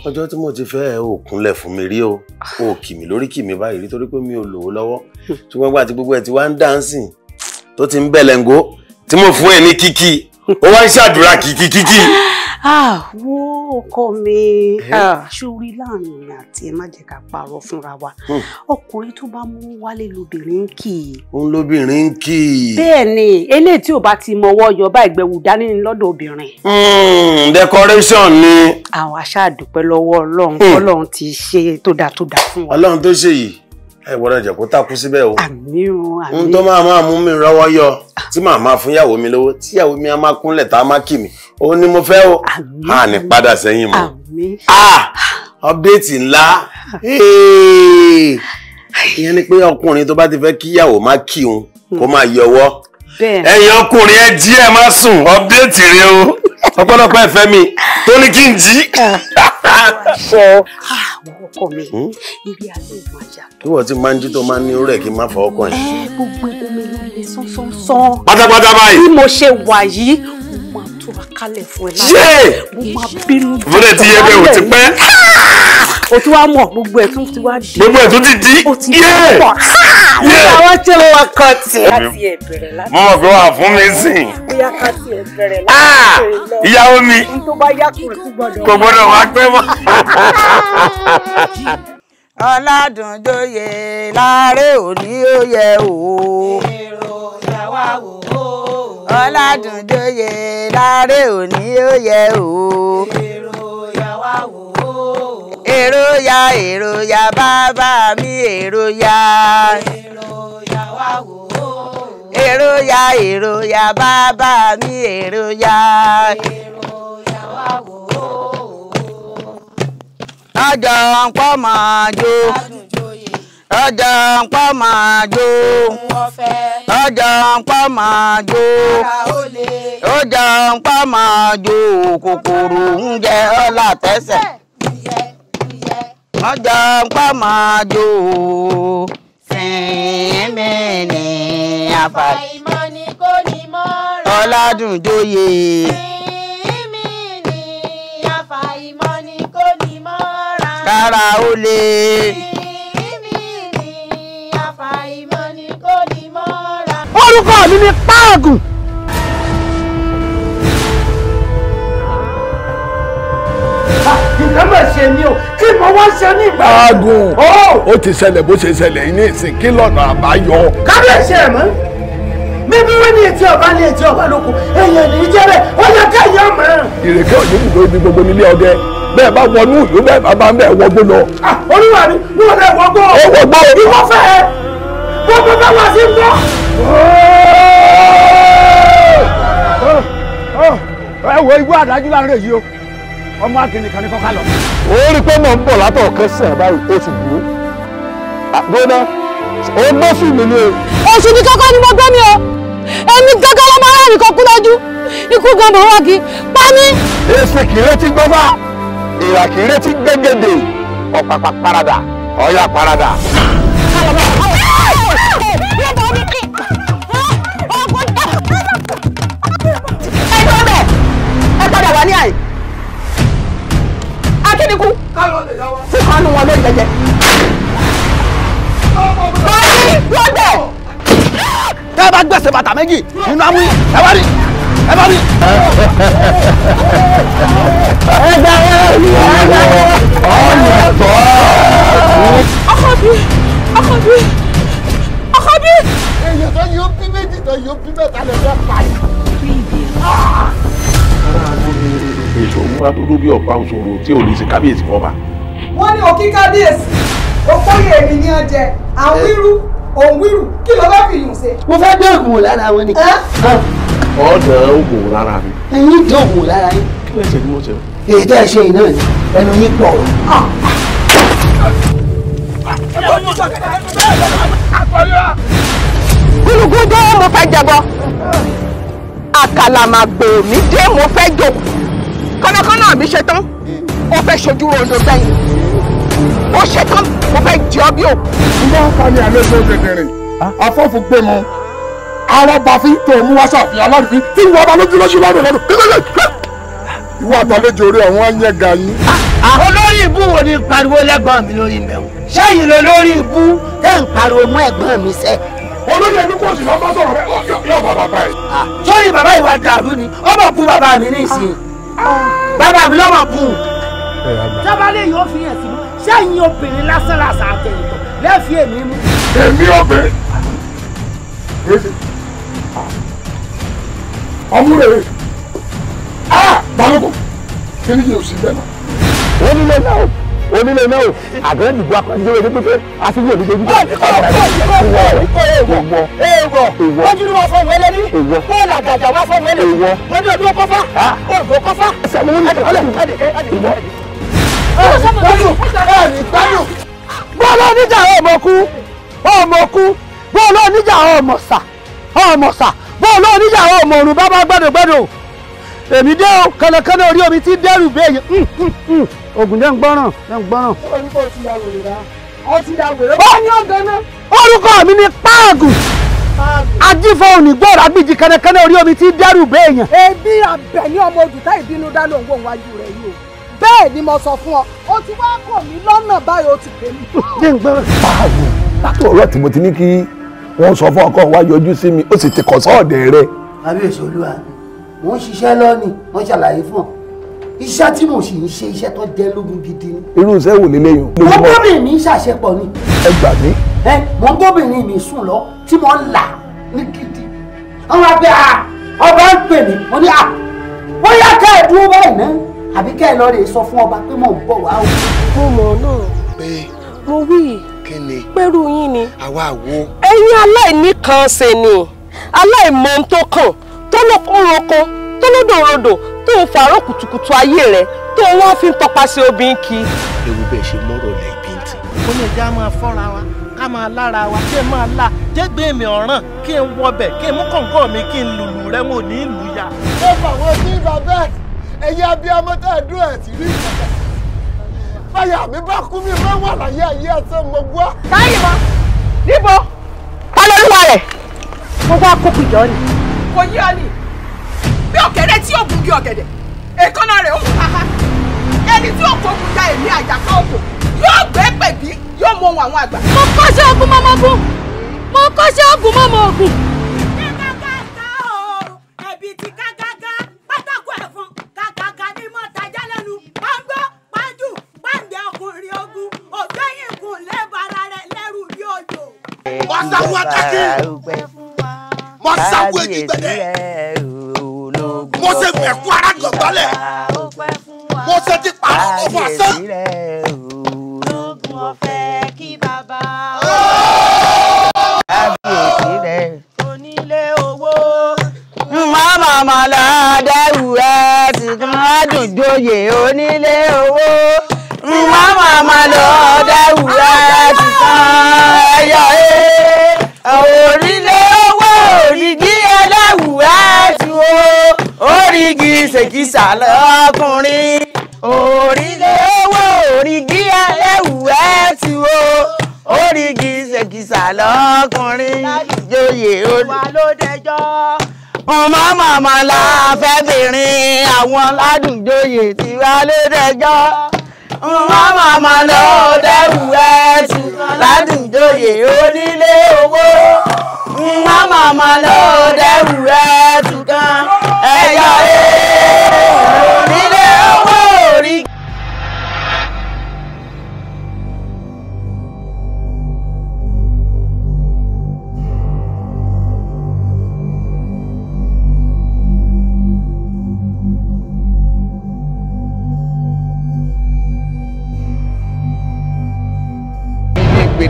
ọjọ́ tí mo ti fẹ́ òkúnlẹ̀ fún mi rí o o kì mí lórí kì mí báyìí nítorí pé mi ò lòó lọ́wọ́ ṣùgbọ́n gbà gbogbo ẹ̀ ti wá ń dáńsìn tó ti ń bẹ̀lẹ̀ ń gò tí mo fún ẹ ní kíkí ó wá ń ṣàdúrà kíkí kíkí. Ah, wo ọkọ mi ah, ṣúrí láàrin mi àti ẹ má jẹ́ ká parọ́ fúnra wa hmm. ọkùnrin tó bá mú wálé lóbìnrin ń kì í. òun lóbìnrin ń kì í. bẹ́ẹ̀ ni eléyìí tí ò bá ti mọwọ́ yọ bá ìgbẹ́wù dání ni lọ́dọ̀ obìnrin. Hmm, decoration ni. àwọn aṣáàdúpẹ́ lọ́wọ́ ọlọ́run hmm. ọlọ́run ti ṣe tó dáa tó dáa fún wa. ọlọ́run tó ṣe yìí ẹ gbọ́dọ̀ jẹ́ kó takú síbẹ̀ o n tó máa máa mú mi rọ́wọ́ yọ tí màá máa fún yàwó mi lówó tí yàwó mi á máa kúnlẹ̀ tá a máa kì mí òun ni mo fẹ́ o a ní padà sẹ́yìn mọ́ ọ̀bẹ́ẹ̀tì ńlá ìyẹn ni pé ọkùnrin tó bá ti fẹ́ kí yàwó má kí òun kó máa yọwọ́ ẹ̀yin ọkùnrin ẹ jí ẹ má sùn ọ̀bẹ́ẹ̀tì rẹ o ọ̀pọ̀lọpọ̀ ẹ̀fẹ́ mi tó ní kí n jí. Ah. àwọn ọkọ mi hmm? ibi ayé ò máa yàtọ̀. ìwọ tí máa ń jí tó máa ń ní rẹ kí n má fọ ọkọ yẹn. ẹ gbogbo omi ló lè sánsánsán. pátápátá báyìí. bí mo ṣe wà yìí mo máa túra kálẹ̀ fún ẹ láti. mo máa bínú tó ti yẹ bẹ́ẹ̀ ò ti pẹ́ o tún wá mọ̀ gbogbo ẹ̀ tún ti wá di. gbogbo ẹ̀ tún ti di. o ti mọ̀ nígbà wọ́n ti ń wọ kan tí. láti ẹ̀ bẹ̀rẹ̀ láti. mo mọ̀ pé wà fún mi sìn. bóyá ká ti ẹ̀ láti. ìyàwó mi. n tó bá yá kò gbọdọ̀ wá pẹ́ mọ́ ọládùnjóyè láàárẹ̀ òní ó yẹ o. èrò làwa láàárẹ̀ òní ó yẹ o èrò ya èrò ya bàbá mi èrò ya. èrò ya wá wò ó. èrò ya èrò ya bàbá mi èrò ya. èrò ya wá wò ó. ọjọ́ ń pọ̀ mọ́ jó. ọjọ́ ń pọ̀ mọ́ jó. ọjọ́ pọ̀ mọ́ jó. ọjọ́ pọ̀ mọ́ jó kòkòrò ń jẹ ọ́ látẹ́sẹ̀ ọjà ńpá máa jó o. sẹ́ẹ̀mì ni àfà. àìmọ̀ ni kò ní mọ́ ra. ọ̀làdúnjọ́yè. sẹ́ẹ̀mì ni àfà ìmọ̀ ni kò ní mọ́ ra. kára ó lè. orúkọ mi ni páàgùn. ìyá mà ṣe ni o kí mo wá ṣe ní ìgbà. aagun ó ti ṣẹlẹ̀ bó ṣe ṣẹlẹ̀ yìí ní ìsìn kí lọ́nà àbáyọ. kábíyèsí ẹ̀ mọ́ mímí wọn ní etí ọba ní etí ọba lóko èèyàn ní í jẹ́ bẹ́ẹ̀ ó yẹ káyọ̀ mọ́. ìrèké ọ̀yọ́ ibùdó ibi gbogbo nílé ọdẹ bẹ́ẹ̀ bá wọnú ìlú bẹ́ẹ̀ bá bá ń bẹ́ẹ̀ wọgbó lọ. Ah, olúwa mi ní wọn bẹ́ẹ̀ wọgbó. ó wọgbó. ìwọ fẹ́ ẹ gbogbo bá wà sí gbọ́. Ah, ah, ẹ wo igbó àdájú láàrin èyí o ọmọ akínní kan ní kọ́ká lọ. ó rí pé mò ń bọ̀ látọ̀ kẹsàn-án báyìí ó ti gbó gbóná ó gbóṣù mi ni o. oṣù ní kọ́kọ́ ni mo gbé mi o èmi gángan lọ́mọ aráàlú kan kú lójú ikú gan mọ̀ wá kí pa mí. èsì kì í retí gbọ́fà ìrà kì í retí gbẹ́gẹ́dẹ́ ọ̀pá parada ọ̀yà parada. kí ni kú fún wọn ló jẹjẹ. báyìí wọ́n tẹ́ ẹ bá gbèsè bàtà méjì nínú amú ẹ bá rí ẹ bá rí. ẹ gbà wọ́n ẹ gbà wọ́n. ọ̀nà tọ́. ọkọ bí ọkọ bí ọkọ bí. èèyàn tó yóò bí méjì tó yóò bí mẹ́ta lè fẹ́ pa yìí kábíyèsí òun wá dúdú bí ọ̀pá òṣòro tí ò lè ṣe kábíyèsí fọba. wọ́n ní òkí kábíyèsí òpóyè èmi ní ọjẹ àwírú òwírù kí ló bá fi yùn ṣe. mo fẹ́ gbé ògùn lára wọn ni. ọ̀dà ògùn lára mi. ẹyin dán ògùn lára yín. kí ló ṣe ni mo ṣe. èyí tẹ́ ẹ ṣe iná ni ẹnu yín pọ̀. gúlùgúdú mo fẹ́ jẹbọ àkàlà màgbò mi dé mo fẹ́ jòkó ìwọ kan náà mi ṣetán ó fẹ́ ṣojú rondo sẹ́yìn ó ṣetán ó fẹ́ jẹ́ ọ bí o. ìwọ ń fani àlejò dẹdẹrìn ah. afọ́fù gbé mu àwọn bàfin tó mú wá ṣàfihàn alárìfín tí ìwọ ọba lójú lójú lọ́dún lọ́dún ìwọ àtàlejò orí ọ̀hún á yẹ ga yín. Ah, ah. olórí ibú wo ni pariwo lẹ́gbọ̀n mi lórí mẹ́wọ̀n ṣẹ́yìn lọ lórí ibú tẹ́ ń pariwo mọ́ ẹ̀gbọ́n mi sẹ́. olórí ẹni kò sì lọ́ bá sọ̀rọ̀ rẹ̀ yóò bá bàbá yìí. sórí bàbá ìwà dàrú ni ó bọ̀ kú bàbá mi ní ìsìn bàbá mi lọ́mọ bù. sábàlẹ̀ yóò fi hàn sí mi sẹ́yìn obìnrin lásán làṣà àtẹ̀yìntàn lẹ́ẹ̀fì èmi mú. èmi obìnrin ọmúrere ah! balógun kí ni yóò sí bẹ́ẹ̀ náà. wọ́n ní lẹ́yìn onílé náà o àgbẹ̀rẹ̀ dìbò akọ́jú ẹni pípé aṣíjú òní dojú kan. ìwọ ìwọ ìwọ ìwọ wọ́n dúró wá fún wọn lẹ́ni wọ́n là gàjà wá fún wọn lẹ́ni wọ́n dúró dúró kọ́fà òògùn ah. kọ́fà. sẹ́mi ní ìdílé ìwọ. Ah, ah, bọ́ọ̀lù oníjà ọmọ kú ọmọ kú bọ́ọ̀lù oníjà ọmọ sà ọmọ sà bọ́ọ̀lù oníjà ọmọ òrùn bá bá gbẹ́dọ̀gbẹ́dọ̀ èmi dé o kànnàkànnà orí omi ti dẹ́rù bẹ́ẹ̀ yẹn hmm, hmm, hmm ogun jẹ́ ń gbọ́ràn jẹ́ ń gbọ́ràn. orúkọ ti ya wèrè rà ọ ti ya wèrè ó ní ọ̀gá náà. orúkọ mi ni páàgù ajífọ́ òní gbọ́ra gbìjì kẹ́nẹ́kẹ́nẹ́ orí omi ti dẹ́rù béèyàn. ebi abẹni ọmọ òdùtá ìbínú dá ló ń wò wájú rẹ yìí o bẹ́ẹ̀ ni mo sọ fún ọ o ti wá kọ̀ mí lọ́nà báyìí o ti pè mí. jẹ́ ń gbọ́ràn. páàgù látò ọ̀rọ̀ tí mo ti ní kí wọ́n sọ fún ọkọ wa yọjú sí mi ó sì ti kọ̀ sọ́ọ̀dẹ̀ rẹ. kábíyèsí olúwa mò ń ṣiṣẹ́ lọ́ọ̀nì wọ́n ṣàlàyé fún ọ iṣẹ́ tí mo sì ń ṣe iṣẹ́ tó jẹ́ lógun gidi ni. irú iṣẹ́ wò lélẹ́yìn. mo bóbìnrin mi ṣàṣepọ̀ ni. ẹ gbà mí. ẹ mo ń bóbìnrin mi sùn lọ tí mo ń là ní gidi. àwọn àgbẹ̀ ọba ń pè mí mo ní à bóyá ká ẹ dúró báyìí náà àbí ká ẹ lọ rè sọ fún ọba pé mò ń bọ̀ wá o. mo mọ̀ náà. bẹ́ẹ̀ mo wí. kí ni. pẹ̀rù yín ni. àwa àwo. ẹ̀yin aláìníkànṣe ni aláìmọ̀ tó kàn tó lọ́kọ́ tó o fàárọ̀ kùtùkùtù ayé rẹ tó o wọ́n fi ń tọpasẹ̀ obìnrin kí. ewu bẹ́ẹ̀ ṣe mọ́rọ̀ lẹ̀ ibi ń ó lè já máa fọ́ra wa ká máa lára wa kí ẹ máa la jẹ́gbẹ́ mi ọ̀ràn kí n wọbẹ̀ kí n mú kọ̀ǹkọ̀ mi kí n lùlù rẹ mo ní ìlú ya. ó fà wọ́n sí bàbá ẹ̀yìn abiyamọ tá a dúró ẹ̀ sí rí ìjọba. báyà mi bá kú mi máa wà láyé ayé ẹsẹ̀ mo gbọ́. táyì mọ níbo ta lolúwa mo wá kókò jọ ni. kò yí ọ ni bí ọ̀kẹ́rẹ́ tí ó gungi ọ̀gẹ̀dẹ̀ èkánná rẹ̀ ó haha ẹni tí òkò kù ya èmi àjàká òkò yóò gbé pẹ̀bí yóò mọ ohun àwọn àgbà. mo kọ́ṣẹ́ ogun mọ́mọ́ ogun mo kọ́ṣẹ́ ogun mọ́mọ́ ogun. wọ́n sáwọ́ àtàkì wọ́n sáwọ́ èjì gbẹ̀dẹ̀ fún arákàn tọ́lẹ̀ mo ṣe ti pàrọ̀ kó fà sán. lóògùn ọ̀fẹ́ kí bàbá kábíyèsí rẹ̀ onílé owó. màmá màlá dẹ́rù ẹ̀ sì tún wá dùn joyè onílé owó. orígi ṣèkìsà lọ́kùnrin òrìlé owó òrìgí ẹ̀wù ẹ̀ ti wo orígi ṣèkìsà lọ́kùnrin joyè olùdẹjọ́ ọmọ màmá la fẹ́bìnrin àwọn ládùnjoyè tí wà lódẹjọ́ ọmọ màmá lọ dẹ́wù ẹ̀ tù ládùnjoyè onílé owó ọmọ màmá lọ dẹ́wù ẹ̀ tù kan. É Iaê!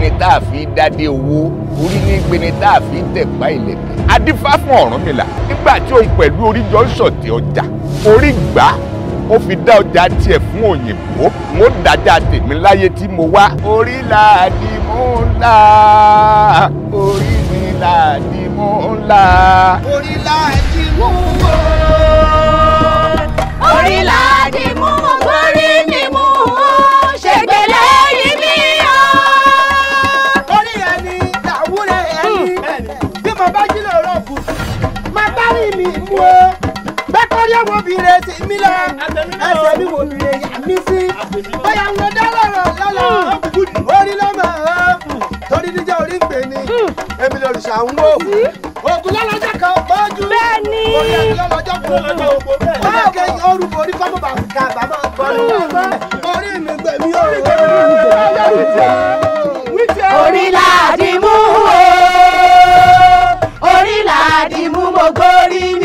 gbéni tá a fi dádé owó orí ní gbéni tá a fi tẹ̀pá ìlẹ̀kẹ̀. adífá fún Ọ̀rúnmìlà nígbà tí òun pẹ̀lú orí jọ ń ṣọ̀tẹ̀ ọjà orí gbà ó fi dá ọjà tiẹ̀ fún òyìnbó mo dájà tèmi láyé tí mo wá. orí làdí mú ńlá orí mi làdí mú ńlá. orí làdí mú wò orí làdí. wo bẹ́kọ̀rí ọmọ obìnrin ẹsẹ̀ mi lọ ẹsẹ̀ mi wò bìrẹ̀ yà mí sí bóyá ń lọ dọ́lọ́rọ̀ lọ́lọ́ hmm. orí lọ́mọ ọ́ torí níjẹ́ orí ń pè ní hmm. èmi lè rìṣà ń wò hmm. ògùn lọ́lọ́jọ́ kan bójú orí ẹ̀ lọ́lọ́jọ́ kan bójú báyọ̀ orúkọ orí fọ́mọ̀ bàbá bàbá bọ́ọ̀lù orí orí mi gbẹ̀mí orí orí láti mú o.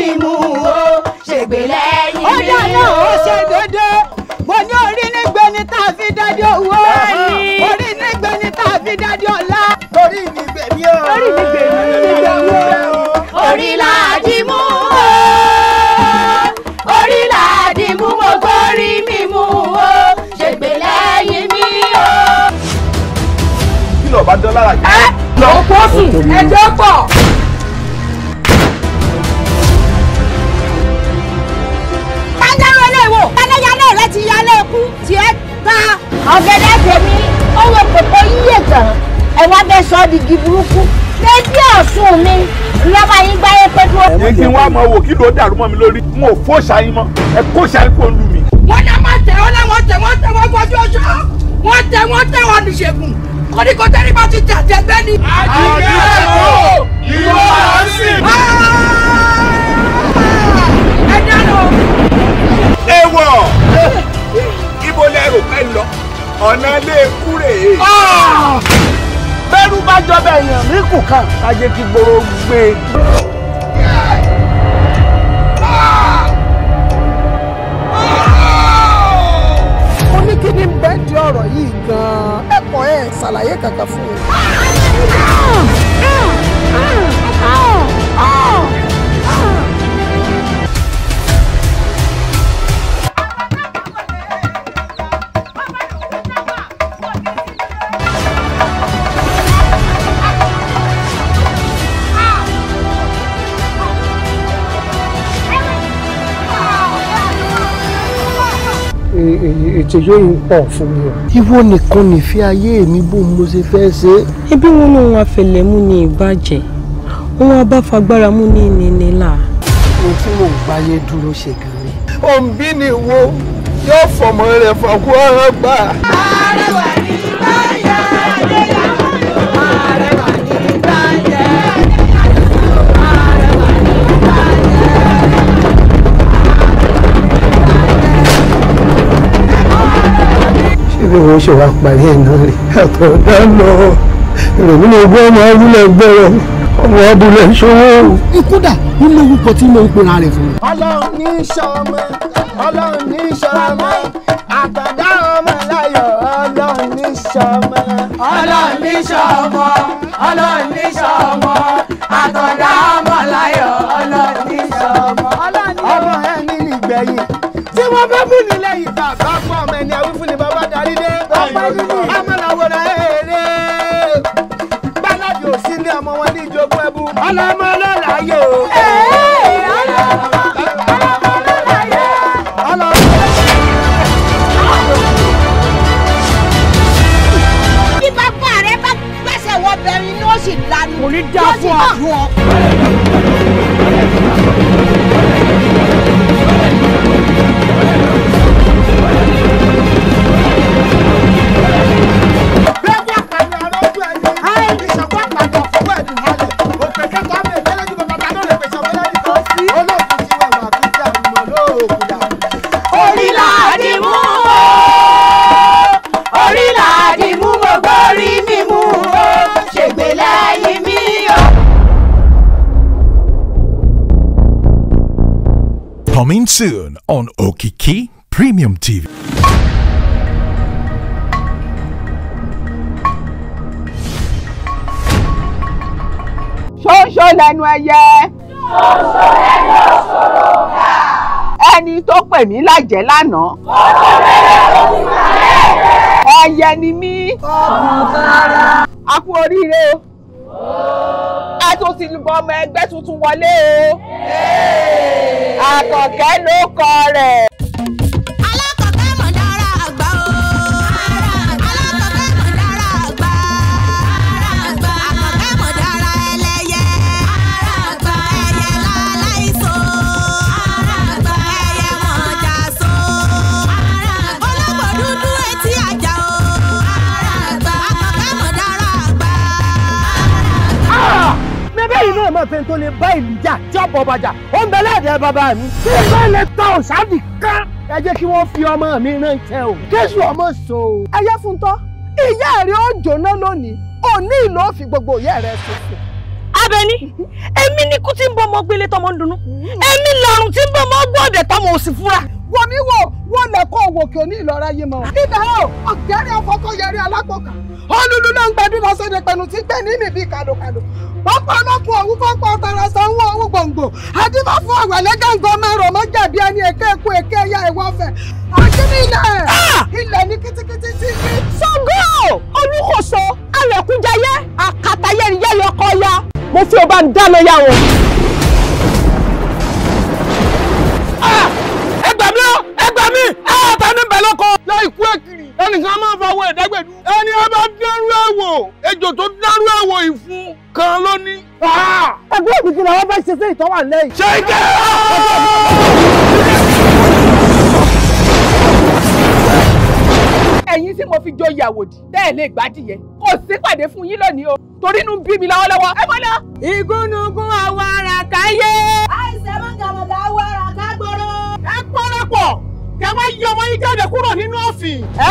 mímú o ṣègbè lẹ́yìn mi. ó dáná ó ṣe dédé mo ní orí nígbẹni tá a fi dájú owó orí nígbẹni tá a fi dájú ọlá. orí mi gbẹ̀mí o orí mi gbẹ̀mí o orí làájì mú o orí làájì mú mo gbórí mímú o ṣègbè lẹ́yìn mi o. kí ló bá dán lára jù. ẹ lọ́ọ́ pọ́sùn ẹjọ́ pọ̀. egun tiẹ̀ ta ọ̀gẹ̀dẹ̀ tèmi ó wọ kòkó yíyẹ tán ẹ wá bẹ sọ ọ́ di igi burúkú létí ọ̀sùn mi lọ́ba yín gbáyé pé dúró. ẹ kí n wá mọ owó kí ló dàrú mọ́ mi lórí n ò fóṣà yín mọ́ ẹ kóṣà yín kò ń lù mí. wọ́n ní a máa tẹ̀ ọ́ láwọn tẹ̀ wọ́n tẹ̀ wọ́n gbọ́dọ̀ ọ̀ṣọ́ wọ́n tẹ̀ wọ́n tẹ̀ wọ́n níṣègùn kọ́díkọ́tẹ́ ní bá ti tẹ̀ àtẹ̀gbẹ́ ni. àdìgbò ìwọ ọ̀sìn. ẹ dáná. ewọ níbo lẹ́rù pẹ́ lọ ọ̀nà lè e kúrè. Ah! bẹ́rù bá jọba èèyàn ní kùkà kájé kí gbòòrò gbé. mo ní kí ni bẹ́ẹ̀ di ọ̀rọ̀ yìí gan-an ẹ̀kọ́ ẹ̀ ṣàlàyé kankan fún mi. Ah! Ah! ètò yóò ń pọ̀ fún mi o. ìwọ nìkan nìfẹ́ ayé mi bó mo ṣe fẹ́ ṣe. ẹbí wọn náà wọn afẹlẹ ni ní ìbàjẹ́ wọn wọn bá fagbára mú ní ìnínílà. mo tí mò ń gbáyé dúró ṣe gan ni. òǹbí ni wo yóò fọmọ rẹ fọkú ọ̀rọ̀ gbà. ààrẹ wà ní. bí wọ́n ṣe wá parí ẹ̀ náà rí àtọ̀dá lọ ìròyìn ogún ọmọ abúlé gbẹrẹ ọmọ abúlé ṣòwò. ikúdà ó lórúkọ tí mo ń pera rẹ̀ fún mi. ọlọ́run ní sọmọ ọlọ́run ní sọmọ àtọ̀dá ọmọ láyọ̀ ọlọ́run ní sọmọ. ọlọ́run ní sọmọ ọlọ́run ní sọmọ àtọ̀dá ọmọ láyọ̀ ọlọ́run ní sọmọ. ọmọ ẹni nìgbẹ̀yìn tí wọ́n fẹ́ fún nílẹ̀ yìí ọlọmọ lọlá yóò. Coming soon on Okiki Premium TV. ṣóńṣó lẹnu ẹyẹ. ṣóńṣó lẹnu òṣòro ká. ẹni tó pè mí lájẹ́ lánàá. ọkọ mẹ́rin ló ti máa rẹ̀. ẹyẹ ni mí. ọkùnrin sára. a kú oríire oh. a tún ti lùbọ̀ ọmọ ẹgbẹ́ tuntun wọlé o àkànkẹ́ ló kọ rẹ̀. lẹ́yìn náà máa fẹ́ tó lè bá ìlú jà tí ọ̀pọ̀ bàjà ó ń bẹ lẹ́ẹ̀dẹ́ bàbá mi. tí bá lè ta òṣàdì kán ẹ jẹ́ kí wọ́n fi ọmọ mi ránṣẹ́ o jésù ọmọ sọ o. ẹyẹ fún tọ́ ìyá rẹ ó jóná lónìí òní ìlú ó fi gbogbo ìyá rẹ ṣoṣo. Àbẹ̀ní èmi ni kú tí ń bọ́ ọmọ gbélé tọmọ ń dunnú èmi lọ́rùn tí ń bọ́ ọmọ gbọ́dẹ̀ tọmọ òsì fúra. wọmi wo wọn lẹkọọ wò kí o ní ìlọra yìí mọ. nígbà ó ọ̀gẹ́rẹ́ ọkọ̀ tó yẹrí alápọ̀kà olúlu ló ń gbàdúrà sóde pẹ̀lú tí gbé ní mi bí kàdókàdó. pápá ọlọ́kùn òwú pápá ọ̀tara sanwó owó gbòǹgbò àdìbò fún àwẹ̀lẹ́ gàǹgọ́ márùn-ún ọmọ jàbí ẹni èké eku èké ẹyà ìwọ́fẹ̀. àkíní ilẹ̀ ilẹ̀ ní kitikiti ti rí. Ṣàngó olùkóso alẹ̀kùnjayé àkàtà yẹ́rìyẹ́rì ọkọ̀ ya mo fi ọba ń dáná yá wọn. Ah! ẹ gbà mí o ẹ gbà ah! ní bẹ̀ lọ́kọ. láì kú ẹnìkan máa ń fa ẹ̀ẹ́dẹ́gbẹ̀dú. ẹni ẹ bá dárú ẹ ejò tó dárú ẹ ìfun kan ló ẹgbẹ́ ah! òkùnkùn làwọn fẹ́ ṣe sí ìtọ́wà lẹ́yìn. ṣé ìjẹ́ ẹ̀yin tí mo fi jó ìyàwó dì bẹ́ẹ̀ lè gbádìyẹ kò sí pàdé fún yín lónìí o torí inú bí mi lọ́wọ́lọ́wọ́ ẹ mọ́ lọ. ìgúnnugún àwọ̀ ara káyé. àìsàn mọ̀gàmọ̀gà àwọ̀ ara ká gbòòrò. ẹ pọ́nrẹ́ pọ̀ kẹ́ wá yín jáde kúrò nínú ọ̀fìn. ẹ ẹ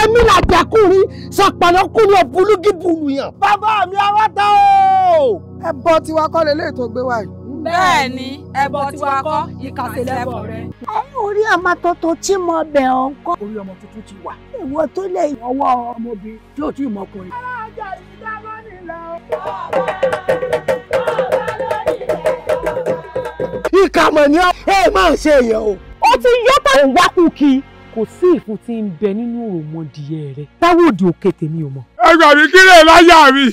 èmi làjàkùnrin sọpàlọkùnrin ọ̀bùlùgìbùlù yàn. bàbá mi àwọn ta o. ẹbọ tiwa kọ́ lè léètò gbé wa yìí. bẹ́ẹ̀ ni ẹbọ tiwa kọ́ ìkàsílẹ̀bọ̀ rẹ. orí ọmọ tuntun tí mo bẹ̀ ọ́ ń kọ́. orí ọmọ tuntun ti wà. ìwọ tó lè ọwọ́ ọmọbìnrin tí ò tí ì mọkùnrin. ọjà ìdámọ́ nìlọ. ìkàmọ̀ ni ẹ máa ṣe èèyàn o ó ti yọ́ tá ò ń wá kú kí kò sí ìfun tí ń bẹ nínú òmòdìyẹ rẹ táwọn òdì òkè tèmi ò mọ. ẹ gbà mí kílè láyà mi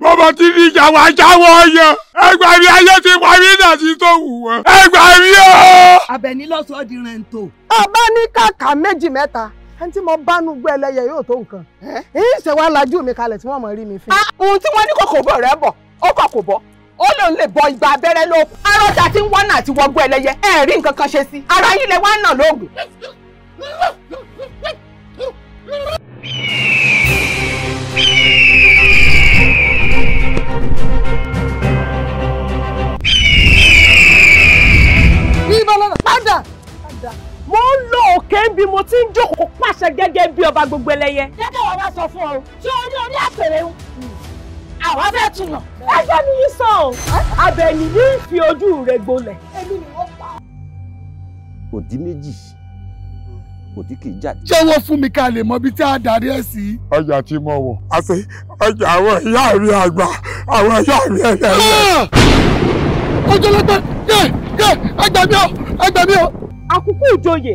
mo mọ tí ní ìyàwó ajáwọ ọyọ ẹ gbà mí ayé ti parí náà tó wù wọn ẹ gbà mí o. Àbẹ̀ní ló sọ di rẹ̀ǹtò. ọba ní kàkà méjì mẹ́ta ẹni tí mo bá nu gbé ẹlẹ́yẹ yóò tó nǹkan. ẹ ẹ ṣe wá lajú mi kalẹ̀ tí wọ́n mọ̀ rí mi fín. Ah, ohun tí wọ́n ní kò kò bọ̀ rẹ bọ̀ ó kọ̀ kò bọ̀ ó lòun lè bọ ìgbà abẹ́rẹ́ lóògùn arọ́jà tí ń wọ́n náà ti wọgbọ́ ẹlẹ́yẹ ẹ rí nǹkan ṣe sí ara yín lè wá nà lóògùn. padà mo ń lo òkè bí mo ti ń jókòó pàṣẹ gẹ́gẹ́ bí ọba gbogbo ẹlẹ́yẹ. gẹ́gẹ́ wàá sọ fún ọ ṣé o ní orí àpèrè àwa fẹ́ túnà. ẹgbẹ́ mi yìí sàn o Àbẹ̀ní ní fi ojú rẹ̀ gbolẹ̀. èmi ni wọ́n pa. òdì méjì òdì kì í jáde. jẹ́wọ́ fún mi ká lè mọ ibi tí a darí ẹ̀ sí. ọjà tí mo wọ̀ àti ọjà àwọn ìyá mi àgbà àwọn ìyá mi ẹ̀rẹ̀. Ah! ọjọ́ lọ́gbẹ́ yẹ yẹ ẹgbẹ́ mi o ẹgbẹ́ mi o. àkókò ìjòyè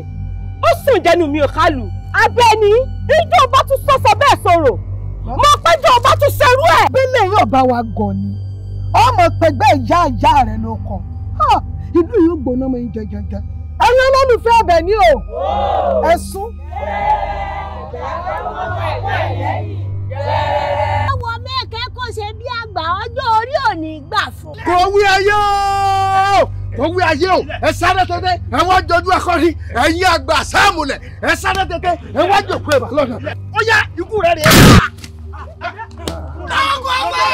ó sùn jẹnu mi ò kálù Àbẹ̀ní ìjọba tún sọ́sọ bẹ́ẹ̀ sọ̀rọ̀ mo péjọ ọba tún ṣerú ẹ̀. bílẹ̀ yóò bá wa gọ̀ ni ọmọ pẹ̀gbẹ́ ìyá ìyá rẹ̀ ló kọ̀ ìlú yìí gbóná mọ́ ẹyin jẹjẹjẹ ẹ̀yin olólùfẹ́ ọbẹ̀ ni o ẹ̀sùn. ọwọ́ mẹ́kẹ́ kò ṣe bí àgbà ọjọ́ orí òní gbà fún. kò ayé o kò ayé o ẹ sáré tètè ẹ wá jọjú akọrin ẹ̀yin àgbà sáàmùlẹ̀ ẹ sáré tètè ẹ wá jòkó ìbálòdà ó yá ikú rẹ̀ rèé ọkọ ọgbẹ.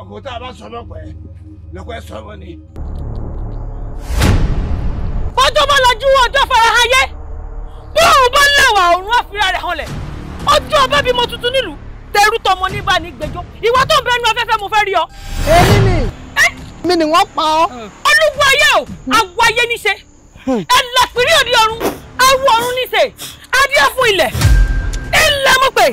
ọkọ tá a bá sọ ọmọ pẹ lọkọ ẹ sọ ọmọ ni. bọ́jọ́ bá lajú ọjọ́ fara ayé bóun bá lẹ́wà ọ̀run àfihàn rẹ̀ hànlẹ̀ ọjọ́ ọba bímọ tuntun nílùú tẹrú tọmọ ní ní gbẹ́jọ́ ìwọ tó ń bẹnu afẹ́fẹ́ mo fẹ́ rí ọ. èmi ni mi ni wọ́n pa ọ. olúwo ayé o àwọ̀ ayé níṣe hmm. ẹ làpírí òdi ọ̀run àwọ̀ ọ̀run níṣe adé fún ilẹ̀ ńlá mo pè é.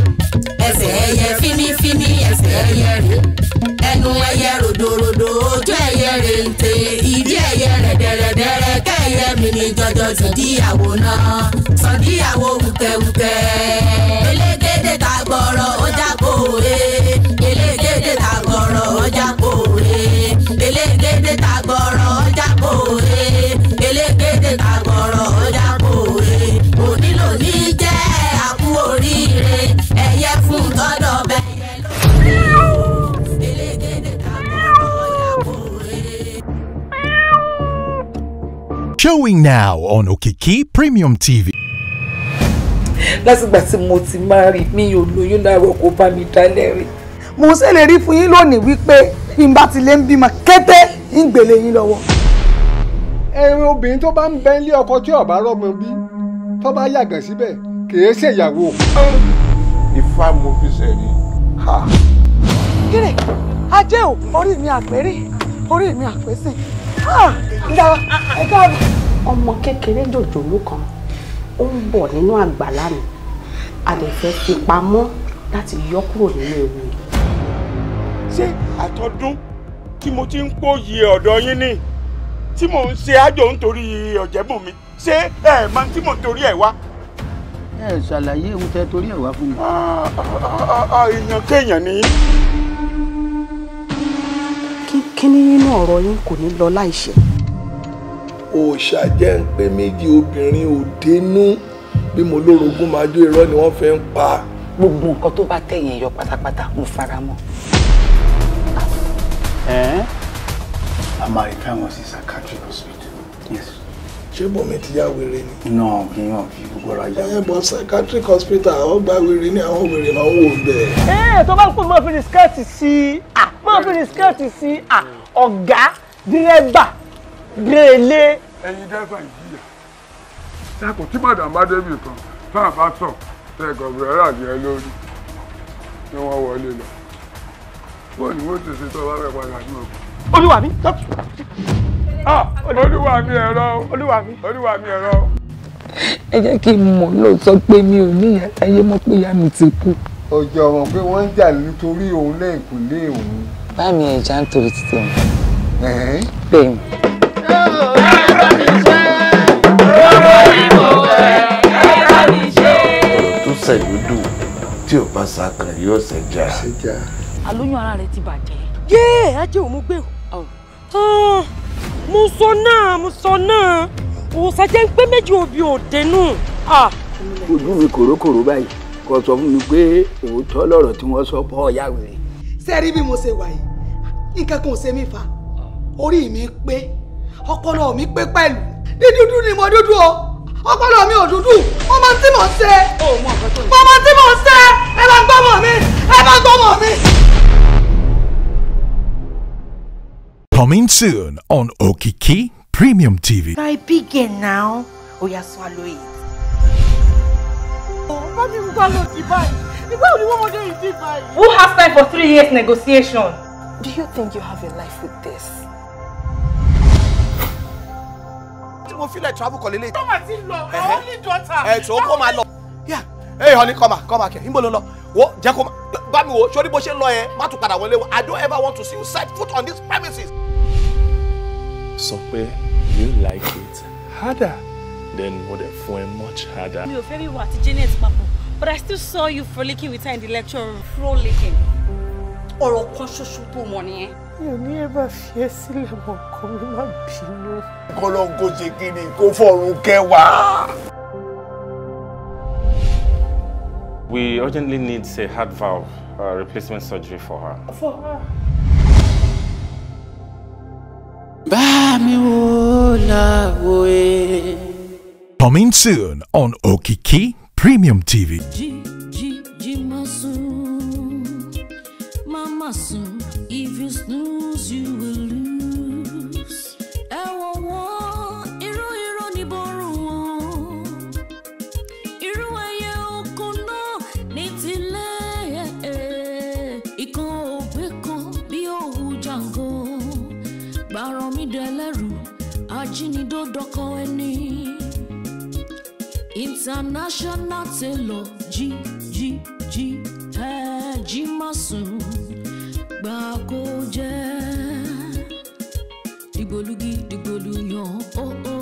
ẹsẹ̀ ẹyẹ fínífíní ẹsẹ̀ ẹyẹ rè ẹnu ẹyẹ ròdòròdò ojú ẹyẹ rente ìdí ẹyẹ rẹ̀dẹ̀rẹ̀dẹ̀rẹ̀ kẹ́yẹ mi ni jọjọ ti díyàwó náà sọ díyàwó wùkẹ́wùkẹ́ elégédé ta gbọ́rọ̀ ó jágbó e elégédé ta gbọ́rọ̀ ó jágbó e elégédé ta gbọ́rọ̀ ó jágbó e. Showing now on Okiki Premium TV. Lásìgbà tí mo ti máa rí mi ò lóyún láàárọ̀ kó bá mi dálẹ̀ rí. Mo ṣèlérí fún yín lónìí wípé bí n bá ti lè ń bímọ kété ń gbèlè yín lọ́wọ́. Ẹ̀rín obìnrin tó bá ń bẹ ilé ọkọ tí ọ̀bá rọ́mọ bí tó bá yàgàn síbẹ̀ kìí ṣèyàwó. Ifá mo fi ṣẹ̀rí. Kíni ajé ò orí mi àpérí orí mi àpésìn ọmọ kékeré jòjòló kan ó ń bọ̀ nínú àgbàlá mi a lè fẹ́ fi pamọ́ láti yọ kúrò nínú ewu yìí. ṣé àtọ́dún tí mo ti ń pòyì ọ̀dọ̀ yín ni tí mò ń ṣe àjò nítorí ọ̀jẹ̀bùnmi ṣé ẹ máa tí mò ń torí ẹ̀ wá. ẹ ṣàlàyé ohun tẹ torí ẹ̀ wá fún mi. Ah, ah, ah, èèyàn kéèyàn ni kíní nínú ọ̀rọ̀ yín kò ní lọ láìṣẹ. òòṣà jẹ́ ń pé méjì obìnrin ò dénú bí mo lórogún máa jó irọ́ ni wọ́n fẹ́ ń pa. gbogbo nǹkan tó bá tẹ̀yìn yọ pátápátá mo fara mọ́. a máa rí fáwọn sí psychiatric hospital. yes. ṣé bọ̀mí ti yá wèrè ni. náà kì í hàn kí gbogbo ara yá. ẹ bọ psychiatric hospital àwọn gba wèrè ní àwọn wèrè náà wò bẹ́ẹ̀. ẹ tó bá kú mọ́ fi ní skẹ́ẹ̀tì sí i. Ah! máa fi rìskẹ́ẹ̀tì sí ọ̀gá dírẹ́bà gbélé. ẹ̀yin dẹ́gbà ìjìyà ṣàkó tí màdàm bá débi kan tá a bá tọ̀ tẹ gọ̀bùrẹ́ ràdí ẹ lórí ni wọ́n wọlé lọ wọ́n ní wọ́n ti ṣe tó bá fẹ́ padà ní òkú. Ah, olúwa mi olúwa mi ẹ̀rọ olúwa mi olúwa mi ẹ̀rọ. ẹ jẹ́ kí n mọ̀ lóòótọ́ pé mi ò ní ìyá láyé mọ́ pé ìyá mi ti kú ọjọ́ wọn pé wọ́n ń jà nítorí òun lẹ́ẹ̀kúnlé òun. bá mi ẹja ń torí títí wọn. bẹ́ẹ̀ ni. tó ṣàyọ̀dù tí ò bá ṣàkàn yóò ṣẹjà. àlóyún ara rẹ ti bàjẹ́. yéé ajé òun gbé o. Oh. Ah, mo sọ náà mo sọ náà òòsàn jẹ́ ń pé méjì òbí òde nù. Ah. ojú mi kòrókòró báyìí kó sọ fún mi pé òótọ́ lọ̀rọ̀ tí wọ́n sọ pọ̀ ọ̀yá rẹ̀. ṣé rí bí mo ṣe wà yìí nǹkan kan ò ṣe mí fa orí mi pé ọpọlọ mi pé pẹ̀lú dídúdú ni mo dúdú o ọpọlọ mi ò dúdú mo máa tí mo ṣe mo máa tí mo ṣe ẹ bá gbọ́mọ̀ mi ẹ bá gbọ́mọ̀ mi. Coming soon on Okiki Premium TV. Try big now, oya swallow it. Bámi ń gbá lọ sí báyìí. Ìgbà wo ni wọ́n mọdé Who has time for three years negotiation? Do you think you have a life with this? Tí mo filẹ̀ travel kọ̀ lélẹ̀. Tọ́mà in lọ, my only daughter. Ẹ̀ tó kó máa Yeah. Hey honey, come back, come back here. Níbo ló lọ? Wo jẹ́ kó bá mi wo, sórí bó ṣe I don't ever want to see you set foot on these premises. So, pé you like it harder then would have fún much harder. mi ò fẹ́ wíwọ àti Janet but I still saw you frolicking with her in the lecture room. frolicking Or a conscious tó mọ̀ nìyẹn. mi ò ní ẹ̀bà fi ẹ́ sílẹ̀ mọ́ kó mi We urgently need a heart valve uh, replacement surgery for her. For her. Bá mi wò láwo e. Coming soon on Okiki Premium TV. Mama soon, if you snooze, you will lose. Ẹ̀wọ̀n wọn, irú irú ni bọ́rùn wọn. Irú ẹyẹ okun náà ní tilẹ̀. Ìkan òbí kan bí òwú jàǹgó. Gbàrọ̀ mi international tailor jí jí jí ẹ jí má sùn gbà kó jẹ́ dìgbòlugi dìgbòluyan ó ó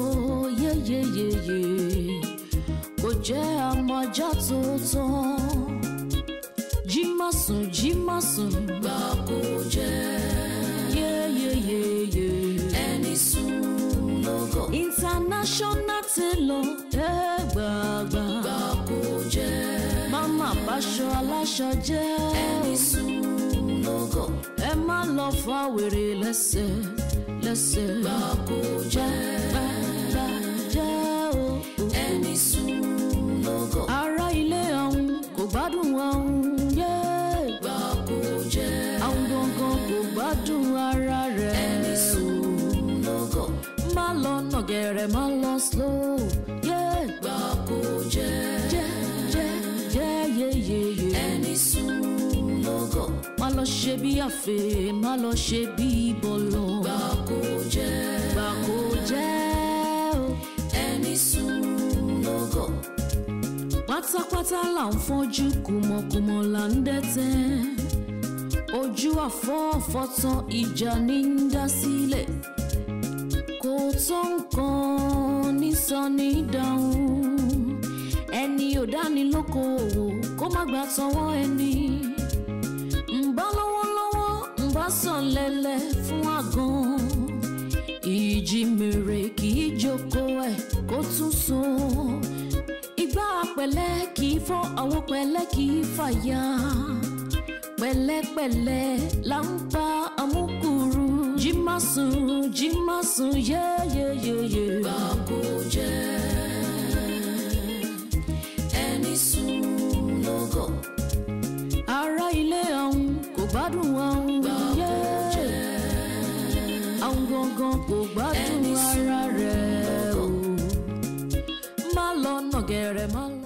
yéyéyéyé kò jẹ́ àmọ́já tó tán jí má sùn jí má sùn gbà kó jẹ́ yéyéyéyé ẹni sùn lógo international ti lọ ẹ gbàgbà. gbàgbó jẹ́. mama báṣọ aláṣọ jẹ́. ẹni sùn lógo. ẹ má lọ fa wèrè lẹ́sẹ̀ lẹ́sẹ̀. gbàgbó jẹ́. gbàgbà jẹ́ o. ẹni sùn lógo. ará ilé ọ̀hún kò gbádùn ọ̀hún. kan gẹ̀rẹ̀ má lọ slow. gbà kó jẹ́ jẹ́ jẹ́ jẹ́ yeyeye. ẹni sùn lọ́gọ̀. má lọ ṣe bí àfẹ́ má lọ ṣe bí bọ́lọ̀. gbà kó jẹ́ gbà kó jẹ́ o. ẹni sùn lọ́gọ̀. pátápátá là ń fọ́jú kùmọ̀kùmọ̀ là ń dẹ́tẹ́. ojú àfọ́fọ́ ìjà ní ń dá sílẹ̀. Si kò tó nǹkan nísọ ní ìdáhùn ẹni ò dánilókòwò kó má gbà tọwọ́ ẹni ǹbá lọ́wọ́lọ́wọ́ ǹbá sàn lẹ́lẹ́ fún àgàn ìjì mèrè kì í jókòó ẹ̀ kó tún so igbá pẹ̀lẹ́ kì í fọ́ àwọn pẹ̀lẹ́ kì í fàyà pẹ̀lẹ́pẹ̀lẹ́ là ń pa àmúkúrú jí má sùn jí má sùn yéyéyéyé. báko jẹ́ ẹni sùn lógo. ará ilé ọ̀hún kò gbádùn ọ̀hún yé. àwọn gangan kò gbádùn ara rẹ̀ o. má lọ nà má lọ.